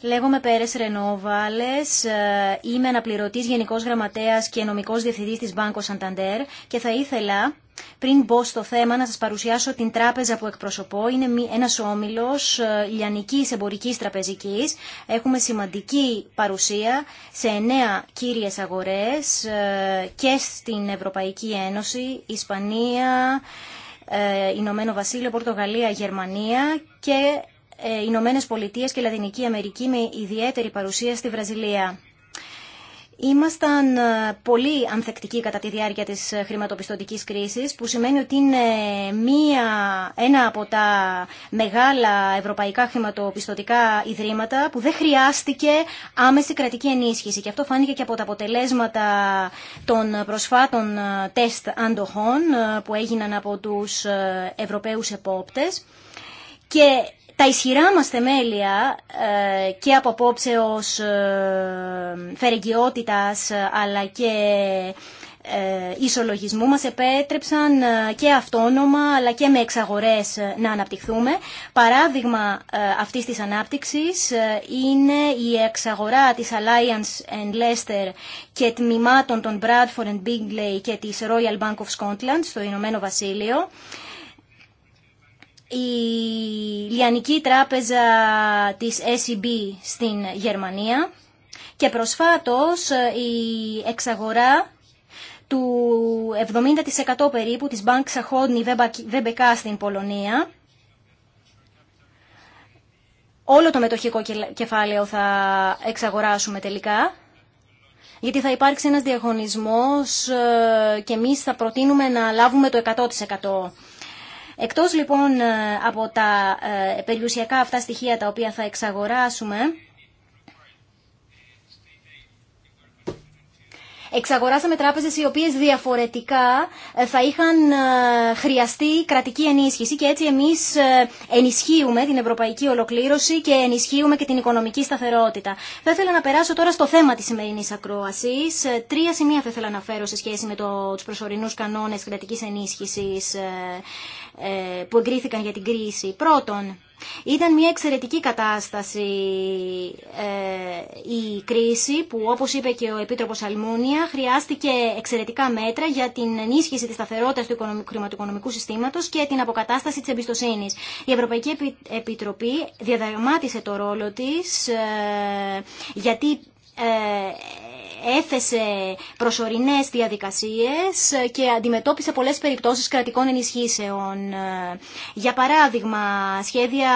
Λέγομαι Πέρες Ρενόβαλες, ε, είμαι αναπληρωτής Γενικός Γραμματέας και Νομικός Διευθυντής της Banco Santander και θα ήθελα πριν μπω στο θέμα να σας παρουσιάσω την τράπεζα που εκπροσωπώ. Είναι ένας όμιλος ε, λιανικής εμπορικής τραπεζικής. Έχουμε σημαντική παρουσία σε εννέα κύριες αγορές ε, και στην Ευρωπαϊκή Ένωση, Ισπανία, Ηνωμένο Βασίλειο, Πορτογαλία, Γερμανία και ε, Ηνωμένε Πολιτείε και Λατινική Αμερική με ιδιαίτερη παρουσία στη Βραζιλία. Ήμασταν ε, πολύ ανθεκτικοί κατά τη διάρκεια της χρηματοπιστωτικής κρίσης, που σημαίνει ότι είναι μία, ένα από τα μεγάλα ευρωπαϊκά χρηματοπιστωτικά ιδρύματα που δεν χρειάστηκε άμεση κρατική ενίσχυση. Και αυτό φάνηκε και από τα αποτελέσματα των προσφάτων ε, τεστ αντοχών που έγιναν από τους Ευρωπαίους επόπτες. Και τα ισχυρά μας θεμέλια ε, και από απόψε ως ε, ε, αλλά και ισολογισμού μας επέτρεψαν και αυτόνομα αλλά και με εξαγορές να αναπτυχθούμε. Παράδειγμα αυτής της ανάπτυξης είναι η εξαγορά της Alliance and Leicester και τμήματων των Bradford and Bingley και της Royal Bank of Scotland στο Ηνωμένο Βασίλειο η Λιανική Τράπεζα της SEB στην Γερμανία και προσφάτως ε, η εξαγορά του 70% περίπου της Bank Sachodny VBK στην Πολωνία. Όλο το μετοχικό κεφάλαιο θα εξαγοράσουμε τελικά, γιατί θα υπάρξει ένας διαγωνισμός ε, και εμείς θα προτείνουμε να λάβουμε το 100%. Εκτός λοιπόν ε, από τα ε, περιουσιακά αυτά στοιχεία τα οποία θα εξαγοράσουμε, Εξαγοράσαμε τράπεζες οι οποίες διαφορετικά ε, θα είχαν χρειαστεί κρατική ενίσχυση και έτσι εμείς ενισχύουμε την ευρωπαϊκή ολοκλήρωση και ενισχύουμε και την οικονομική σταθερότητα. Θα ήθελα να περάσω τώρα στο θέμα της σημερινή ακρόασης. Τρία σημεία θα ήθελα να φέρω σε σχέση με το, τους προσωρινούς κανόνες κρατικής ενίσχυσης. Ε, που εγκρίθηκαν για την κρίση. Πρώτον, ήταν μια εξαιρετική κατάσταση ε, η κρίση που όπως είπε και ο Επίτροπος Αλμούνια χρειάστηκε εξαιρετικά μέτρα για την ενίσχυση της σταθερότητας του χρηματοοικονομικού συστήματος και την αποκατάσταση της εμπιστοσύνης. Η Ευρωπαϊκή Επιτροπή διαδραμάτισε το ρόλο της ε, γιατί έθεσε προσωρινές διαδικασίες και αντιμετώπισε πολλές περιπτώσεις κρατικών ενισχύσεων. Για παράδειγμα, σχέδια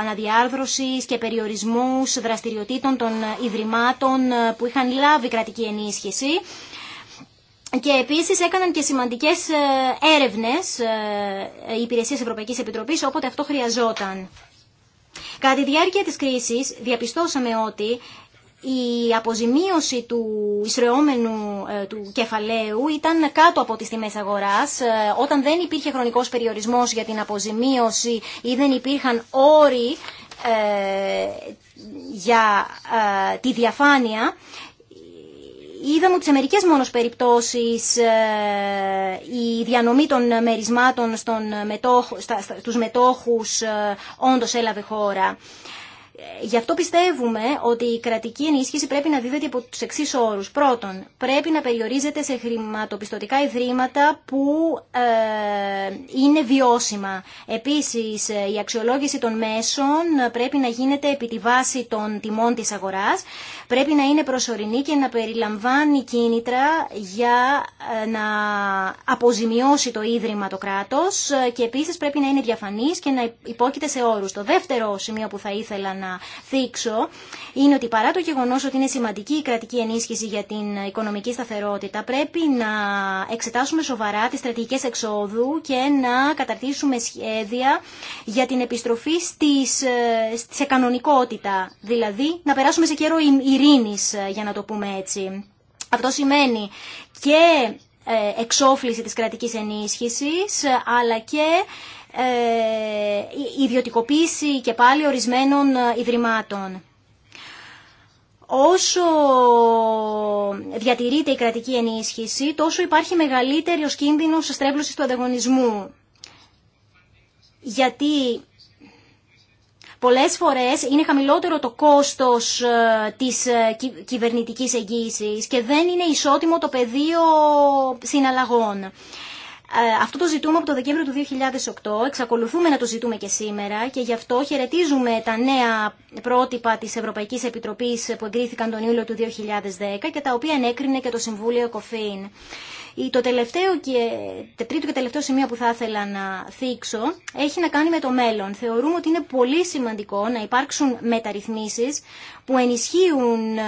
αναδιάρθρωσης και περιορισμούς δραστηριοτήτων των ιδρυμάτων που είχαν λάβει κρατική ενίσχυση. Και επίσης έκαναν και σημαντικές ε, έρευνες ε, οι υπηρεσίες Ευρωπαϊκής Επιτροπής όποτε αυτό χρειαζόταν. Κατά τη διάρκεια της κρίσης διαπιστώσαμε ότι η αποζημίωση του ισρεόμενου ε, του κεφαλαίου ήταν κάτω από τις τιμές αγοράς. Ε, όταν δεν υπήρχε χρονικός περιορισμός για την αποζημίωση ή δεν υπήρχαν όροι ε, για τη διαφάνεια, είδαμε ότι σε μερικές μόνος περιπτώσεις η διανομή των μερισμάτων στου μετόχου μετόχους έλαβε χώρα. Γι' αυτό πιστεύουμε ότι η κρατική ενίσχυση πρέπει να δίδεται από του εξή όρου. Πρώτον, πρέπει να περιορίζεται σε χρηματοπιστωτικά ιδρύματα που ε, είναι βιώσιμα. Επίση, ε, η αξιολόγηση των μέσων ε, πρέπει να γίνεται επί τη βάση των τιμών τη αγορά. Πρέπει να είναι προσωρινή και να περιλαμβάνει κίνητρα για να αποζημιώσει το ίδρυμα το κράτο. Και επίση πρέπει να είναι διαφανή και να υπόκειται σε όρου. Το δεύτερο σημείο που θα ήθελα να είναι ότι παρά το γεγονό ότι είναι σημαντική η κρατική ενίσχυση για την οικονομική σταθερότητα, πρέπει να εξετάσουμε σοβαρά τι στρατηγικέ εξόδου και να καταρτήσουμε σχέδια για την επιστροφή στις, ε, σε κανονικότητα. Δηλαδή, να περάσουμε σε καιρό ειρήνη, ε, για να το πούμε έτσι. Αυτό σημαίνει και ε, εξόφληση της κρατικής ενίσχυσης, αλλά και ε, ιδιωτικοποίηση και πάλι ορισμένων ε, ιδρυμάτων. Όσο διατηρείται η κρατική ενίσχυση, τόσο υπάρχει μεγαλύτερο κίνδυνο κίνδυνος στρέβλωσης του ανταγωνισμού. Γιατί πολλές φορές είναι χαμηλότερο το κόστος ε, της ε, κυβερνητικής εγγύησης και δεν είναι ισότιμο το πεδίο συναλλαγών. Ε, αυτό το ζητούμε από το Δεκέμβριο του 2008, εξακολουθούμε να το ζητούμε και σήμερα και γι' αυτό χαιρετίζουμε τα νέα πρότυπα της Ευρωπαϊκής Επιτροπής που εγκρίθηκαν τον Ιούλιο του 2010 και τα οποία ενέκρινε και το Συμβούλιο Κοφήν. Το τελευταίο και, το τρίτο και τελευταίο σημείο που θα ήθελα να θίξω έχει να κάνει με το μέλλον. Θεωρούμε ότι είναι πολύ σημαντικό να υπάρξουν μεταρρυθμίσεις που ενισχύουν ε,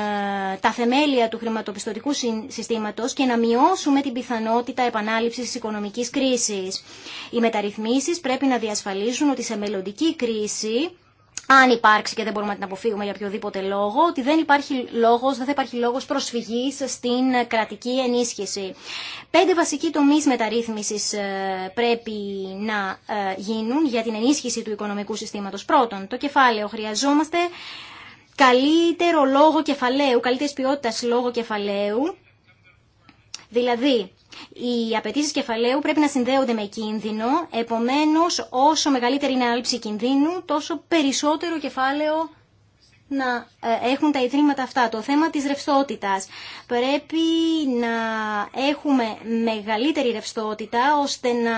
τα θεμέλια του χρηματοπιστωτικού συστήματος και να μειώσουμε την πιθανότητα επανάληψης της οικονομικής κρίσης. Οι μεταρρυθμίσεις πρέπει να διασφαλίσουν ότι σε μελλοντική κρίση αν υπάρξει και δεν μπορούμε να την αποφύγουμε για οποιοδήποτε λόγο, ότι δεν, υπάρχει λόγος, δεν θα υπάρχει λόγο προσφυγής στην κρατική ενίσχυση. Πέντε βασικοί τομείς μεταρρύθμισης ε, πρέπει να ε, γίνουν για την ενίσχυση του οικονομικού συστήματος. Πρώτον, το κεφάλαιο χρειαζόμαστε καλύτερο λόγο κεφαλαίου, καλύτερη ποιότητα λόγο κεφαλαίου, δηλαδή οι απαιτήσει κεφαλαίου πρέπει να συνδέονται με κίνδυνο, επομένω, όσο μεγαλύτερη είναι η άλψη κινδύνου, τόσο περισσότερο κεφάλαιο να ε, έχουν τα ιδρύματα αυτά. Το θέμα της ρευστότητας. Πρέπει να έχουμε μεγαλύτερη ρευστότητα ώστε να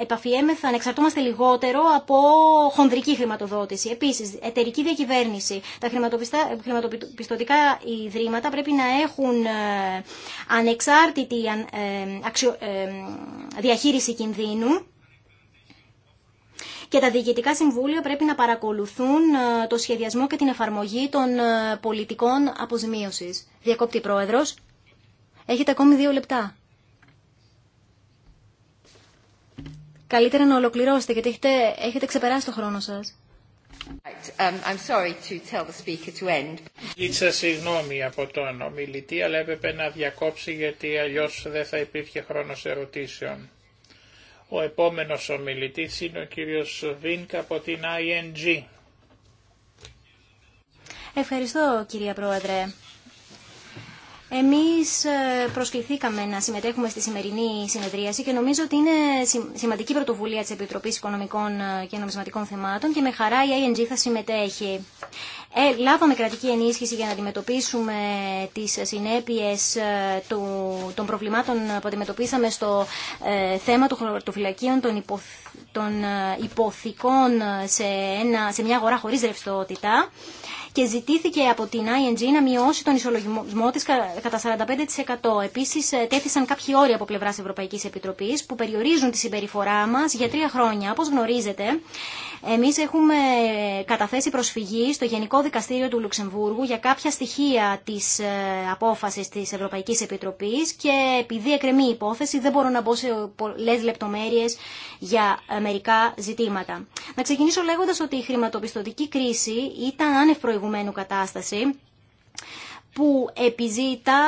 επαφιέμεθα, να εξαρτώμαστε λιγότερο από χονδρική χρηματοδότηση. Επίσης, εταιρική διακυβέρνηση. Τα χρηματοπιστωτικά ιδρύματα πρέπει να έχουν ε, ανεξάρτητη ε, διαχείριση κινδύνου και τα διοικητικά συμβούλια πρέπει να παρακολουθούν ε, το σχεδιασμό και την εφαρμογή των ε, πολιτικών αποζημίωση. Διακόπτη πρόεδρο. έχετε ακόμη δύο λεπτά. Καλύτερα να ολοκληρώσετε γιατί έχετε, έχετε ξεπεράσει το χρόνο σας. Um, Ζήτησα συγγνώμη από τον ομιλητή, αλλά έπρεπε να διακόψει γιατί αλλιώς δεν θα υπήρχε χρόνο ερωτήσεων. Ο επόμενος ομιλητής είναι ο κύριος Βίνκ από την ING. Ευχαριστώ κυρία Πρόεδρε. Εμείς ε, προσκληθήκαμε να συμμετέχουμε στη σημερινή συνεδρίαση και νομίζω ότι είναι σημαντική πρωτοβουλία της Επιτροπής Οικονομικών ε, και Νομισματικών Θεμάτων και με χαρά η ING θα συμμετέχει. Ε, λάβαμε κρατική ενίσχυση για να αντιμετωπίσουμε τις συνέπειες ε, των προβλημάτων που αντιμετωπίσαμε στο θέμα των χαρτοφυλακίων των, υποθηκών σε, ένα, σε μια αγορά χωρίς ρευστότητα και ζητήθηκε από την ING να μειώσει τον ισολογισμό τη κατά 45%. Επίσης ε, τέθησαν κάποιοι όροι από πλευρά Ευρωπαϊκή Επιτροπή που περιορίζουν τη συμπεριφορά μας για τρία χρόνια. Όπως γνωρίζετε, εμείς έχουμε καταθέσει προσφυγή στο Γενικό Δικαστήριο του Λουξεμβούργου για κάποια στοιχεία της ε, απόφαση της Ευρωπαϊκής Επιτροπής και επειδή εκρεμεί η υπόθεση δεν μπορώ να μπω σε πολλέ λεπτομέρειες για ε, μερικά ζητήματα. Να ξεκινήσω λέγοντας ότι η χρηματοπιστωτική κρίση ήταν άνευ προηγουμένου κατάσταση που επιζήτα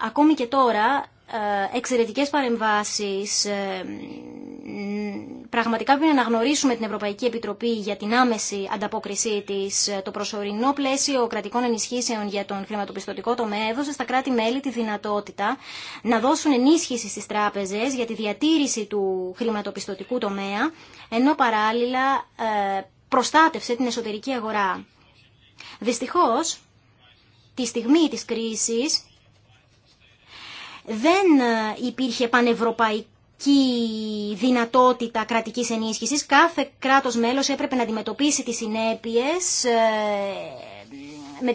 ακόμη και τώρα ε, εξαιρετικές παρεμβάσεις. Ε, πραγματικά πρέπει να αναγνωρίσουμε την Ευρωπαϊκή Επιτροπή για την άμεση ανταπόκρισή της. Ε, το προσωρινό πλαίσιο κρατικών ενισχύσεων για τον χρηματοπιστωτικό τομέα έδωσε στα κράτη-μέλη τη δυνατότητα να δώσουν ενίσχυση στις τράπεζες για τη διατήρηση του χρηματοπιστωτικού τομέα, ενώ παράλληλα προστάτευσε την εσωτερική αγορά. Δυστυχώς, τη στιγμή της κρίσης δεν ε, υπήρχε πανευρωπαϊκή δυνατότητα κρατικής ενίσχυσης. Κάθε κράτος μέλος έπρεπε να αντιμετωπίσει τις συνέπειες ε,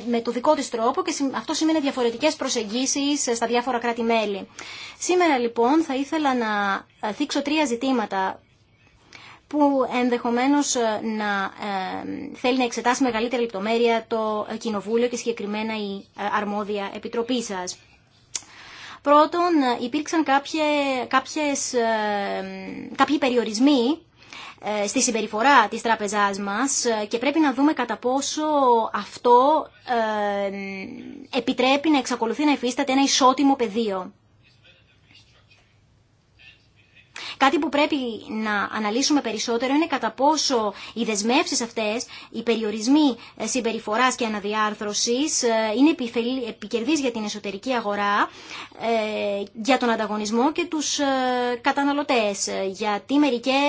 με, το δικό της τρόπο και αυτό σημαίνει διαφορετικές προσεγγίσεις ε, στα διάφορα κράτη-μέλη. Σήμερα λοιπόν θα ήθελα να δείξω τρία ζητήματα που ενδεχομένως να θέλει να εξετάσει μεγαλύτερη λεπτομέρεια το Κοινοβούλιο και συγκεκριμένα η αρμόδια επιτροπή σας. Πρώτον, υπήρξαν κάποιες, ε, κάποιοι περιορισμοί ε, στη συμπεριφορά της τράπεζάς μας ε, και πρέπει να δούμε κατά πόσο αυτό επιτρέπει να εξακολουθεί να υφίσταται ένα ισότιμο πεδίο. Κάτι που πρέπει να αναλύσουμε περισσότερο είναι κατά πόσο οι δεσμεύσει αυτέ, οι περιορισμοί ε, συμπεριφορά και αναδιάρθρωση ε, είναι επικερδεί για την εσωτερική αγορά, ε, για τον ανταγωνισμό και του καταναλωτέ. Γιατί μερικέ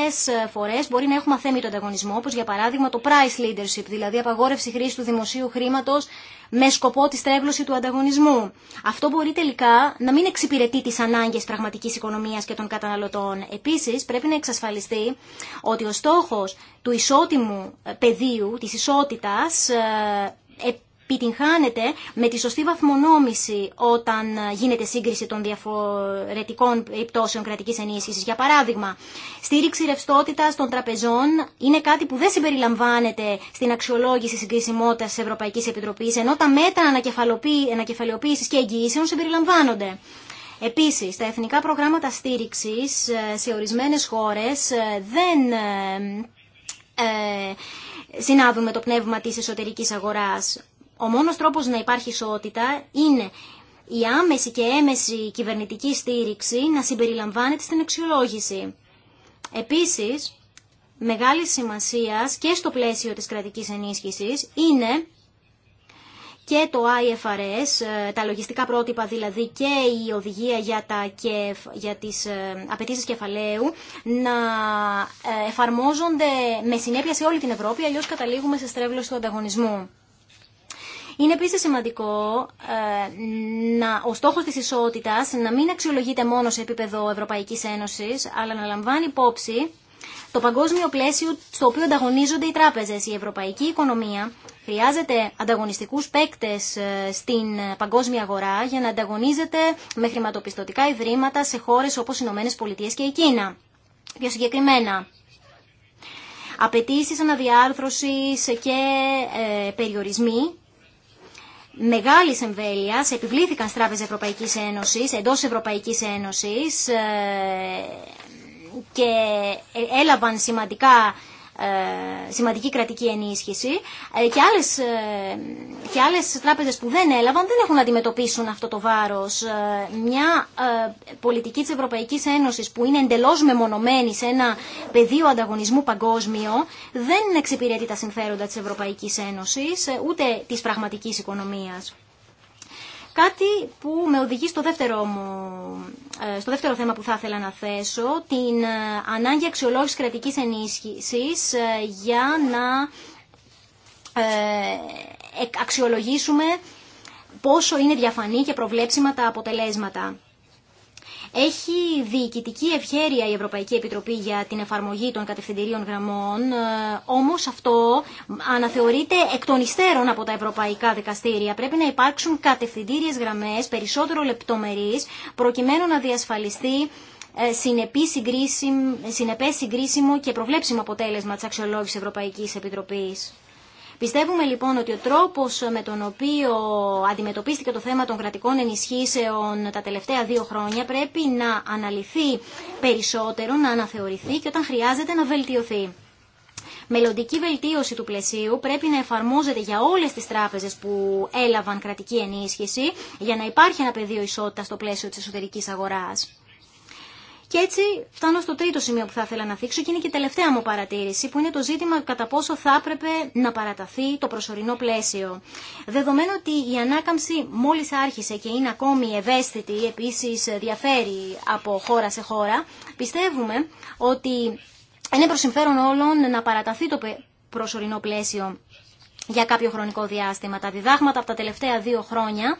φορέ μπορεί να έχουμε αθέμητο ανταγωνισμό, όπω για παράδειγμα το price leadership, δηλαδή απαγόρευση χρήση του δημοσίου χρήματο με σκοπό τη στρέβλωση του ανταγωνισμού. Αυτό μπορεί τελικά να μην εξυπηρετεί τι ανάγκε πραγματική οικονομία και των καταναλωτών. Επίση, πρέπει να εξασφαλιστεί ότι ο στόχο του ισότιμου ε, πεδίου, τη ισότητα, ε, ε, επιτυγχάνεται με τη σωστή βαθμονόμηση όταν ε, γίνεται σύγκριση των διαφορετικών πτώσεων κρατικής ενίσχυσης. Για παράδειγμα, στήριξη ρευστότητα των τραπεζών είναι κάτι που δεν συμπεριλαμβάνεται στην αξιολόγηση συγκρισιμότητα τη Ευρωπαϊκή Επιτροπής, ενώ τα μέτρα ανακεφαλαιοποίηση και εγγυήσεων συμπεριλαμβάνονται. Επίση, τα εθνικά προγράμματα στήριξη ε, σε ορισμένε χώρε ε, δεν συνάδουν με το πνεύμα της εσωτερικής αγοράς ο μόνος τρόπος να υπάρχει ισότητα είναι η άμεση και έμεση κυβερνητική στήριξη να συμπεριλαμβάνεται στην αξιολόγηση. Επίσης, μεγάλη σημασία και στο πλαίσιο της κρατικής ενίσχυσης είναι και το IFRS, ε, τα λογιστικά πρότυπα δηλαδή και η οδηγία για, τα, για τις ε, απαιτήσει κεφαλαίου να ε, εφαρμόζονται με συνέπεια σε όλη την Ευρώπη, αλλιώς καταλήγουμε σε στρέβλωση του ανταγωνισμού. Είναι επίση σημαντικό ε, να, ο στόχο τη ισότητα να μην αξιολογείται μόνο σε επίπεδο Ευρωπαϊκής Ένωσης, αλλά να λαμβάνει υπόψη το παγκόσμιο πλαίσιο στο οποίο ανταγωνίζονται οι τράπεζε. Η ευρωπαϊκή οικονομία χρειάζεται ανταγωνιστικούς παίκτε ε, στην παγκόσμια αγορά για να ανταγωνίζεται με χρηματοπιστωτικά ιδρύματα σε χώρε όπω οι ΗΠΑ και η Κίνα. Πιο συγκεκριμένα, απαιτήσει αναδιάρθρωση και ε, περιορισμοί μεγάλη εμβέλεια επιβλήθηκαν στι τράπεζε Ευρωπαϊκή Ένωση, εντό Ευρωπαϊκή Ένωση ε, και ε, έλαβαν σημαντικά ε, σημαντική κρατική ενίσχυση ε, και άλλες, ε, και άλλες τράπεζες που δεν έλαβαν δεν έχουν να αντιμετωπίσουν αυτό το βάρος. Μια πολιτική της Ευρωπαϊκής Ένωσης που είναι εντελώς μεμονωμένη σε ένα πεδίο ανταγωνισμού παγκόσμιο δεν εξυπηρετεί τα συμφέροντα της Ευρωπαϊκής Ένωσης ούτε της πραγματικής οικονομίας. Κάτι που με οδηγεί στο δεύτερο, μου, ε, στο δεύτερο θέμα που θα ήθελα να θέσω, την ε, ανάγκη αξιολόγηση κρατικής ενίσχυσης ε, για να αξιολογήσουμε πόσο είναι διαφανή και προβλέψιμα τα αποτελέσματα. Έχει διοικητική ευχέρεια η Ευρωπαϊκή Επιτροπή για την εφαρμογή των κατευθυντηρίων γραμμών, ε, όμως αυτό αναθεωρείται εκ των υστέρων από τα ευρωπαϊκά δικαστήρια. Πρέπει να υπάρξουν κατευθυντήριες γραμμές, περισσότερο λεπτομερείς, προκειμένου να διασφαλιστεί ε, συνεπέ συγκρίσιμο, συνεπές και προβλέψιμο αποτέλεσμα της αξιολόγηση Ευρωπαϊκής Επιτροπής. Πιστεύουμε λοιπόν ότι ο τρόπος με τον οποίο αντιμετωπίστηκε το θέμα των κρατικών ενισχύσεων τα τελευταία δύο χρόνια πρέπει να αναλυθεί περισσότερο, να αναθεωρηθεί και όταν χρειάζεται να βελτιωθεί. Μελλοντική βελτίωση του πλαισίου πρέπει να εφαρμόζεται για όλε τι τράπεζε που έλαβαν κρατική ενίσχυση για να υπάρχει ένα πεδίο ισότητα στο πλαίσιο τη εσωτερική αγορά. Και έτσι φτάνω στο τρίτο σημείο που θα ήθελα να θίξω και είναι και η τελευταία μου παρατήρηση που είναι το ζήτημα κατά πόσο θα έπρεπε να παραταθεί το προσωρινό πλαίσιο. Δεδομένου ότι η ανάκαμψη μόλις άρχισε και είναι ακόμη ευαίσθητη, επίσης διαφέρει από χώρα σε χώρα, πιστεύουμε ότι είναι προς συμφέρον όλων να παραταθεί το προσωρινό πλαίσιο για κάποιο χρονικό διάστημα. Τα διδάγματα από τα τελευταία δύο χρόνια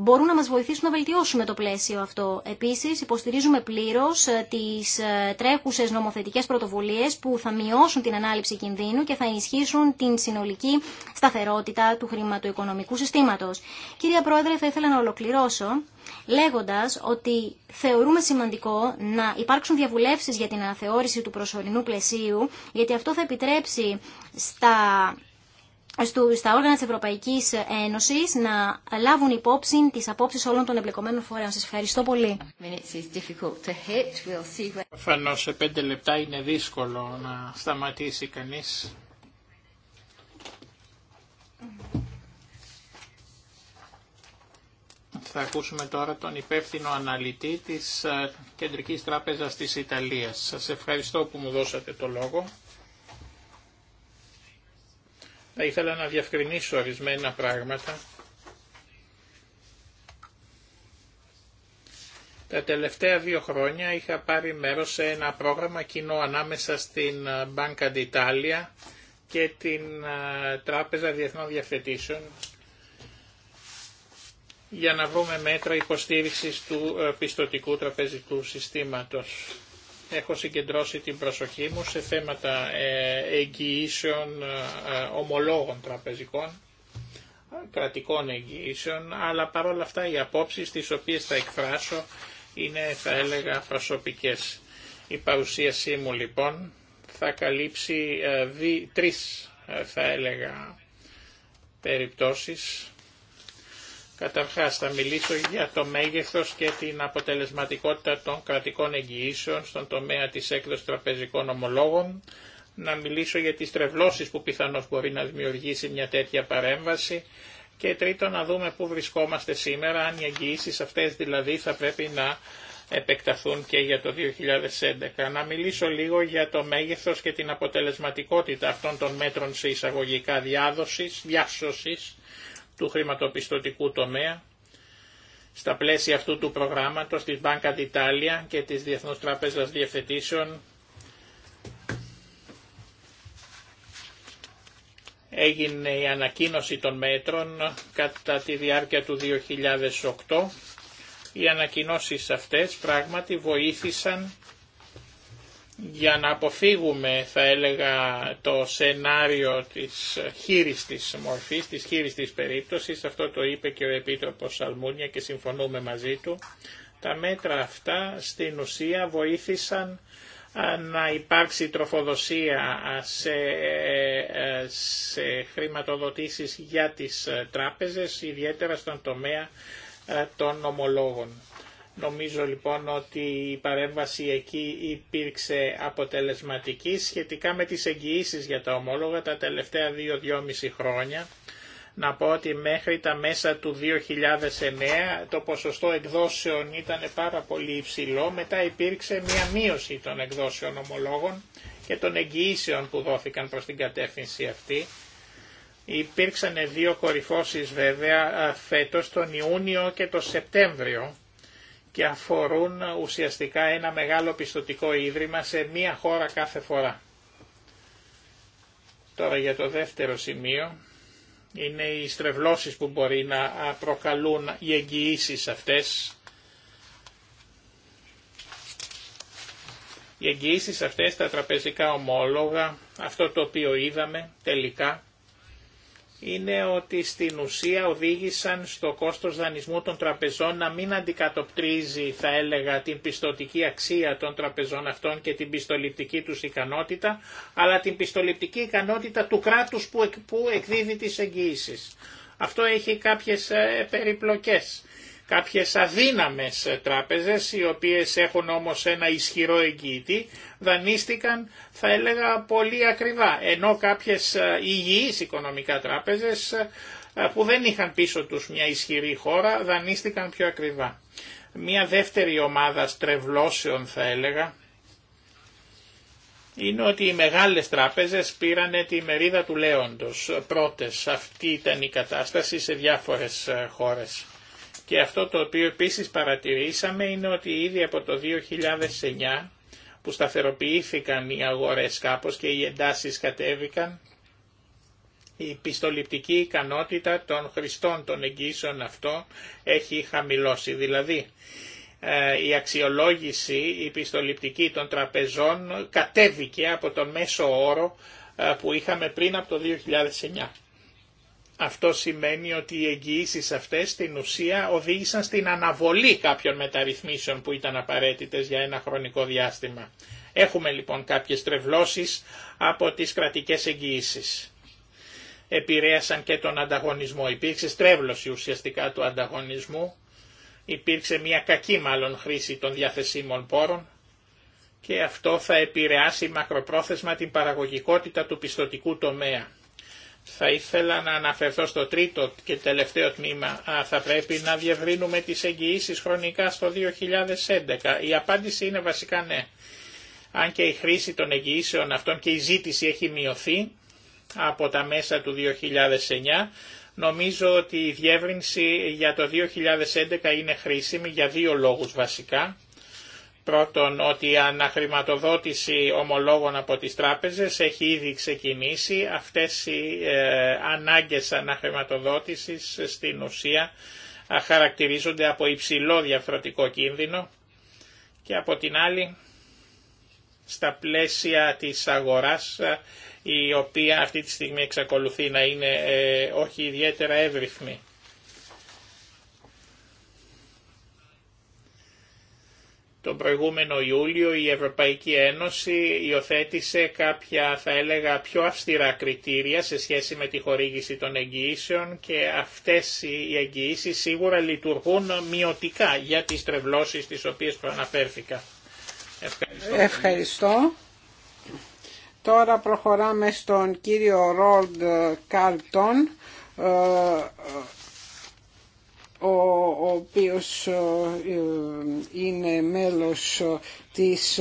μπορούν να μας βοηθήσουν να βελτιώσουμε το πλαίσιο αυτό. Επίσης, υποστηρίζουμε πλήρως ε, τις ε, τρέχουσες νομοθετικές πρωτοβουλίες που θα μειώσουν την ανάληψη κινδύνου και θα ενισχύσουν την συνολική σταθερότητα του χρηματοοικονομικού συστήματος. Κυρία Πρόεδρε, θα ήθελα να ολοκληρώσω λέγοντας ότι θεωρούμε σημαντικό να υπάρξουν διαβουλεύσεις για την αναθεώρηση του προσωρινού πλαισίου, γιατί αυτό θα επιτρέψει στα στα όργανα της Ευρωπαϊκής Ένωσης να λάβουν υπόψη τις απόψεις όλων των εμπλεκομένων φορέων. Σας ευχαριστώ πολύ. Φανώ σε πέντε λεπτά είναι δύσκολο να σταματήσει κανείς. Θα ακούσουμε τώρα τον υπεύθυνο αναλυτή της ε, Κεντρικής Τράπεζας της Ιταλίας. Σας ευχαριστώ που μου δώσατε το λόγο. Θα ήθελα να διευκρινίσω ορισμένα πράγματα. Τα τελευταία δύο χρόνια είχα πάρει μέρος σε ένα πρόγραμμα κοινό ανάμεσα στην ε, Banca d'Italia και την ε, Τράπεζα Διεθνών Διαφετήσεων για να βρούμε μέτρα υποστήριξης του ε, πιστοτικού τραπεζικού συστήματος έχω συγκεντρώσει την προσοχή μου σε θέματα ε, εγγυήσεων ε, ε, ομολόγων τραπεζικών, κρατικών εγγυήσεων, αλλά παρόλα αυτά οι απόψεις τις οποίες θα εκφράσω είναι θα έλεγα προσωπικές. Η παρουσίασή μου λοιπόν θα καλύψει δι, τρεις θα έλεγα περιπτώσεις Καταρχάς θα μιλήσω για το μέγεθος και την αποτελεσματικότητα των κρατικών εγγυήσεων στον τομέα της έκδοσης τραπεζικών ομολόγων, να μιλήσω για τις τρευλώσεις που πιθανώς μπορεί να δημιουργήσει μια τέτοια παρέμβαση και τρίτο να δούμε πού βρισκόμαστε σήμερα, αν οι εγγυήσει αυτές δηλαδή θα πρέπει να επεκταθούν και για το 2011. Να μιλήσω λίγο για το μέγεθος και την αποτελεσματικότητα αυτών των μέτρων σε εισαγωγικά διάδοσης, διάσωσης, του χρηματοπιστωτικού τομέα στα πλαίσια αυτού του προγράμματος της Banca d'Italia και της Διεθνούς Τράπεζας Διευθετήσεων έγινε η ανακοίνωση των μέτρων κατά τη διάρκεια του 2008. Οι ανακοινώσεις αυτές πράγματι βοήθησαν για να αποφύγουμε θα έλεγα το σενάριο της χείριστης μορφής, της χείριστης περίπτωσης, αυτό το είπε και ο Επίτροπος Σαλμούνια και συμφωνούμε μαζί του, τα μέτρα αυτά στην ουσία βοήθησαν να υπάρξει τροφοδοσία σε, ε, σε χρηματοδοτήσεις για τις ε, τράπεζες, ιδιαίτερα στον τομέα ε, των ομολόγων. Νομίζω λοιπόν ότι η παρέμβαση εκεί υπήρξε αποτελεσματική σχετικά με τις εγγυήσεις για τα ομόλογα τα τελευταία 2-2,5 χρόνια. Να πω ότι μέχρι τα μέσα του 2009 το ποσοστό εκδόσεων ήταν πάρα πολύ υψηλό, μετά υπήρξε μια μείωση των εκδόσεων ομολόγων και των εγγυήσεων που δόθηκαν προς την κατεύθυνση αυτή. Υπήρξαν δύο κορυφώσεις βέβαια φέτος τον Ιούνιο και τον Σεπτέμβριο και αφορούν ουσιαστικά ένα μεγάλο πιστοτικό ίδρυμα σε μία χώρα κάθε φορά. Τώρα για το δεύτερο σημείο είναι οι στρεβλώσεις που μπορεί να προκαλούν οι εγγυήσει αυτές. Οι εγγυήσει αυτές, τα τραπεζικά ομόλογα, αυτό το οποίο είδαμε τελικά είναι ότι στην ουσία οδήγησαν στο κόστος δανεισμού των τραπεζών να μην αντικατοπτρίζει, θα έλεγα, την πιστοτική αξία των τραπεζών αυτών και την πιστοληπτική τους ικανότητα, αλλά την πιστοληπτική ικανότητα του κράτους που εκδίδει τις εγγύησεις. Αυτό έχει κάποιες ε, περιπλοκές κάποιες αδύναμες τράπεζες οι οποίες έχουν όμως ένα ισχυρό εγγυητή δανείστηκαν θα έλεγα πολύ ακριβά ενώ κάποιες ε, υγιείς οικονομικά τράπεζες ε, που δεν είχαν πίσω τους μια ισχυρή χώρα δανείστηκαν πιο ακριβά. Μια δεύτερη ομάδα στρεβλώσεων θα έλεγα είναι ότι οι μεγάλες τράπεζες πήραν τη μερίδα του λέοντος πρώτες. Αυτή ήταν η κατάσταση σε διάφορες ε, χώρες. Και αυτό το οποίο επίσης παρατηρήσαμε είναι ότι ήδη από το 2009 που σταθεροποιήθηκαν οι αγορές κάπως και οι εντάσεις κατέβηκαν, η πιστοληπτική ικανότητα των χρηστών των εγγύσεων αυτό έχει χαμηλώσει. Δηλαδή ε, η αξιολόγηση, η πιστοληπτική των τραπεζών κατέβηκε από τον μέσο όρο ε, που είχαμε πριν από το 2009. Αυτό σημαίνει ότι οι εγγυήσει αυτές στην ουσία οδήγησαν στην αναβολή κάποιων μεταρρυθμίσεων που ήταν απαραίτητες για ένα χρονικό διάστημα. Έχουμε λοιπόν κάποιες τρευλώσεις από τις κρατικές εγγυήσει. Επηρέασαν και τον ανταγωνισμό. Υπήρξε στρέβλωση ουσιαστικά του ανταγωνισμού. Υπήρξε μια κακή μάλλον χρήση των διαθεσίμων πόρων και αυτό θα επηρεάσει μακροπρόθεσμα την παραγωγικότητα του πιστοτικού τομέα. Θα ήθελα να αναφερθώ στο τρίτο και τελευταίο τμήμα. Α, θα πρέπει να διευρύνουμε τις εγγυήσει χρονικά στο 2011. Η απάντηση είναι βασικά ναι. Αν και η χρήση των εγγυήσεων αυτών και η ζήτηση έχει μειωθεί από τα μέσα του 2009, νομίζω ότι η διεύρυνση για το 2011 είναι χρήσιμη για δύο λόγους βασικά. Πρώτον, ότι η αναχρηματοδότηση ομολόγων από τις τράπεζες έχει ήδη ξεκινήσει. Αυτές οι ε, ανάγκες αναχρηματοδότησης στην ουσία χαρακτηρίζονται από υψηλό διαφορετικό κίνδυνο και από την άλλη στα πλαίσια της αγοράς η οποία αυτή τη στιγμή εξακολουθεί να είναι ε, όχι ιδιαίτερα εύρυθμη. Τον προηγούμενο Ιούλιο η Ευρωπαϊκή Ένωση υιοθέτησε κάποια θα έλεγα πιο αυστηρά κριτήρια σε σχέση με τη χορήγηση των εγγυήσεων και αυτές οι εγγυήσει σίγουρα λειτουργούν μειωτικά για τις τρευλώσεις τις οποίες προαναφέρθηκα. Ευχαριστώ. Ευχαριστώ. Τώρα προχωράμε στον κύριο Ρόλντ Κάρτον ε, ο οποίος ε, ε, είναι μέλος ε, της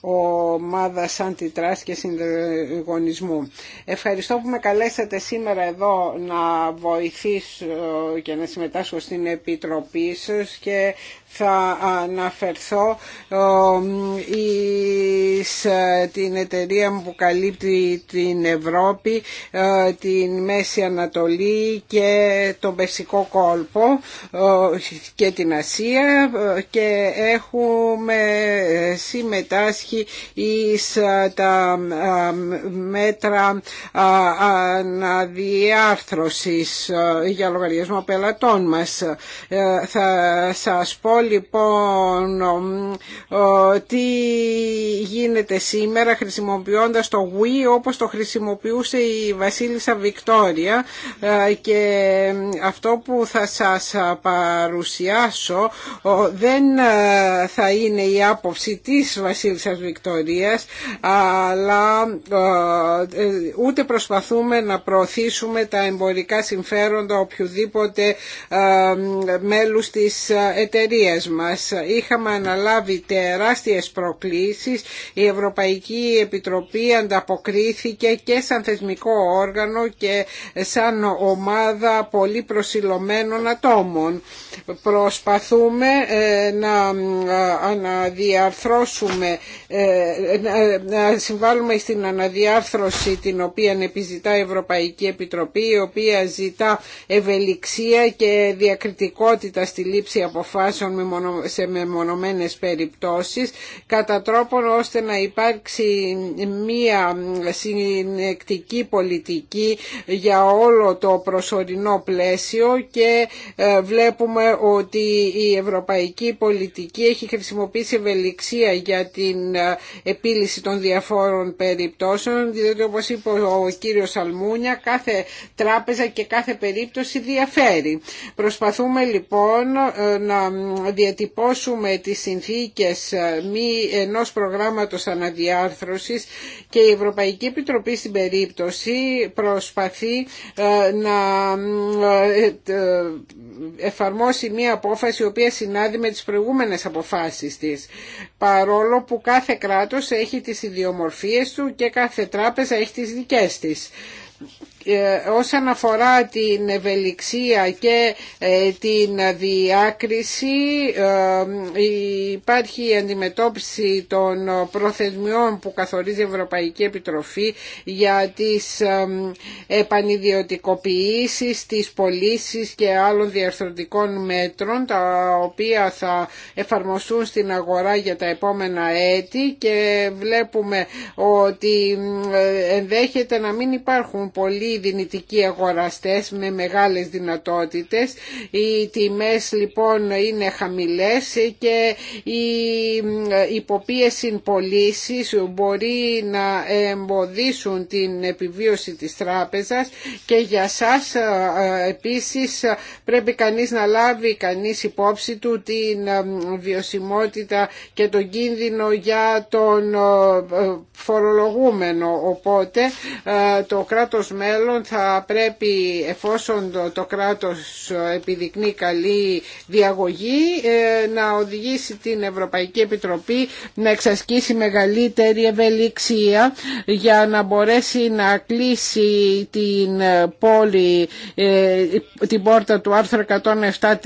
ομάδας αντιτράς και συνδεγονισμού. Ευχαριστώ που με καλέσατε σήμερα εδώ να βοηθήσω και να συμμετάσχω στην Επιτροπή σας και θα αναφερθώ εις ε, την εταιρεία μου που καλύπτει την Ευρώπη, ε, την Μέση Ανατολή και τον Περσικό κόλπο ε, και την Ασία και έχουμε συμμετάσχει εις τα μέτρα αναδιάρθρωσης για λογαριασμό πελατών μας. Θα σας πω λοιπόν τι γίνεται σήμερα χρησιμοποιώντας το Wii όπως το χρησιμοποιούσε η Βασίλισσα Βικτόρια ε, και αυτό που θα σας παρουσιάσω δεν ε, θα είναι η άποψη της Βασίλισσας Βικτορίας αλλά ε, ούτε προσπαθούμε να προωθήσουμε τα εμπορικά συμφέροντα οποιοδήποτε μέλους της εταιρείας. Είχαμε αναλάβει τεράστιες προκλήσεις. Η Ευρωπαϊκή Επιτροπή ανταποκρίθηκε και σαν θεσμικό όργανο και σαν ομάδα πολύ προσιλωμένων ατόμων. Προσπαθούμε ε, να ε, αναδιαρθρώσουμε, ε, να συμβάλλουμε στην αναδιάρθρωση την οποία επιζητά η Ευρωπαϊκή Επιτροπή, η οποία ζητά ευελιξία και διακριτικότητα στη λήψη αποφάσεων σε μεμονωμένες περιπτώσεις κατά τρόπον ώστε να υπάρξει μία συνεκτική πολιτική για όλο το προσωρινό πλαίσιο και ε, βλέπουμε ότι η ευρωπαϊκή πολιτική έχει χρησιμοποιήσει ευελιξία για την ε, επίλυση των διαφόρων περιπτώσεων διότι όπως είπε ο κύριος Σαλμούνια κάθε τράπεζα και κάθε περίπτωση διαφέρει. Προσπαθούμε λοιπόν ε, να διατυπώσουμε τις συνθήκες ε, μη ενός προγράμματος αναδιάρθρωσης και η Ευρωπαϊκή Επιτροπή στην περίπτωση προσπαθεί ε, να ε, εφαρμόσει μία απόφαση η οποία συνάδει με τις προηγούμενες αποφάσεις της παρόλο που κάθε κράτος έχει τις ιδιομορφίες του και κάθε τράπεζα έχει τις δικές της. Ε, όσον αφορά την ευελιξία και ε, την διάκριση ε, υπάρχει η αντιμετώπιση των προθεσμιών που καθορίζει η Ευρωπαϊκή Επιτροφή για τις επανιδιωτικοποιήσεις, τις πωλήσει και άλλων διαρθρωτικών μέτρων τα οποία θα εφαρμοστούν στην αγορά για τα επόμενα έτη και βλέπουμε ότι ενδέχεται να μην υπάρχουν πολλοί οι δυνητικοί αγοραστές με μεγάλες δυνατότητες. Οι τιμές λοιπόν είναι χαμηλές και η υποπίεση πωλήσει μπορεί να εμποδίσουν την επιβίωση της τράπεζας και για σας ε, ε, επίσης πρέπει κανείς να λάβει κανείς υπόψη του την ε, βιωσιμότητα και τον κίνδυνο για τον φορολογούμενο. Οπότε το κράτος μέλος θα πρέπει εφόσον το, το κράτος επιδεικνύει καλή διαγωγή ε, να οδηγήσει την Ευρωπαϊκή Επιτροπή να εξασκήσει μεγαλύτερη ευελιξία για να μπορέσει να κλείσει την πόλη ε, την πόρτα του άρθρου 107.3β.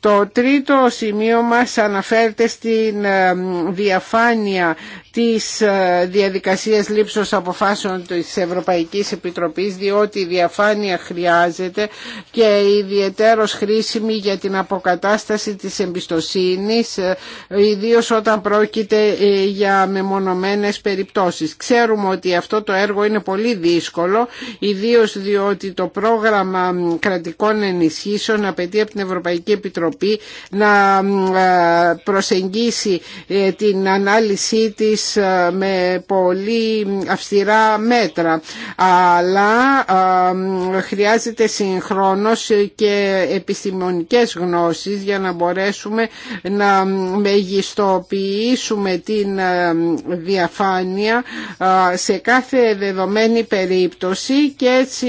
Το τρίτο σημείο μας αναφέρεται στην ε, διαφάνεια της διαδικασίας λήψης αποφάσεων της Ευρωπαϊκής Ευρωπαϊκής Επιτροπής διότι η διαφάνεια χρειάζεται και ιδιαιτέρως χρήσιμη για την αποκατάσταση της εμπιστοσύνης ε, ιδίως όταν πρόκειται ε, για μεμονωμένες περιπτώσεις. Ξέρουμε ότι αυτό το έργο είναι πολύ δύσκολο ιδίως διότι το πρόγραμμα κρατικών ενισχύσεων απαιτεί από την Ευρωπαϊκή Επιτροπή να προσεγγίσει ε, την ανάλυση της με πολύ αυστηρά μέτρα αλλά χρειάζεται συγχρόνως και επιστημονικές γνώσεις για να μπορέσουμε να μεγιστοποιήσουμε την διαφάνεια σε κάθε δεδομένη περίπτωση και έτσι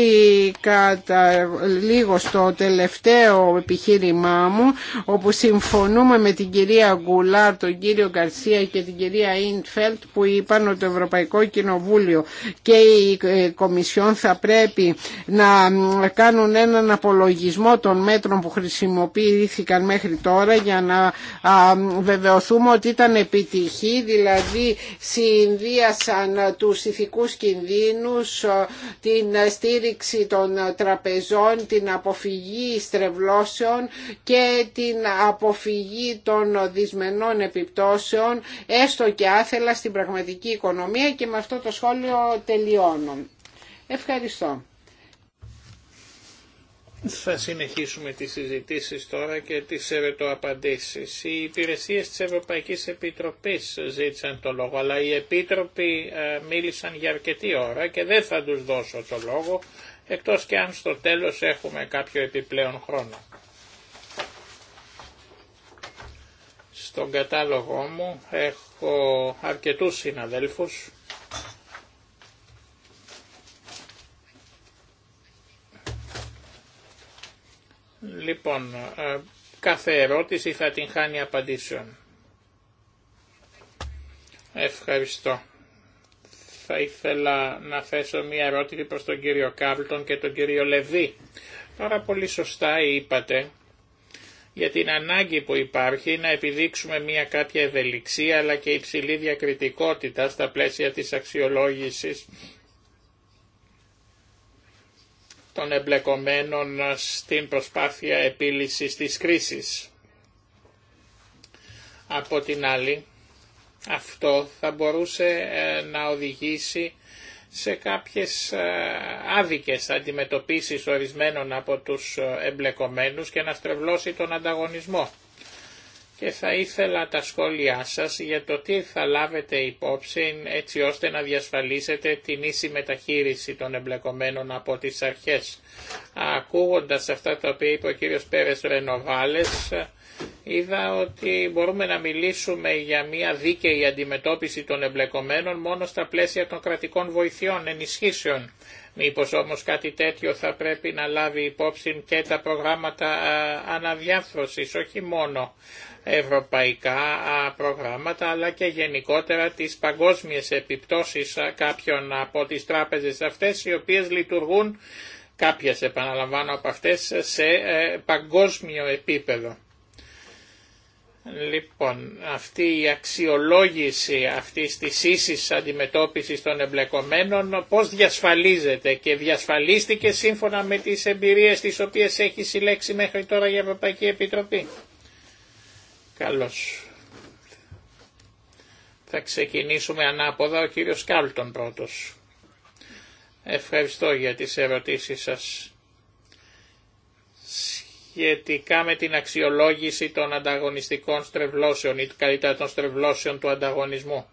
κατά λίγο στο τελευταίο επιχείρημά μου όπου συμφωνούμε με την κυρία Γκουλάρ, τον κύριο Γκαρσία και την κυρία Ίντφελτ που είπαν ότι το Ευρωπαϊκό Κοινοβούλιο και η Κομισιόν θα πρέπει να κάνουν έναν απολογισμό των μέτρων που χρησιμοποιήθηκαν μέχρι τώρα για να βεβαιωθούμε ότι ήταν επιτυχή, δηλαδή συνδύασαν τους ηθικούς κινδύνους, την στήριξη των τραπεζών, την αποφυγή στρεβλώσεων και την αποφυγή των δυσμενών επιπτώσεων, έστω και άθελα στην πραγματική οικονομία και με αυτό το σχόλιο τελειώνω. Ευχαριστώ. Θα συνεχίσουμε τις συζητήσεις τώρα και τις ερωτοαπαντήσεις. Οι υπηρεσίες της Ευρωπαϊκής Επιτροπής ζήτησαν το λόγο, αλλά οι επίτροποι ε, μίλησαν για αρκετή ώρα και δεν θα τους δώσω το λόγο, εκτός και αν στο τέλος έχουμε κάποιο επιπλέον χρόνο. Στον κατάλογό μου έχω αρκετούς συναδέλφους Λοιπόν, ε, κάθε ερώτηση θα την χάνει απαντήσεων. Ευχαριστώ. Θα ήθελα να θέσω μία ερώτηση προς τον κύριο Κάβλτον και τον κύριο Λεβί. Τώρα πολύ σωστά είπατε για την ανάγκη που υπάρχει να επιδείξουμε μία κάποια ευελιξία αλλά και υψηλή διακριτικότητα στα πλαίσια της αξιολόγησης των εμπλεκομένων στην προσπάθεια επίλυσης της κρίσης. Από την άλλη, αυτό θα μπορούσε ε, να οδηγήσει σε κάποιες ε, άδικες αντιμετωπίσεις ορισμένων από τους ε, εμπλεκομένους και να στρεβλώσει τον ανταγωνισμό και θα ήθελα τα σχόλιά σας για το τι θα λάβετε υπόψη έτσι ώστε να διασφαλίσετε την ίση μεταχείριση των εμπλεκομένων από τις αρχές. Ακούγοντας αυτά τα οποία είπε ο κύριος Πέρες Ρενοβάλες, είδα ότι μπορούμε να μιλήσουμε για μια δίκαιη αντιμετώπιση των εμπλεκομένων μόνο στα πλαίσια των κρατικών βοηθειών, ενισχύσεων. Μήπως όμως κάτι τέτοιο θα πρέπει να λάβει υπόψη και τα προγράμματα αναδιάρθρωσης, όχι μόνο ευρωπαϊκά προγράμματα, αλλά και γενικότερα τις παγκόσμιες επιπτώσεις κάποιων από τις τράπεζες αυτές, οι οποίες λειτουργούν κάποιες επαναλαμβάνω από αυτές σε ε, παγκόσμιο επίπεδο. Λοιπόν, αυτή η αξιολόγηση αυτή της ίσης αντιμετώπιση των εμπλεκομένων πώς διασφαλίζεται και διασφαλίστηκε σύμφωνα με τις εμπειρίες τις οποίες έχει συλλέξει μέχρι τώρα η Ευρωπαϊκή Επιτροπή. Καλώς. Θα ξεκινήσουμε ανάποδα ο κύριος Κάλτον πρώτος. Ευχαριστώ για τις ερωτήσεις σας σχετικά με την αξιολόγηση των ανταγωνιστικών στρεβλώσεων ή καλύτερα των στρεβλώσεων του ανταγωνισμού.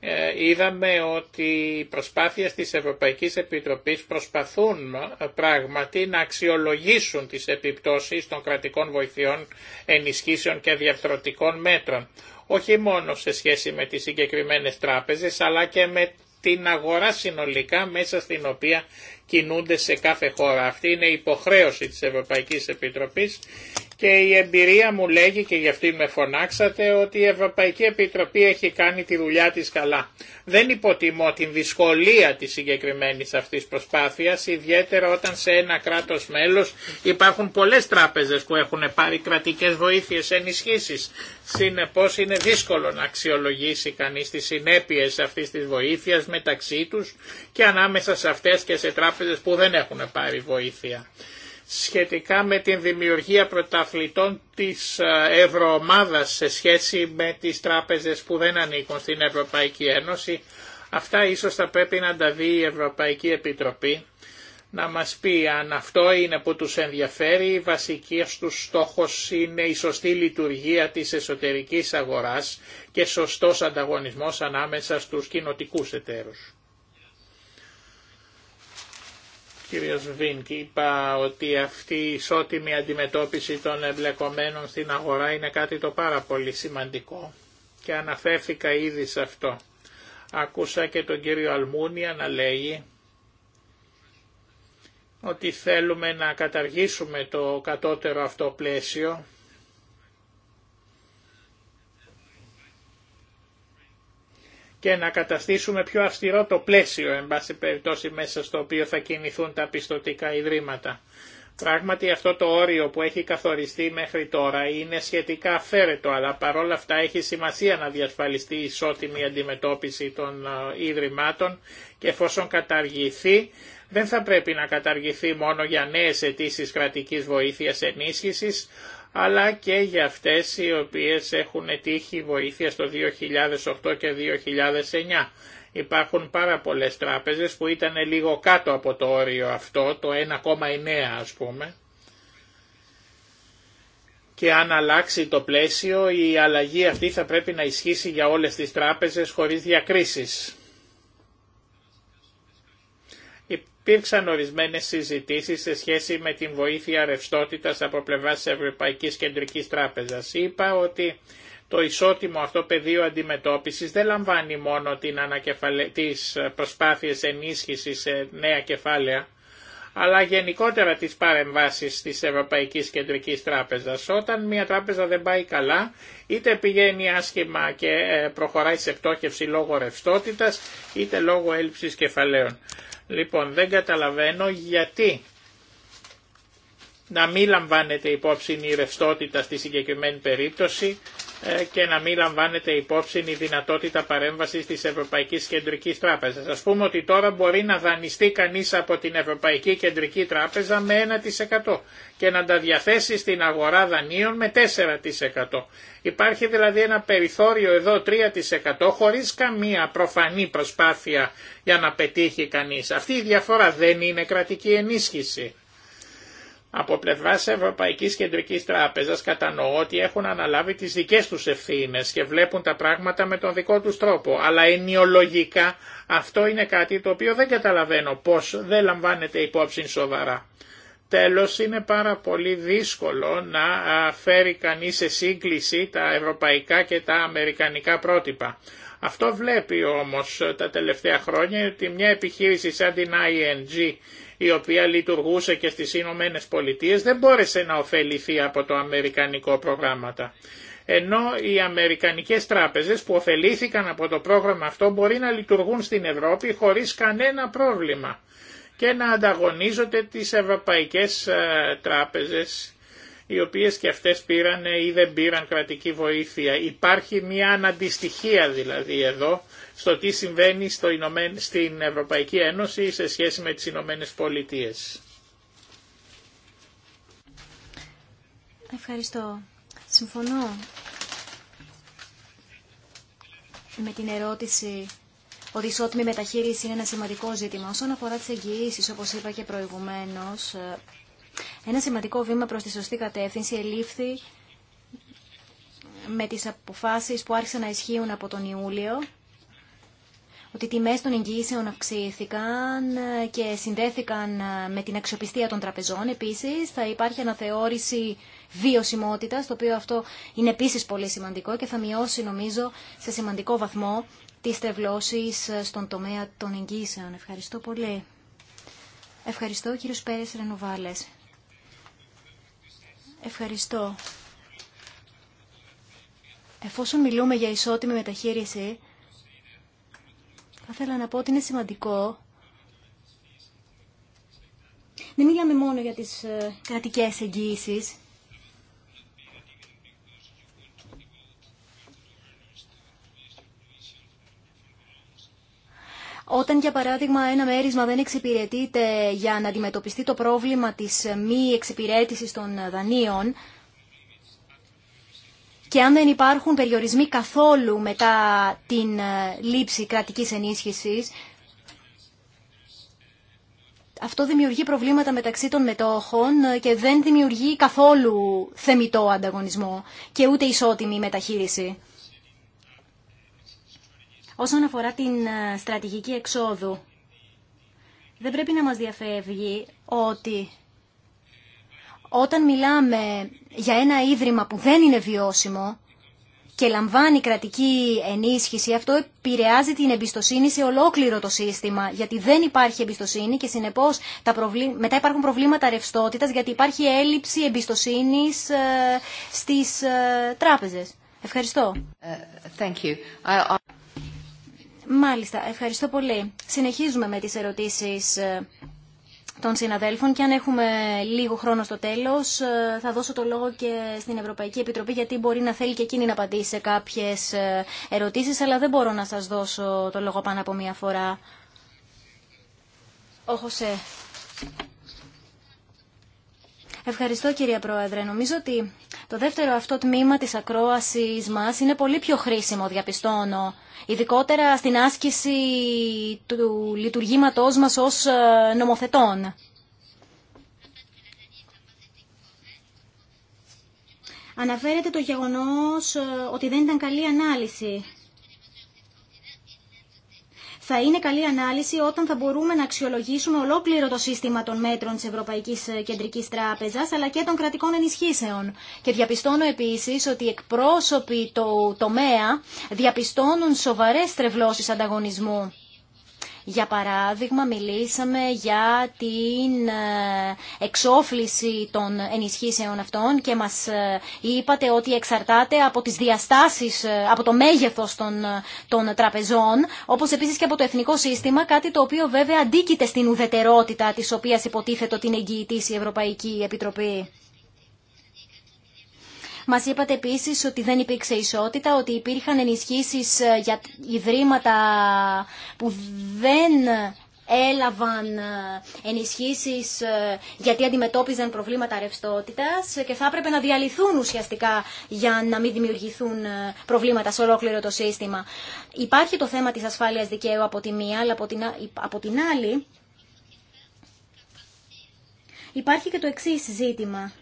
Ε, είδαμε ότι οι προσπάθειες της Ευρωπαϊκής Επιτροπής προσπαθούν ε, πράγματι να αξιολογήσουν τις επιπτώσεις των κρατικών βοηθειών, ενισχύσεων και διαφθρωτικών μέτρων. Όχι μόνο σε σχέση με τις συγκεκριμένες τράπεζες αλλά και με την αγορά συνολικά μέσα στην οποία κινούνται σε κάθε χώρα. Αυτή είναι η υποχρέωση της Ευρωπαϊκής Επιτροπής και η εμπειρία μου λέγει και γι' αυτή με φωνάξατε ότι η Ευρωπαϊκή Επιτροπή έχει κάνει τη δουλειά της καλά. Δεν υποτιμώ την δυσκολία της συγκεκριμένης αυτής προσπάθειας, ιδιαίτερα όταν σε ένα κράτος μέλος υπάρχουν πολλές τράπεζες που έχουν πάρει κρατικές βοήθειες ενισχύσεις. Συνεπώς είναι δύσκολο να αξιολογήσει κανείς τις συνέπειες αυτής της βοήθειας μεταξύ τους και ανάμεσα σε αυτές και σε τράπεζες που δεν έχουν πάρει βοήθεια σχετικά με την δημιουργία πρωταθλητών της ε, Ευρωομάδας σε σχέση με τις τράπεζες που δεν ανήκουν στην Ευρωπαϊκή Ένωση. Αυτά ίσως θα πρέπει να τα δει η Ευρωπαϊκή Επιτροπή να μας πει αν αυτό είναι που τους ενδιαφέρει. Η βασική τους στόχος είναι η σωστή λειτουργία της εσωτερικής αγοράς και σωστός ανταγωνισμός ανάμεσα στους κοινοτικούς εταίρους. κύριος Βίνκ. Είπα ότι αυτή η ισότιμη αντιμετώπιση των εμπλεκομένων στην αγορά είναι κάτι το πάρα πολύ σημαντικό και αναφέρθηκα ήδη σε αυτό. Ακούσα και τον κύριο Αλμούνια να λέει ότι θέλουμε να καταργήσουμε το κατώτερο αυτό πλαίσιο και να καταστήσουμε πιο αυστηρό το πλαίσιο, εν πάση περιπτώσει, μέσα στο οποίο θα κινηθούν τα πιστοτικά ιδρύματα. Πράγματι αυτό το όριο που έχει καθοριστεί μέχρι τώρα είναι σχετικά αφαίρετο, αλλά παρόλα αυτά έχει σημασία να διασφαλιστεί η ισότιμη αντιμετώπιση των ε, ιδρυμάτων και εφόσον καταργηθεί, δεν θα πρέπει να καταργηθεί μόνο για νέες αιτήσει κρατικής βοήθειας ενίσχυσης, αλλά και για αυτές οι οποίες έχουν τύχει βοήθεια στο 2008 και 2009. Υπάρχουν πάρα πολλές τράπεζες που ήταν λίγο κάτω από το όριο αυτό, το 1,9 ας πούμε, και αν αλλάξει το πλαίσιο η αλλαγή αυτή θα πρέπει να ισχύσει για όλες τις τράπεζες χωρίς διακρίσεις. Υπήρξαν ορισμένε συζητήσει σε σχέση με την βοήθεια ρευστότητα από πλευρά τη Ευρωπαϊκή Κεντρική Τράπεζα. Είπα ότι το ισότιμο αυτό πεδίο αντιμετώπισης δεν λαμβάνει μόνο την ανακεφαλαι... τις προσπάθειες ενίσχυσης σε νέα κεφάλαια, αλλά γενικότερα τις παρεμβάσεις της Ευρωπαϊκής Κεντρικής Τράπεζας. Όταν μια τράπεζα δεν πάει καλά, είτε πηγαίνει άσχημα και ε, προχωράει σε πτώχευση λόγω ρευστότητας, είτε λόγω έλλειψης κεφαλαίων. Λοιπόν, δεν καταλαβαίνω γιατί να μην λαμβάνεται υπόψη η ρευστότητα στη συγκεκριμένη περίπτωση ε, και να μην λαμβάνεται υπόψη η δυνατότητα παρέμβαση τη Ευρωπαϊκή Κεντρική Τράπεζα. Α πούμε ότι τώρα μπορεί να δανειστεί κανεί από την Ευρωπαϊκή Κεντρική Τράπεζα με 1% και να τα διαθέσει στην αγορά δανείων με 4%. Υπάρχει δηλαδή ένα περιθώριο εδώ 3% χωρί καμία προφανή προσπάθεια για να πετύχει κανεί. Αυτή η διαφορά δεν είναι κρατική ενίσχυση. Από πλευρά Ευρωπαϊκή Κεντρική Τράπεζα κατανοώ ότι έχουν αναλάβει τις δικές τους ευθύνε και βλέπουν τα πράγματα με τον δικό τους τρόπο, αλλά ενιολογικά αυτό είναι κάτι το οποίο δεν καταλαβαίνω πώς δεν λαμβάνεται υπόψη σοβαρά. Τέλος είναι πάρα πολύ δύσκολο να φέρει κανείς σε σύγκληση τα ευρωπαϊκά και τα αμερικανικά πρότυπα. Αυτό βλέπει όμως τα τελευταία χρόνια ότι μια επιχείρηση σαν την ING η οποία λειτουργούσε και στις Ηνωμένε Πολιτείες, δεν μπόρεσε να ωφεληθεί από το αμερικανικό προγράμματα. Ενώ οι αμερικανικές τράπεζες που ωφελήθηκαν από το πρόγραμμα αυτό μπορεί να λειτουργούν στην Ευρώπη χωρίς κανένα πρόβλημα και να ανταγωνίζονται τις ευρωπαϊκές ε, τράπεζες οι οποίες και αυτές πήραν ή δεν πήραν κρατική βοήθεια. Υπάρχει μια αναντιστοιχία δηλαδή εδώ στο τι συμβαίνει στο στην Ευρωπαϊκή Ένωση σε σχέση με τις Ηνωμένε Πολιτείε. Ευχαριστώ. Συμφωνώ με την ερώτηση ότι η ισότιμη μεταχείριση είναι ένα σημαντικό ζήτημα. Όσον αφορά τις εγγυήσει, όπως είπα και προηγουμένως, ένα σημαντικό βήμα προς τη σωστή κατεύθυνση ελήφθη με τις αποφάσεις που άρχισαν να ισχύουν από τον Ιούλιο ότι οι τιμές των εγγύσεων αυξήθηκαν και συνδέθηκαν με την αξιοπιστία των τραπεζών. Επίσης, θα υπάρχει αναθεώρηση βιωσιμότητας, το οποίο αυτό είναι επίσης πολύ σημαντικό και θα μειώσει, νομίζω, σε σημαντικό βαθμό τις τρευλώσεις στον τομέα των εγγύσεων. Ευχαριστώ πολύ. Ευχαριστώ, κύριος Πέρες Ρενοβάλες. Ευχαριστώ. Εφόσον μιλούμε για ισότιμη μεταχείριση, θα ήθελα να πω ότι είναι σημαντικό δεν μιλάμε μόνο για τις ε, κρατικές εγγύησεις. Όταν, για παράδειγμα, ένα μέρισμα δεν εξυπηρετείται για να αντιμετωπιστεί το πρόβλημα της μη εξυπηρέτησης των δανείων, και αν δεν υπάρχουν περιορισμοί καθόλου μετά την ε, λήψη κρατικής ενίσχυσης, αυτό δημιουργεί προβλήματα μεταξύ των μετόχων ε, και δεν δημιουργεί καθόλου θεμητό ανταγωνισμό και ούτε ισότιμη μεταχείριση. Όσον αφορά την ε, στρατηγική εξόδου, δεν πρέπει να μας διαφεύγει ότι όταν μιλάμε για ένα ίδρυμα που δεν είναι βιώσιμο και λαμβάνει κρατική ενίσχυση, αυτό επηρεάζει την εμπιστοσύνη σε ολόκληρο το σύστημα, γιατί δεν υπάρχει εμπιστοσύνη και συνεπώς τα μετά υπάρχουν προβλήματα ρευστότητας, γιατί υπάρχει έλλειψη εμπιστοσύνης ε, στις ε, τράπεζες. Ευχαριστώ. Ε, thank you. Μάλιστα, ευχαριστώ πολύ. Συνεχίζουμε με τις ερωτήσεις των συναδέλφων και αν έχουμε λίγο χρόνο στο τέλος ε, θα δώσω το λόγο και στην Ευρωπαϊκή Επιτροπή γιατί μπορεί να θέλει και εκείνη να απαντήσει σε κάποιες ε, ερωτήσεις αλλά δεν μπορώ να σας δώσω το λόγο πάνω από μία φορά. Ο Χωσέ. Ευχαριστώ κυρία Πρόεδρε. Νομίζω ότι το δεύτερο αυτό τμήμα της ακρόασης μας είναι πολύ πιο χρήσιμο, διαπιστώνω. Ειδικότερα στην άσκηση του λειτουργήματός μας ως ε, νομοθετών. Αναφέρεται το γεγονός ε, ότι δεν ήταν καλή ανάλυση. Θα είναι καλή ανάλυση όταν θα μπορούμε να αξιολογήσουμε ολόκληρο το σύστημα των μέτρων τη Ευρωπαϊκή ε, Κεντρική Τράπεζα αλλά και των κρατικών ενισχύσεων. Και διαπιστώνω επίση ότι οι εκπρόσωποι του τομέα διαπιστώνουν σοβαρέ στρεβλώσει ανταγωνισμού. Για παράδειγμα, μιλήσαμε για την ε, εξόφληση των ενισχύσεων αυτών και μας ε, είπατε ότι εξαρτάται από τις διαστάσεις, ε, από το μέγεθος των, τραπεζών, όπως επίσης και από το εθνικό σύστημα, κάτι το οποίο βέβαια αντίκειται στην ουδετερότητα της οποίας υποτίθεται ότι είναι εγγυητής η Ευρωπαϊκή Επιτροπή. Μα είπατε επίσης ότι δεν υπήρξε ισότητα, ότι υπήρχαν ενισχύσεις ε, για ιδρύματα που δεν έλαβαν ε, ενισχύσεις ε, γιατί αντιμετώπιζαν προβλήματα ρευστότητας και θα έπρεπε να διαλυθούν ουσιαστικά για να μην δημιουργηθούν προβλήματα σε ολόκληρο το σύστημα. Υπάρχει το θέμα της ασφάλειας δικαίου από τη μία, αλλά από την άλλη υπάρχει και το εξής ζήτημα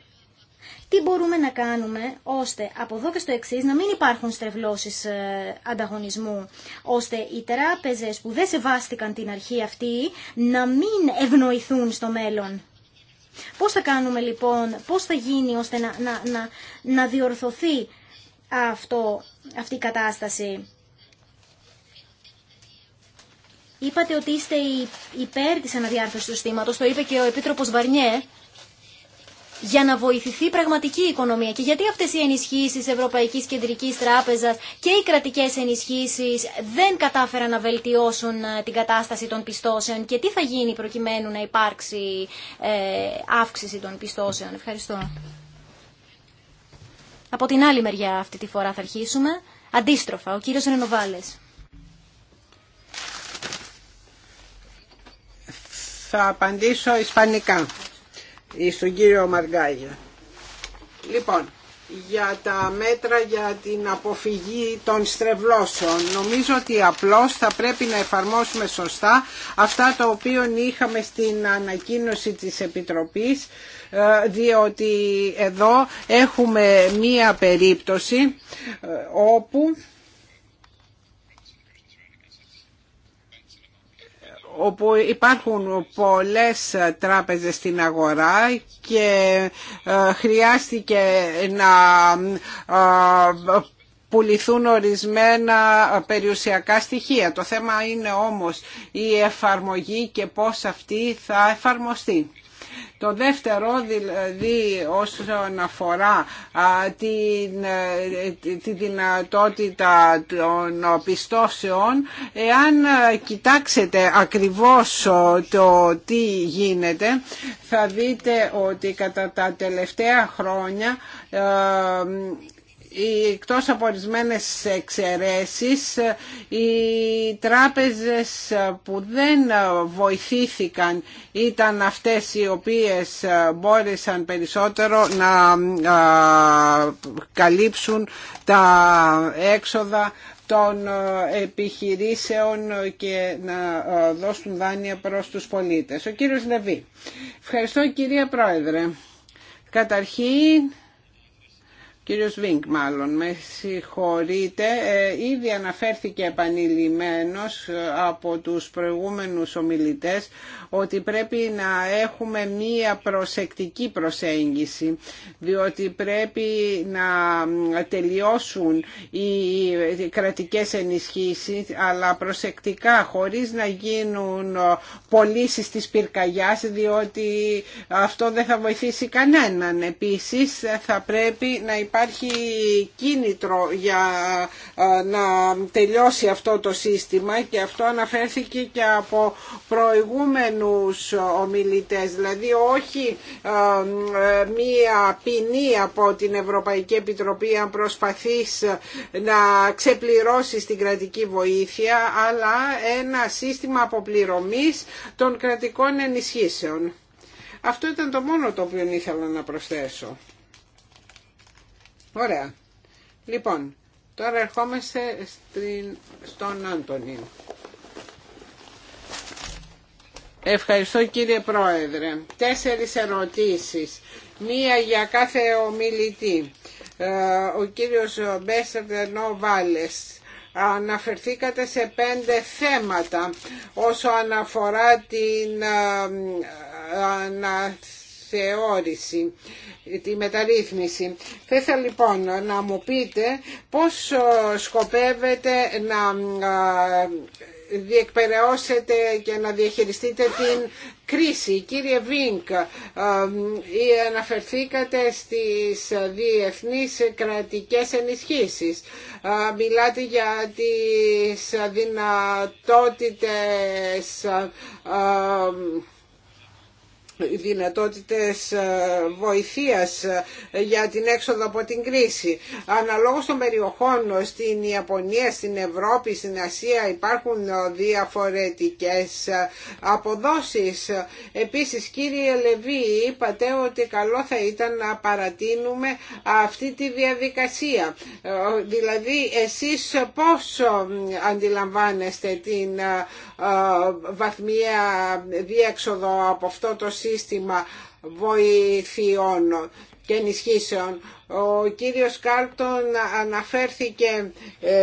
τι μπορούμε να κάνουμε ώστε από εδώ και στο εξή να μην υπάρχουν στρεβλώσεις ε, ανταγωνισμού, ώστε οι τράπεζε που δεν σεβάστηκαν την αρχή αυτή να μην ευνοηθούν στο μέλλον. Πώς θα κάνουμε λοιπόν, πώς θα γίνει ώστε να, να, να, να διορθωθεί αυτό, αυτή η κατάσταση. Είπατε ότι είστε υπέρ της αναδιάρθρωσης του στήματος, το είπε και ο Επίτροπος Βαρνιέ, για να βοηθηθεί πραγματική οικονομία. Και γιατί αυτές οι ενισχύσεις Ευρωπαϊκής Κεντρικής Τράπεζας και οι κρατικές ενισχύσεις δεν κατάφεραν να βελτιώσουν ε, την κατάσταση των πιστώσεων και τι θα γίνει προκειμένου να υπάρξει ε, αύξηση των πιστώσεων. Ευχαριστώ. Από την άλλη μεριά αυτή τη φορά θα αρχίσουμε. Αντίστροφα, ο κύριος Ρενοβάλες. Θα απαντήσω ισπανικά. Ε, στον κύριο Μαργκάγια. Λοιπόν, για τα μέτρα για την αποφυγή των στρεβλώσεων. Νομίζω ότι απλώς θα πρέπει να εφαρμόσουμε σωστά αυτά τα οποία είχαμε στην ανακοίνωση της Επιτροπής, ε, διότι εδώ έχουμε μία περίπτωση ε, όπου όπου υπάρχουν πολλές τράπεζες στην αγορά και ε, χρειάστηκε να ε, πουληθούν ορισμένα περιουσιακά στοιχεία. Το θέμα είναι όμως η εφαρμογή και πώς αυτή θα εφαρμοστεί. Το δεύτερο δηλαδή όσον αφορά ε, τη, τη δυνατότητα των πιστώσεων, εάν ε, κοιτάξετε ακριβώς το τι γίνεται, θα δείτε ότι κατά τα τελευταία χρόνια ε, εκτός από ορισμένε εξαιρέσεις οι τράπεζες που δεν βοηθήθηκαν ήταν αυτές οι οποίες μπόρεσαν περισσότερο να καλύψουν τα έξοδα των επιχειρήσεων και να δώσουν δάνεια προς τους πολίτες. Ο κύριος Λεβί. Ευχαριστώ κυρία Πρόεδρε. Καταρχήν κύριος Βίνκ μάλλον, με συγχωρείτε, ε, ήδη αναφέρθηκε επανειλημμένος ε, από τους προηγούμενους ομιλητές ότι πρέπει να έχουμε μία προσεκτική προσέγγιση, διότι πρέπει να τελειώσουν οι κρατικές ενισχύσεις, αλλά προσεκτικά, χωρίς να γίνουν ε, πωλήσει της πυρκαγιάς, διότι αυτό δεν θα βοηθήσει κανέναν. Επίσης, θα πρέπει να υπάρχει υπάρχει κίνητρο για ε, να τελειώσει αυτό το σύστημα και αυτό αναφέρθηκε και από προηγούμενους ομιλητές. Δηλαδή όχι ε, ε, μία ποινή από την Ευρωπαϊκή Επιτροπή αν προσπαθείς να ξεπληρώσεις την κρατική βοήθεια αλλά ένα σύστημα αποπληρωμής των κρατικών ενισχύσεων. Αυτό ήταν το μόνο το οποίο ήθελα να προσθέσω. Ωραία. Λοιπόν, τώρα ερχόμαστε στην, στον Άντωνη. Ευχαριστώ κύριε Πρόεδρε. Τέσσερις ερωτήσεις. Μία για κάθε ομιλητή. Ε, ο κύριος Μπέσσερντερ Δενό Βάλες αναφερθήκατε σε πέντε θέματα όσο αναφορά την αναθέτηση ε, ε, θεώρηση, τη μεταρρύθμιση. Θα ήθελα λοιπόν να μου πείτε πώς ε, σκοπεύετε να ε, διεκπαιρεώσετε και να διαχειριστείτε την κρίση. Κύριε Βίνκ, ε, αναφερθήκατε στις διεθνείς κρατικές ενισχύσεις. Μιλάτε για τις δυνατότητες δυνατότητες ε, βοηθείας ε, για την έξοδο από την κρίση. Αναλόγως των περιοχών στην Ιαπωνία, στην Ευρώπη, στην Ασία υπάρχουν ε, διαφορετικές αποδόσεις. Επίσης κύριε Λεβί είπατε ότι καλό θα ήταν να παρατείνουμε αυτή τη διαδικασία. Δηλαδή εσείς πώς αντιλαμβάνεστε την ε, βαθμία διέξοδο από αυτό το σύστημα βοηθειών και ενισχύσεων. Ο κύριος κάρτον αναφέρθηκε ε,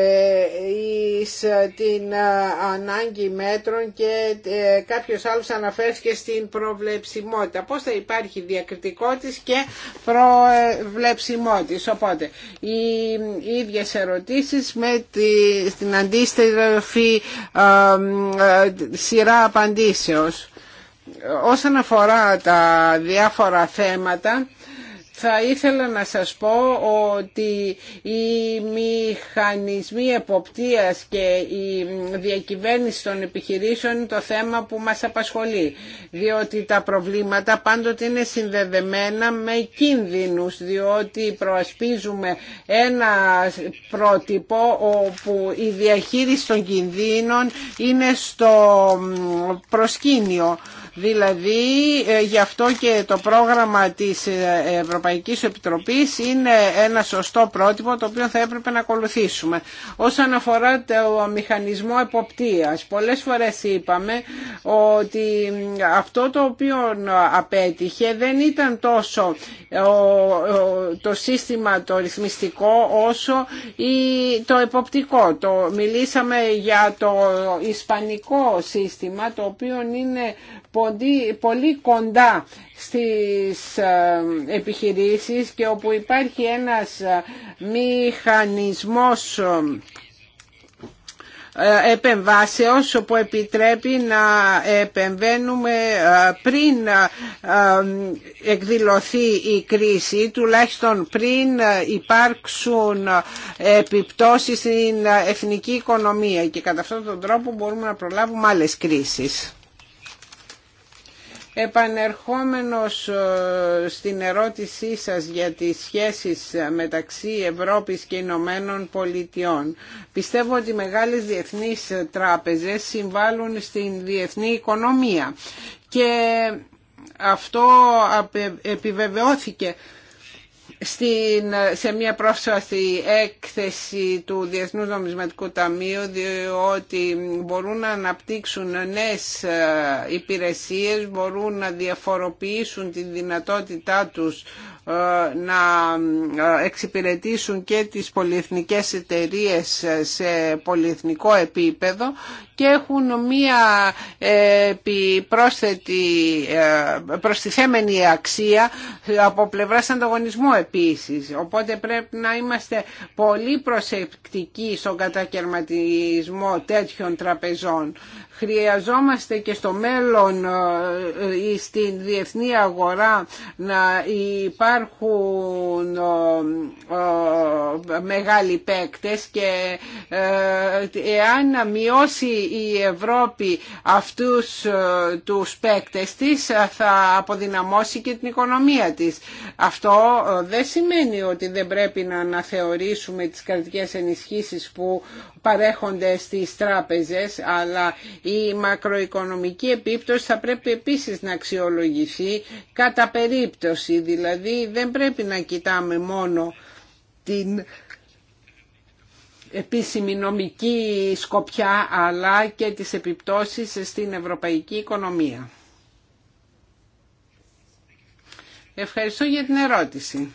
εις την ε, ανάγκη μέτρων και ε, κάποιος άλλος αναφέρθηκε στην προβλεψιμότητα. Πώς θα υπάρχει διακριτικότης και προβλεψιμότητα. Οπότε, οι ίδιες ερωτήσεις με τη, στην αντίστοιχη σειρά απαντήσεως. Όσον αφορά τα διάφορα θέματα, θα ήθελα να σας πω ότι οι μηχανισμοί εποπτείας και η διακυβέρνηση των επιχειρήσεων είναι το θέμα που μας απασχολεί, διότι τα προβλήματα πάντοτε είναι συνδεδεμένα με κίνδυνους, διότι προασπίζουμε ένα πρότυπο όπου η διαχείριση των κινδύνων είναι στο προσκήνιο. Δηλαδή ε, γι' αυτό και το πρόγραμμα της ε, Ευρωπαϊκής Επιτροπής είναι ένα σωστό πρότυπο το οποίο θα έπρεπε να ακολουθήσουμε. Όσον αφορά το μηχανισμό εποπτείας, πολλές φορές είπαμε ότι αυτό το οποίο απέτυχε δεν ήταν τόσο ε, το σύστημα το ρυθμιστικό όσο ή το εποπτικό. Το, μιλήσαμε για το ισπανικό σύστημα το οποίο είναι πολύ πολύ κοντά στις ε, επιχειρήσεις και όπου υπάρχει ένας ε, μηχανισμός ε, επεμβάσεως που επιτρέπει να επεμβαίνουμε πριν εκδηλωθεί η κρίση τουλάχιστον πριν υπάρξουν επιπτώσεις στην εθνική οικονομία και κατά αυτόν τον τρόπο μπορούμε να προλάβουμε άλλες κρίσεις. Επανερχόμενος ε, στην ερώτησή σας για τις σχέσεις μεταξύ Ευρώπης και Ηνωμένων Πολιτειών. Πιστεύω ότι οι μεγάλες διεθνείς τράπεζες συμβάλλουν στην διεθνή οικονομία και αυτό επιβεβαιώθηκε στην, σε μια πρόσφατη έκθεση του Διεθνούς Νομισματικού Ταμείου διότι μπορούν να αναπτύξουν νέες ε, υπηρεσίες, μπορούν να διαφοροποιήσουν τη δυνατότητά τους να ε, εξυπηρετήσουν και τις πολυεθνικές εταιρείε σε πολυεθνικό επίπεδο και έχουν μία ε, πρόσθετη, ε, προστιθέμενη αξία από πλευράς ανταγωνισμού επίσης. Οπότε πρέπει να είμαστε πολύ προσεκτικοί στον κατακαιρματισμό τέτοιων τραπεζών. Χρειαζόμαστε και στο μέλλον ε, ε, στην διεθνή αγορά να υπάρχουν ε, μεγάλοι παίκτες και εάν να μειώσει η Ευρώπη αυτούς τους παίκτες της θα αποδυναμώσει και την οικονομία της. Αυτό δεν σημαίνει ότι δεν πρέπει να αναθεωρήσουμε τις κρατικές ενισχύσεις που παρέχονται στις τράπεζες αλλά η μακροοικονομική επίπτωση θα πρέπει επίσης να αξιολογηθεί κατά περίπτωση δηλαδή δεν πρέπει να κοιτάμε μόνο την επίσημη νομική σκοπιά αλλά και τις επιπτώσεις στην ευρωπαϊκή οικονομία. Ευχαριστώ για την ερώτηση.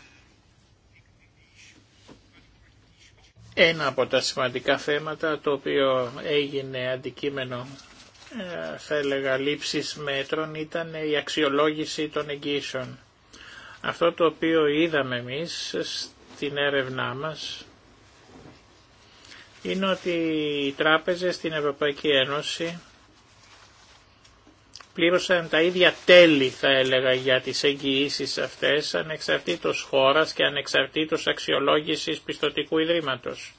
Ένα από τα σημαντικά θέματα το οποίο έγινε αντικείμενο ε, θα έλεγα λήψης μέτρων ήταν η αξιολόγηση των εγγύσεων. Αυτό το οποίο είδαμε εμείς στην έρευνά μας είναι ότι οι τράπεζες στην Ευρωπαϊκή Ένωση πλήρωσαν τα ίδια τέλη θα έλεγα για τις εγγυήσεις αυτές ανεξαρτήτως χώρας και ανεξαρτήτως αξιολόγησης πιστοτικού ιδρύματος.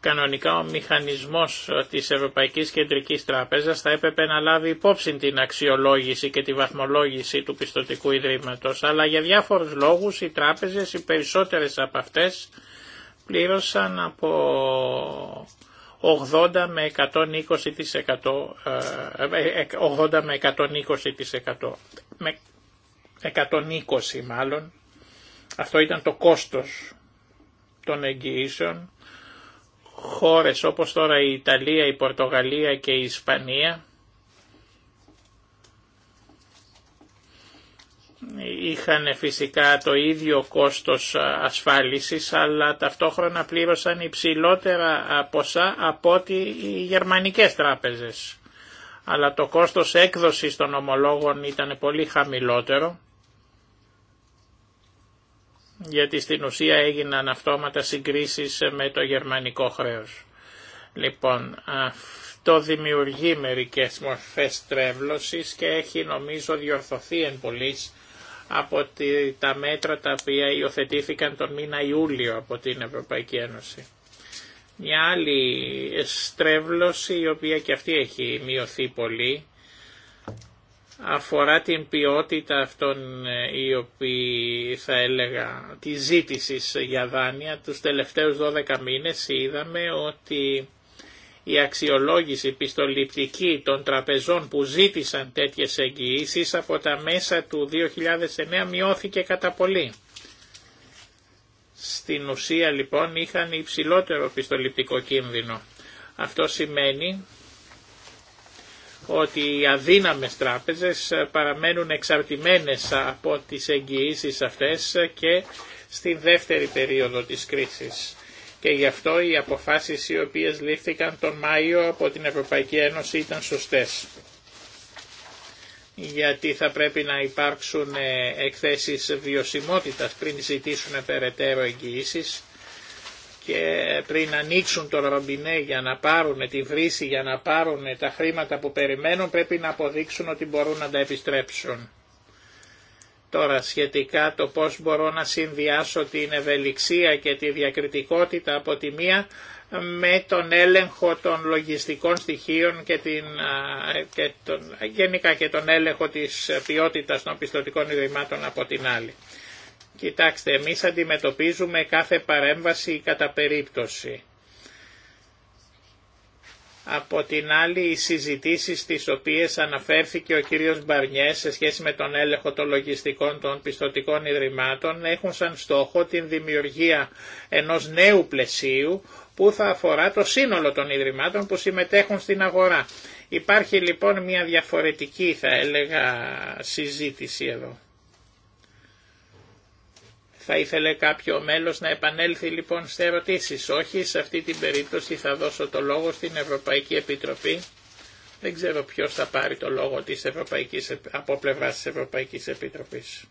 Κανονικά ο μηχανισμός της Ευρωπαϊκής Κεντρικής Τράπεζας θα έπρεπε να λάβει υπόψη την αξιολόγηση και τη βαθμολόγηση του πιστοτικού ιδρύματος, αλλά για διάφορους λόγους οι τράπεζες, οι περισσότερες από αυτές, πλήρωσαν από 80 με 120%, ε, ε, με 120%, με 120 μάλλον. Αυτό ήταν το κόστος των εγγυήσεων. Χώρες όπως τώρα η Ιταλία, η Πορτογαλία και η Ισπανία είχαν φυσικά το ίδιο κόστος ασφάλισης αλλά ταυτόχρονα πλήρωσαν υψηλότερα ποσά από ότι οι γερμανικές τράπεζες. Αλλά το κόστος έκδοσης των ομολόγων ήταν πολύ χαμηλότερο γιατί στην ουσία έγιναν αυτόματα συγκρίσεις με το γερμανικό χρέος. Λοιπόν, αυτό δημιουργεί μερικές μορφές τρέβλωσης και έχει νομίζω διορθωθεί εν πολλής από τα μέτρα τα οποία υιοθετήθηκαν τον μήνα Ιούλιο από την Ευρωπαϊκή Ένωση. Μια άλλη στρέβλωση η οποία και αυτή έχει μειωθεί πολύ αφορά την ποιότητα αυτών ε, οι οποίοι θα έλεγα τη ζήτηση για δάνεια. Τους τελευταίους 12 μήνες είδαμε ότι η αξιολόγηση πιστοληπτική των τραπεζών που ζήτησαν τέτοιες εγγυήσεις από τα μέσα του 2009 μειώθηκε κατά πολύ. Στην ουσία λοιπόν είχαν υψηλότερο πιστοληπτικό κίνδυνο. Αυτό σημαίνει ότι οι αδύναμες τράπεζες παραμένουν εξαρτημένες από τις εγγυήσεις αυτές και στη δεύτερη περίοδο της κρίσης και γι' αυτό οι αποφάσεις οι οποίες λήφθηκαν τον Μάιο από την Ευρωπαϊκή Ένωση ήταν σωστές. Γιατί θα πρέπει να υπάρξουν ε, εκθέσεις βιωσιμότητας πριν ζητήσουν περαιτέρω εγγυήσεις και πριν ανοίξουν το ρομπινέ για να πάρουν τη βρύση, για να πάρουν τα χρήματα που περιμένουν πρέπει να αποδείξουν ότι μπορούν να τα επιστρέψουν. Τώρα σχετικά το πώς μπορώ να συνδυάσω την ευελιξία και τη διακριτικότητα από τη μία με τον έλεγχο των λογιστικών στοιχείων και, την, και τον, γενικά και τον έλεγχο της ποιότητας των πιστοτικών ιδρυμάτων από την άλλη. Κοιτάξτε, εμείς αντιμετωπίζουμε κάθε παρέμβαση κατά περίπτωση. Από την άλλη οι συζητήσει στις οποίες αναφέρθηκε ο κύριος Μπαρνιέ σε σχέση με τον έλεγχο των λογιστικών των πιστοτικών ιδρυμάτων έχουν σαν στόχο την δημιουργία ενός νέου πλαισίου που θα αφορά το σύνολο των ιδρυμάτων που συμμετέχουν στην αγορά. Υπάρχει λοιπόν μια διαφορετική θα έλεγα συζήτηση εδώ. Θα ήθελε κάποιο μέλος να επανέλθει λοιπόν σε ερωτήσεις. Όχι, σε αυτή την περίπτωση θα δώσω το λόγο στην Ευρωπαϊκή Επιτροπή. Δεν ξέρω ποιος θα πάρει το λόγο της Ευρωπαϊκής, από πλευρά της Ευρωπαϊκής Επιτροπής.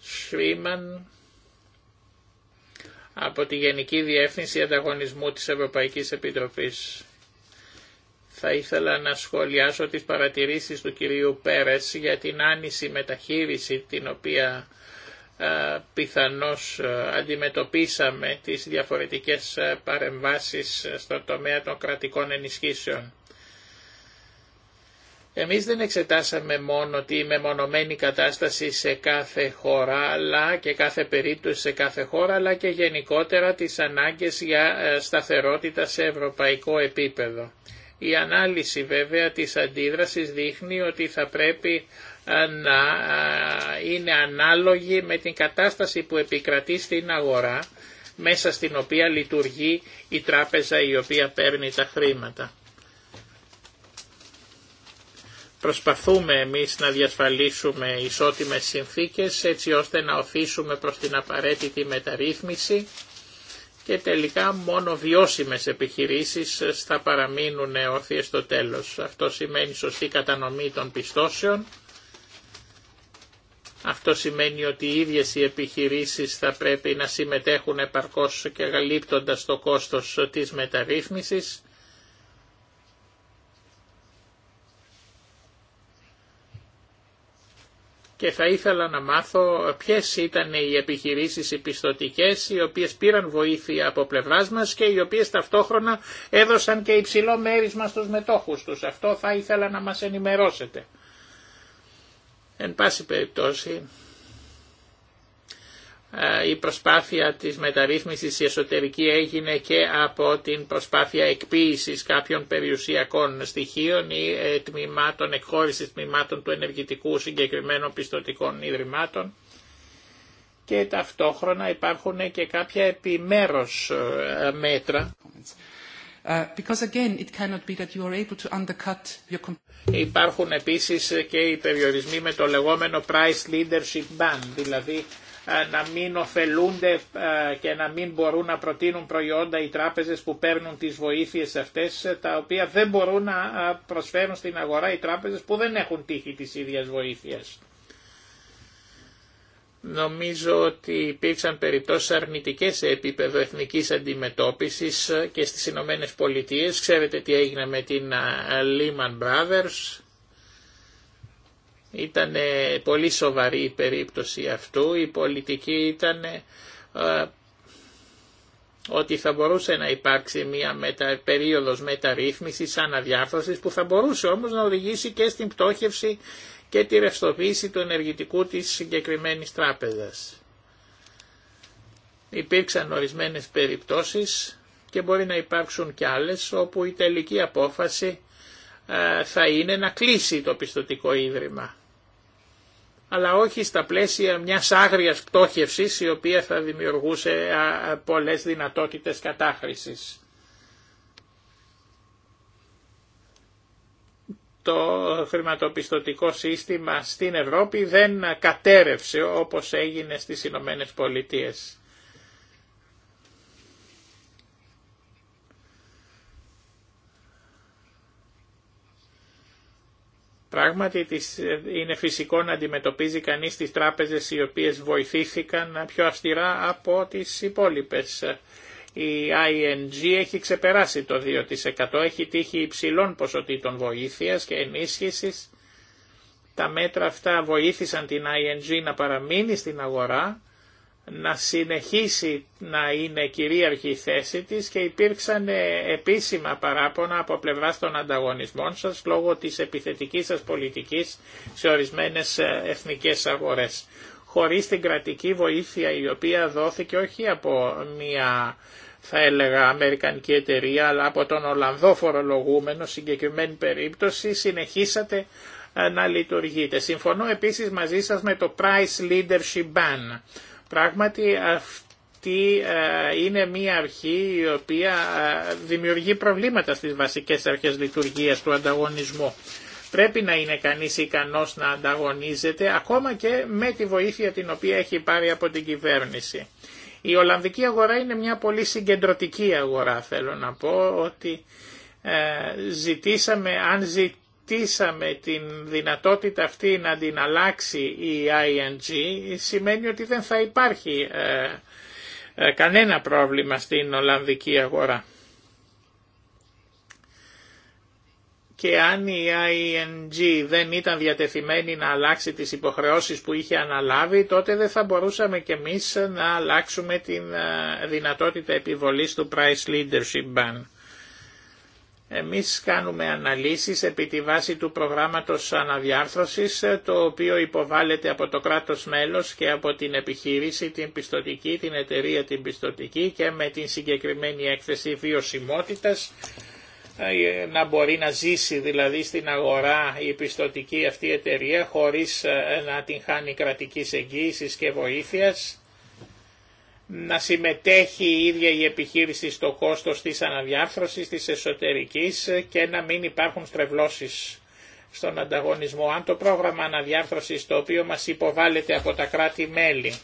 Σχρήμαν από τη Γενική Διεύθυνση Ανταγωνισμού της Ευρωπαϊκής Επιτροπής θα ήθελα να σχολιάσω τις παρατηρήσεις του κυρίου Πέρες για την άνηση μεταχείριση την οποία πιθανώς αντιμετωπίσαμε τις διαφορετικές παρεμβάσεις στο τομέα των κρατικών ενισχύσεων. Εμείς δεν εξετάσαμε μόνο τη μεμονωμένη κατάσταση σε κάθε χώρα αλλά και κάθε περίπτωση σε κάθε χώρα αλλά και γενικότερα τις ανάγκες για ε, σταθερότητα σε ευρωπαϊκό επίπεδο. Η ανάλυση βέβαια της αντίδρασης δείχνει ότι θα πρέπει ε, να ε, είναι ανάλογη με την κατάσταση που επικρατεί στην αγορά μέσα στην οποία λειτουργεί η τράπεζα η οποία παίρνει τα χρήματα. Προσπαθούμε εμείς να διασφαλίσουμε ισότιμες συνθήκες έτσι ώστε να οφήσουμε προς την απαραίτητη μεταρρύθμιση και τελικά μόνο βιώσιμες επιχειρήσεις θα παραμείνουν όρθιες στο τέλος. Αυτό σημαίνει σωστή κατανομή των πιστώσεων, αυτό σημαίνει ότι οι ίδιες οι επιχειρήσεις θα πρέπει να συμμετέχουν επαρκώς και γαλύπτοντας το κόστος της μεταρρύθμισης και θα ήθελα να μάθω ποιες ήταν οι επιχειρήσεις οι πιστοτικές οι οποίες πήραν βοήθεια από πλευράς μας και οι οποίες ταυτόχρονα έδωσαν και υψηλό μέρισμα στους μετόχους τους. Αυτό θα ήθελα να μας ενημερώσετε. Εν πάση περιπτώσει ε, η προσπάθεια της μεταρρύθμισης εσωτερική έγινε και από την προσπάθεια εκποίησης κάποιων περιουσιακών στοιχείων ή ε, τμήματων, εκχώρησης τμήματων του ενεργητικού συγκεκριμένων πιστοτικών ιδρυμάτων και ταυτόχρονα υπάρχουν και κάποια επιμέρους ε, μέτρα. Uh, υπάρχουν επίσης και οι περιορισμοί με το λεγόμενο price leadership ban, δηλαδή ε, να μην ωφελούνται ε, και να μην μπορούν να προτείνουν προϊόντα οι τράπεζες που παίρνουν τις βοήθειες αυτές ε, τα οποία δεν μπορούν να προσφέρουν στην αγορά οι τράπεζες που δεν έχουν τύχει τις ίδιες βοήθειες. Νομίζω ότι υπήρξαν περιπτώσεις αρνητικές σε επίπεδο εθνικής αντιμετώπισης και στις Ηνωμένε Πολιτείες. Ξέρετε τι έγινε με την Lehman Brothers ήταν ε, πολύ σοβαρή η περίπτωση αυτού, η πολιτική ήταν ε, ότι θα μπορούσε να υπάρξει μια μετα, περίοδος μεταρρύθμισης, αναδιάρθρωσης που θα μπορούσε όμως να οδηγήσει και στην πτώχευση και τη ρευστοποίηση του ενεργητικού της συγκεκριμένης τράπεζας. Υπήρξαν ορισμένες περιπτώσεις και μπορεί να υπάρξουν και άλλες όπου η τελική απόφαση ε, θα είναι να κλείσει το πιστοτικό ίδρυμα αλλά όχι στα πλαίσια μιας άγριας πτώχευσης η οποία θα δημιουργούσε πολλές δυνατότητες κατάχρησης. Το χρηματοπιστωτικό σύστημα στην Ευρώπη δεν κατέρευσε όπως έγινε στις Ηνωμένε Πολιτείες. Πράγματι ε, είναι φυσικό να αντιμετωπίζει κανείς τις τράπεζες οι οποίες βοηθήθηκαν πιο αυστηρά από τις υπόλοιπες. Η ING έχει ξεπεράσει το 2%, έχει τύχει υψηλών ποσοτήτων βοήθειας και ενίσχυσης. Τα μέτρα αυτά βοήθησαν την ING να παραμείνει στην αγορά να συνεχίσει να είναι κυρίαρχη η θέση της και υπήρξαν ε, επίσημα παράπονα από πλευράς των ανταγωνισμών σας λόγω της επιθετικής σας πολιτικής σε ορισμένες ε, εθνικές αγορές. Χωρίς την κρατική βοήθεια η οποία δόθηκε όχι από μια θα έλεγα αμερικανική εταιρεία αλλά από τον Ολλανδό φορολογούμενο συγκεκριμένη περίπτωση συνεχίσατε ε, να λειτουργείτε. Συμφωνώ επίσης μαζί σας με το Price Leadership Ban Πράγματι αυτή ε, είναι μία αρχή η οποία ε, δημιουργεί προβλήματα στις βασικές αρχές λειτουργίας του ανταγωνισμού. Πρέπει να είναι κανείς ικανός να ανταγωνίζεται ακόμα και με τη βοήθεια την οποία έχει πάρει από την κυβέρνηση. Η Ολλανδική αγορά είναι μια πολύ συγκεντρωτική αγορά θέλω να πω ότι ε, ζητήσαμε, αν, ζη, ζητήσαμε την δυνατότητα αυτή να την αλλάξει η ING σημαίνει ότι δεν θα υπάρχει ε, ε, κανένα πρόβλημα στην Ολλανδική αγορά. Και αν η ING δεν ήταν διατεθειμένη να αλλάξει τις υποχρεώσεις που είχε αναλάβει, τότε δεν θα μπορούσαμε και εμείς να αλλάξουμε την ε, δυνατότητα επιβολής του Price Leadership Ban. Εμείς κάνουμε αναλύσεις επί τη βάση του προγράμματος αναδιάρθρωσης, το οποίο υποβάλλεται από το κράτος μέλος και από την επιχείρηση, την πιστοτική, την εταιρεία την πιστοτική και με την συγκεκριμένη έκθεση βιωσιμότητας ε, να μπορεί να ζήσει δηλαδή στην αγορά η πιστοτική αυτή εταιρεία χωρίς ε, να την χάνει κρατικής εγγύησης και βοήθειας να συμμετέχει η ίδια η επιχείρηση στο κόστος της αναδιάρθρωσης της εσωτερικής και να μην υπάρχουν στρεβλώσεις στον ανταγωνισμό. Αν το πρόγραμμα αναδιάρθρωσης το οποίο μας υποβάλλεται από τα κράτη-μέλη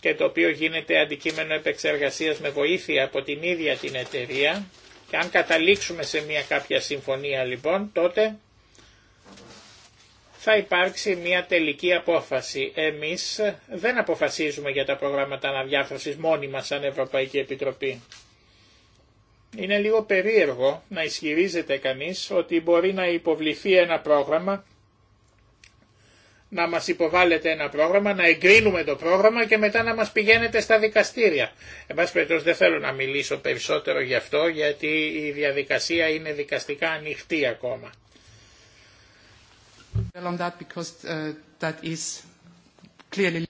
και το οποίο γίνεται αντικείμενο επεξεργασίας με βοήθεια από την ίδια την εταιρεία και αν καταλήξουμε σε μια κάποια συμφωνία λοιπόν τότε θα υπάρξει μια τελική απόφαση. Εμείς δεν αποφασίζουμε για τα προγράμματα αναδιάφρασης μόνοι μας σαν Ευρωπαϊκή Επιτροπή. Είναι λίγο περίεργο να ισχυρίζεται κανείς ότι μπορεί να υποβληθεί ένα πρόγραμμα, να μας υποβάλλεται ένα πρόγραμμα, να εγκρίνουμε το πρόγραμμα και μετά να μας πηγαίνετε στα δικαστήρια. Εν δεν θέλω να μιλήσω περισσότερο γι' αυτό γιατί η διαδικασία είναι δικαστικά ανοιχτή ακόμα. Uh,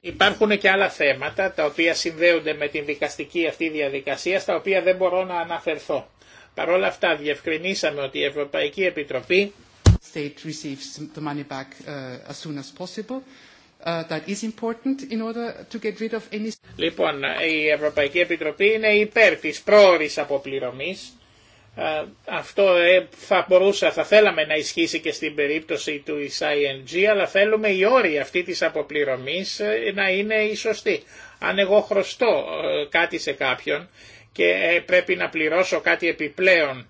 Υπάρχουν και άλλα θέματα τα οποία συνδέονται με την δικαστική αυτή διαδικασία στα οποία δεν μπορώ να αναφερθώ. Παρ' όλα αυτά διευκρινίσαμε ότι η Ευρωπαϊκή Επιτροπή Λοιπόν, η Ευρωπαϊκή Επιτροπή είναι υπέρ της πρόορης αποπληρωμής αυτό ε, θα μπορούσα, θα θέλαμε να ισχύσει και στην περίπτωση του ING, αλλά θέλουμε η όροι αυτή της αποπληρωμής ε, να είναι οι σωστοί. Αν εγώ χρωστώ ε, κάτι σε κάποιον και πρέπει να πληρώσω κάτι επιπλέον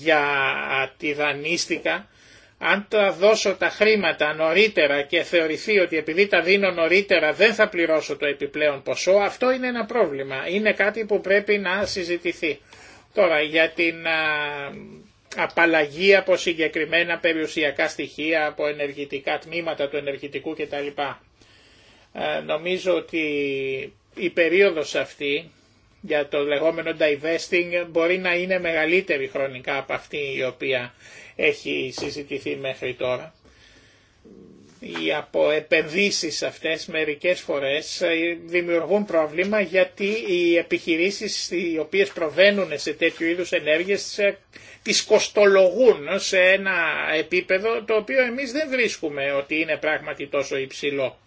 για τη δανείστηκα, αν τα δώσω τα χρήματα νωρίτερα και θεωρηθεί ότι επειδή τα δίνω νωρίτερα δεν θα πληρώσω το επιπλέον ποσό, αυτό είναι ένα πρόβλημα. Είναι κάτι που πρέπει να συζητηθεί. Τώρα για την απαλλαγή από συγκεκριμένα περιουσιακά στοιχεία, από ενεργητικά τμήματα του ενεργητικού κτλ. Νομίζω ότι η περίοδος αυτή για το λεγόμενο divesting μπορεί να είναι μεγαλύτερη χρονικά από αυτή η οποία έχει συζητηθεί μέχρι τώρα οι αποεπενδύσεις αυτές μερικές φορές ε, δημιουργούν πρόβλημα γιατί οι επιχειρήσεις οι οποίες προβαίνουν σε τέτοιου είδους ενέργειες τις κοστολογούν σε ένα επίπεδο το οποίο εμείς δεν βρίσκουμε ότι είναι πράγματι τόσο υψηλό.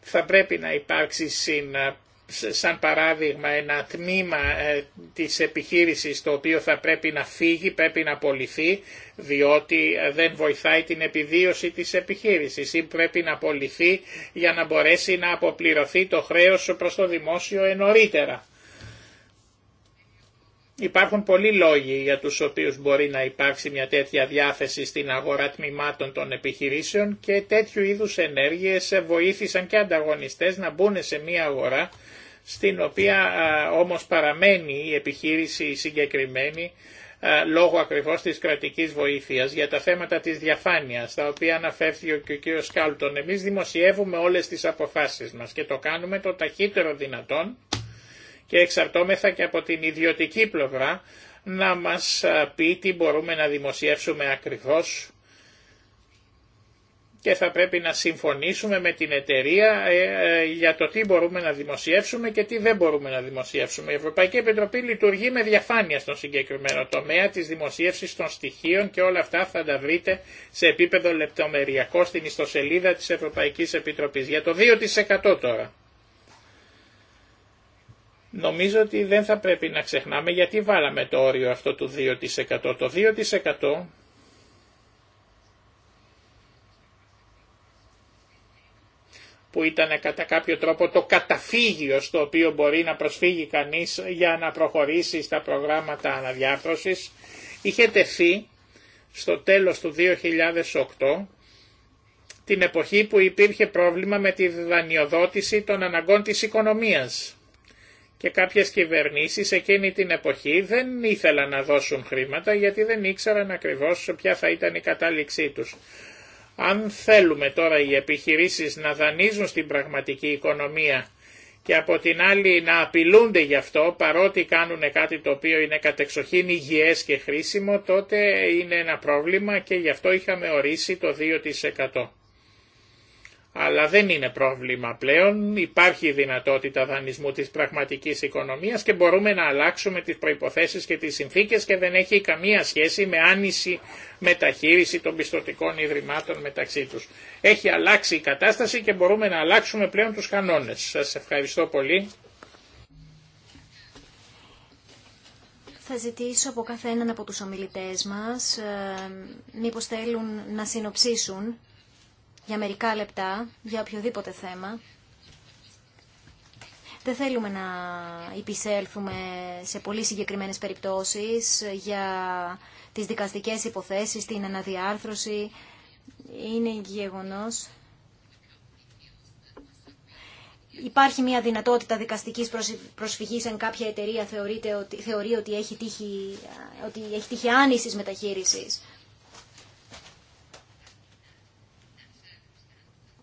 Θα πρέπει να υπάρξει συν σαν παράδειγμα ένα τμήμα ε, της επιχείρησης το οποίο θα πρέπει να φύγει, πρέπει να απολυθεί διότι ε, δεν βοηθάει την επιβίωση της επιχείρησης ή πρέπει να απολυθεί για να μπορέσει να αποπληρωθεί το χρέος προς το δημόσιο ενωρίτερα. Υπάρχουν πολλοί λόγοι για τους οποίους μπορεί να υπάρξει μια τέτοια διάθεση στην αγορά τμήματων των επιχειρήσεων και τέτοιου είδους ενέργειες βοήθησαν και ανταγωνιστές να μπουν σε μια αγορά στην οποία όμως παραμένει η επιχείρηση συγκεκριμένη λόγω ακριβώς της κρατικής βοήθειας για τα θέματα της διαφάνειας, τα οποία αναφέρθηκε και ο κ. Σκάλτον. Εμείς δημοσιεύουμε όλες τις αποφάσεις μας και το κάνουμε το ταχύτερο δυνατόν και εξαρτώμεθα και από την ιδιωτική πλευρά να μας πει τι μπορούμε να δημοσιεύσουμε ακριβώς και θα πρέπει να συμφωνήσουμε με την εταιρεία ε, ε, για το τι μπορούμε να δημοσιεύσουμε και τι δεν μπορούμε να δημοσιεύσουμε. Η Ευρωπαϊκή Επιτροπή λειτουργεί με διαφάνεια στον συγκεκριμένο τομέα της δημοσίευσης των στοιχείων και όλα αυτά θα τα βρείτε σε επίπεδο λεπτομεριακό στην ιστοσελίδα της Ευρωπαϊκής Επιτροπής. Για το 2% τώρα. Νομίζω ότι δεν θα πρέπει να ξεχνάμε γιατί βάλαμε το όριο αυτό του 2%. Το 2% που ήταν κατά κάποιο τρόπο το καταφύγιο στο οποίο μπορεί να προσφύγει κανείς για να προχωρήσει στα προγράμματα αναδιάρθρωσης, είχε τεθεί στο τέλος του 2008 την εποχή που υπήρχε πρόβλημα με τη δανειοδότηση των αναγκών της οικονομίας. Και κάποιες κυβερνήσεις εκείνη την εποχή δεν ήθελαν να δώσουν χρήματα γιατί δεν ήξεραν ακριβώς ποια θα ήταν η κατάληξή τους. Αν θέλουμε τώρα οι επιχειρήσεις να δανείζουν στην πραγματική οικονομία και από την άλλη να απειλούνται γι' αυτό παρότι κάνουν κάτι το οποίο είναι κατεξοχήν υγιές και χρήσιμο τότε είναι ένα πρόβλημα και γι' αυτό είχαμε ορίσει το 2% αλλά δεν είναι πρόβλημα πλέον, υπάρχει δυνατότητα δανεισμού της πραγματικής οικονομίας και μπορούμε να αλλάξουμε τις προϋποθέσεις και τις συνθήκες και δεν έχει καμία σχέση με άνηση μεταχείριση των πιστοτικών ιδρυμάτων μεταξύ τους. Έχει αλλάξει η κατάσταση και μπορούμε να αλλάξουμε πλέον τους κανόνες. Σας ευχαριστώ πολύ. Θα ζητήσω από καθέναν από τους ομιλητές μας, ε, μήπως θέλουν να συνοψίσουν για μερικά λεπτά για οποιοδήποτε θέμα. Δεν θέλουμε να υπησέλθουμε σε πολύ συγκεκριμένες περιπτώσεις για τις δικαστικές υποθέσεις, την αναδιάρθρωση. Είναι γεγονός. Υπάρχει μια δυνατότητα δικαστικής προσφυγής αν κάποια εταιρεία θεωρείται θεωρεί ότι έχει τύχει, ότι έχει τύχει άνησης μεταχείρισης.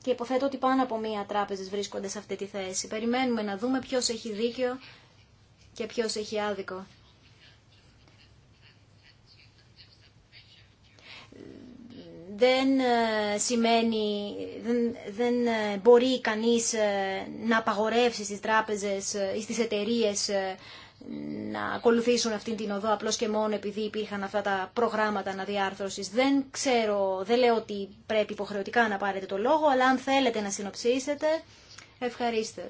και υποθέτω ότι πάνω από μία τράπεζες βρίσκονται σε αυτή τη θέση. Περιμένουμε να δούμε ποιο έχει δίκιο και ποιο έχει άδικο. Δεν ε, σημαίνει, δεν, δεν ε, μπορεί κανείς ε, να απαγορεύσει στις τράπεζες ή στις εταιρείες να ακολουθήσουν αυτήν την οδό απλώς και μόνο επειδή υπήρχαν αυτά τα προγράμματα αναδιάρθρωσης. Δεν ξέρω, δεν λέω ότι πρέπει υποχρεωτικά να πάρετε το λόγο, αλλά αν θέλετε να συνοψίσετε, ευχαρίστε.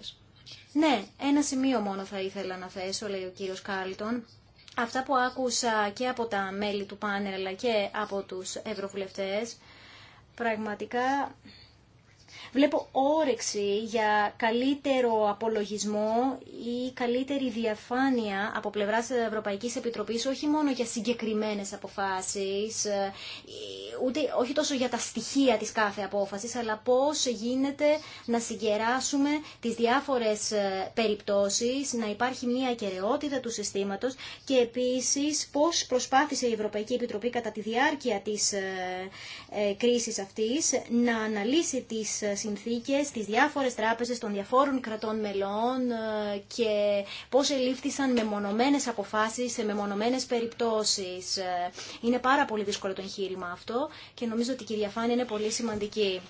Ναι, ένα σημείο μόνο θα ήθελα να θέσω, λέει ο κύριος Κάλτον. Αυτά που άκουσα και από τα μέλη του πάνελ αλλά και από τους ευρωβουλευτές, πραγματικά Βλέπω όρεξη για καλύτερο απολογισμό ή καλύτερη διαφάνεια από πλευράς Ευρωπαϊκής Επιτροπής, όχι μόνο για συγκεκριμένες αποφάσεις, όχι τόσο για τα στοιχεία της κάθε απόφασης, αλλά πώς γίνεται να συγκεράσουμε τις διάφορες ε, περιπτώσεις, να υπάρχει μια ακαιρεότητα του συστήματος και επίσης πώς προσπάθησε η Ευρωπαϊκή Επιτροπή κατά τη διάρκεια της ε, ε, κρίσης αυτής να αναλύσει τις συνθήκες στις διάφορες τράπεζες των διαφόρων κρατών μελών ε, και πώς ελήφθησαν μεμονωμένες αποφάσεις σε μεμονωμένες περιπτώσεις. Ε, είναι πάρα πολύ δύσκολο το εγχείρημα αυτό και νομίζω ότι η διαφάνεια είναι πολύ σημαντική.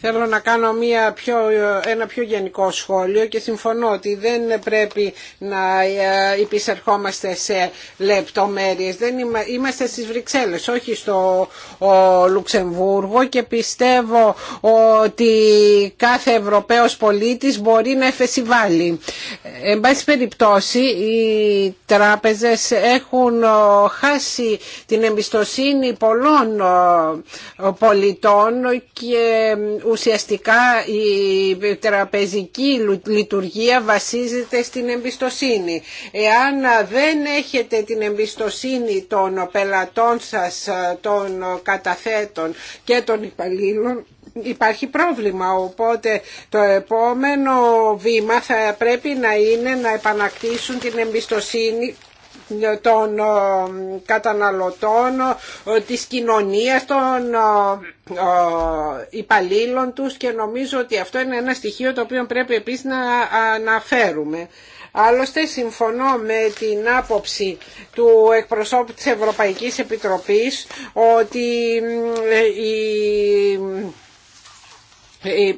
Θέλω να κάνω μια πιο, ένα πιο γενικό σχόλιο και συμφωνώ ότι δεν πρέπει να ε, υπησερχόμαστε σε λεπτομέρειες. Δεν είμαστε στις Βρυξέλλες, όχι στο Λουξεμβούργο και πιστεύω ότι κάθε Ευρωπαίος πολίτης μπορεί να εφεσιβάλει. Εν πάση περιπτώσει οι τράπεζες έχουν χάσει την εμπιστοσύνη πολλών πολιτών και ουσιαστικά η τραπεζική λειτουργία βασίζεται στην εμπιστοσύνη. Εάν δεν έχετε την εμπιστοσύνη των πελατών σας, των καταθέτων και των υπαλλήλων, υπάρχει πρόβλημα. Οπότε το επόμενο βήμα θα πρέπει να είναι να επανακτήσουν την εμπιστοσύνη των ε, καταναλωτών, ε, της κοινωνίας, των ε, υπαλλήλων τους και νομίζω ότι αυτό είναι ένα στοιχείο το οποίο πρέπει επίσης να αναφέρουμε. Άλλωστε συμφωνώ με την άποψη του εκπροσώπου της Ευρωπαϊκής Επιτροπής ότι η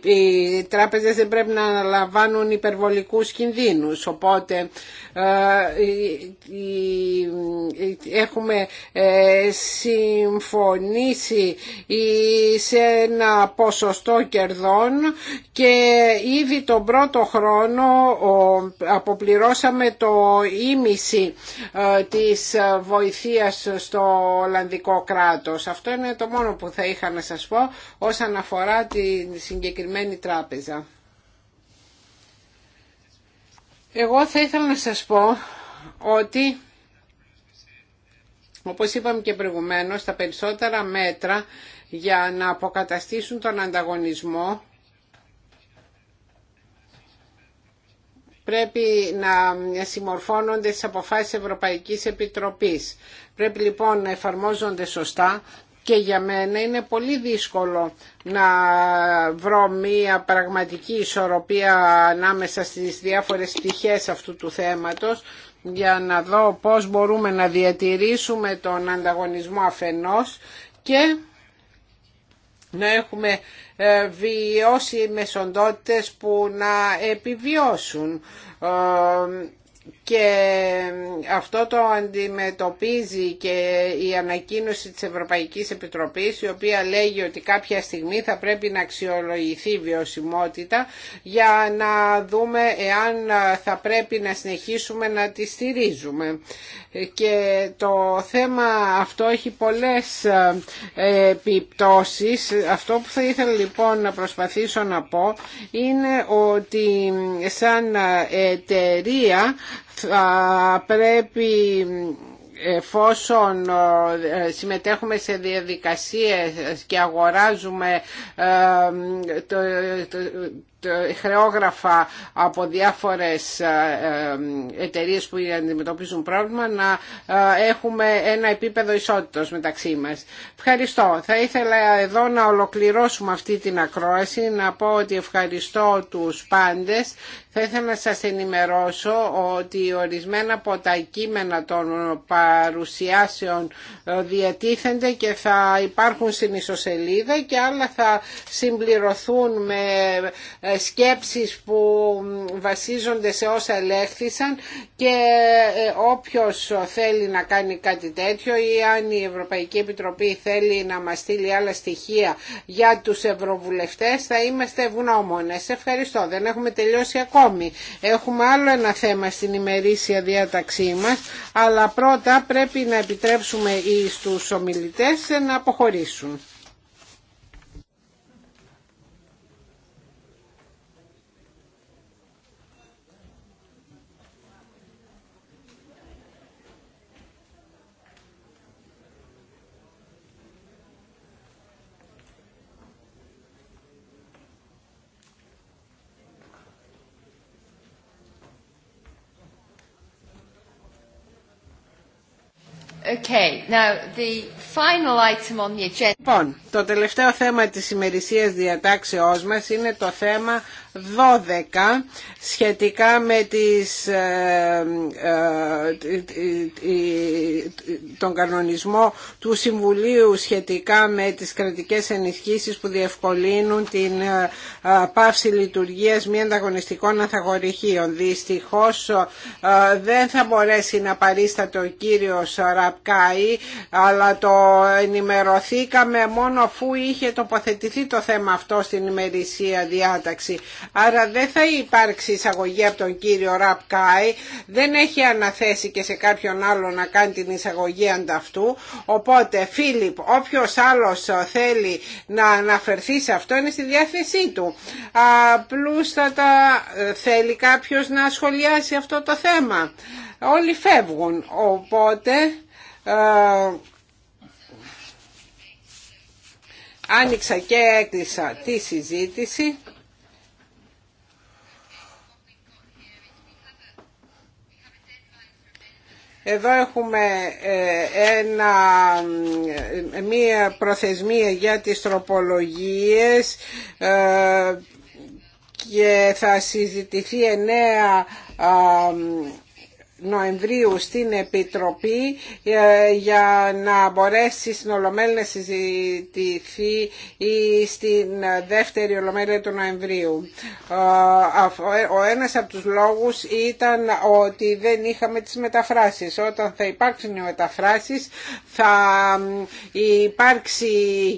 οι τράπεζες δεν πρέπει να αναλαμβάνουν υπερβολικούς κινδύνους οπότε ε, έχουμε ε, συμφωνήσει ε, σε ένα ποσοστό κερδών και ήδη τον πρώτο χρόνο αποπληρώσαμε το ίμιση της βοηθείας στο Ολλανδικό κράτος αυτό είναι το μόνο που θα είχα να σας πω όσον αφορά την συγκεκριμένη τράπεζα. Εγώ θα ήθελα να σας πω ότι, όπως είπαμε και προηγουμένως, τα περισσότερα μέτρα για να αποκαταστήσουν τον ανταγωνισμό πρέπει να συμμορφώνονται στις αποφάσεις Ευρωπαϊκής Επιτροπής. Πρέπει λοιπόν να εφαρμόζονται σωστά και για μένα είναι πολύ δύσκολο να βρω μία πραγματική ισορροπία ανάμεσα στις διάφορες πτυχές αυτού του θέματος για να δω πώς μπορούμε να διατηρήσουμε τον ανταγωνισμό αφενός και να έχουμε ε, βιώσει μεσοντότητες που να επιβιώσουν ε, και αυτό το αντιμετωπίζει και η ανακοίνωση της Ευρωπαϊκής Επιτροπής η οποία λέγει ότι κάποια στιγμή θα πρέπει να αξιολογηθεί η βιωσιμότητα για να δούμε εάν ε, θα πρέπει να συνεχίσουμε να τη στηρίζουμε. Και το θέμα αυτό έχει πολλές ε, επιπτώσεις. Αυτό που θα ήθελα λοιπόν να προσπαθήσω να πω είναι ότι σαν ε, εταιρεία θα πρέπει εφόσον ε, συμμετέχουμε σε διαδικασίες και αγοράζουμε ε, χρεόγραφα από διάφορες ε, ε, εταιρείες που αντιμετωπίζουν πρόβλημα να ε, έχουμε ένα επίπεδο ισότητος μεταξύ μας. Ευχαριστώ. Θα ήθελα εδώ να ολοκληρώσουμε αυτή την ακρόαση, να πω ότι ευχαριστώ τους πάντες. Θα ήθελα να σας ενημερώσω ότι ορισμένα από τα κείμενα των παρουσιάσεων διατίθενται και θα υπάρχουν στην ισοσελίδα και άλλα θα συμπληρωθούν με ε, σκέψεις που βασίζονται σε όσα ελέγχθησαν και ε, όποιος θέλει να κάνει κάτι τέτοιο ή αν η Ευρωπαϊκή Επιτροπή θέλει να μας στείλει άλλα στοιχεία για τους ευρωβουλευτές θα είμαστε ευγνώμονες. Ευχαριστώ. Δεν έχουμε τελειώσει ακόμη. Έχουμε άλλο ένα θέμα στην ημερήσια διάταξή μας αλλά πρώτα πρέπει να επιτρέψουμε στους ομιλητές να αποχωρήσουν. Okay, now the final item on the agenda. Λοιπόν, το τελευταίο θέμα της ημερησίας διατάξεώς μας είναι το θέμα 12 σχετικά με τις, ε, ε, τον κανονισμό του Συμβουλίου σχετικά με τις κρατικές ενισχύσεις που διευκολύνουν την ε, πάυση λειτουργίας μη ανταγωνιστικών αθαγορυχίων. Δυστυχώς δεν θα μπορέσει να παρίσταται ο κύριος Ραπκάη αλλά το ενημερωθήκαμε μόνο αφού είχε τοποθετηθεί το θέμα αυτό στην ημερησία διάταξη. Άρα δεν θα υπάρξει εισαγωγή από τον κύριο Κάι. δεν έχει αναθέσει και σε κάποιον άλλο να κάνει την εισαγωγή ανταυτού. Οπότε Φίλιπ, όποιος άλλος θέλει να αναφερθεί σε αυτό είναι στη διάθεσή του. Απλούστατα ε, θέλει κάποιος να σχολιάσει αυτό το θέμα. Όλοι φεύγουν, οπότε... Ε, άνοιξα και έκλεισα τη συζήτηση. Εδώ έχουμε ε, ένα, ε, μία προθεσμία για τις τροπολογίες ε, και θα συζητηθεί εννέα... Νοεμβρίου στην Επιτροπή ε, για να μπορέσει στην Ολομέλη να συζητηθεί ή στην δεύτερη Ολομέλεια του Νοεμβρίου. Ε, ο ένας από τους λόγους ήταν ότι δεν είχαμε τις μεταφράσεις. Όταν θα υπάρξουν οι μεταφράσεις θα υπάρξει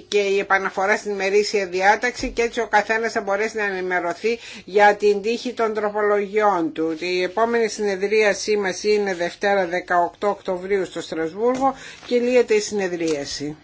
και η επαναφορά στην ημερήσια διάταξη και έτσι ο καθένας θα μπορέσει να ενημερωθεί για την τύχη των τροπολογιών του. Η επόμενη συνεδρίασή είναι Δευτέρα 18 Οκτωβρίου στο Στρασβούργο και λύεται η συνεδρίαση.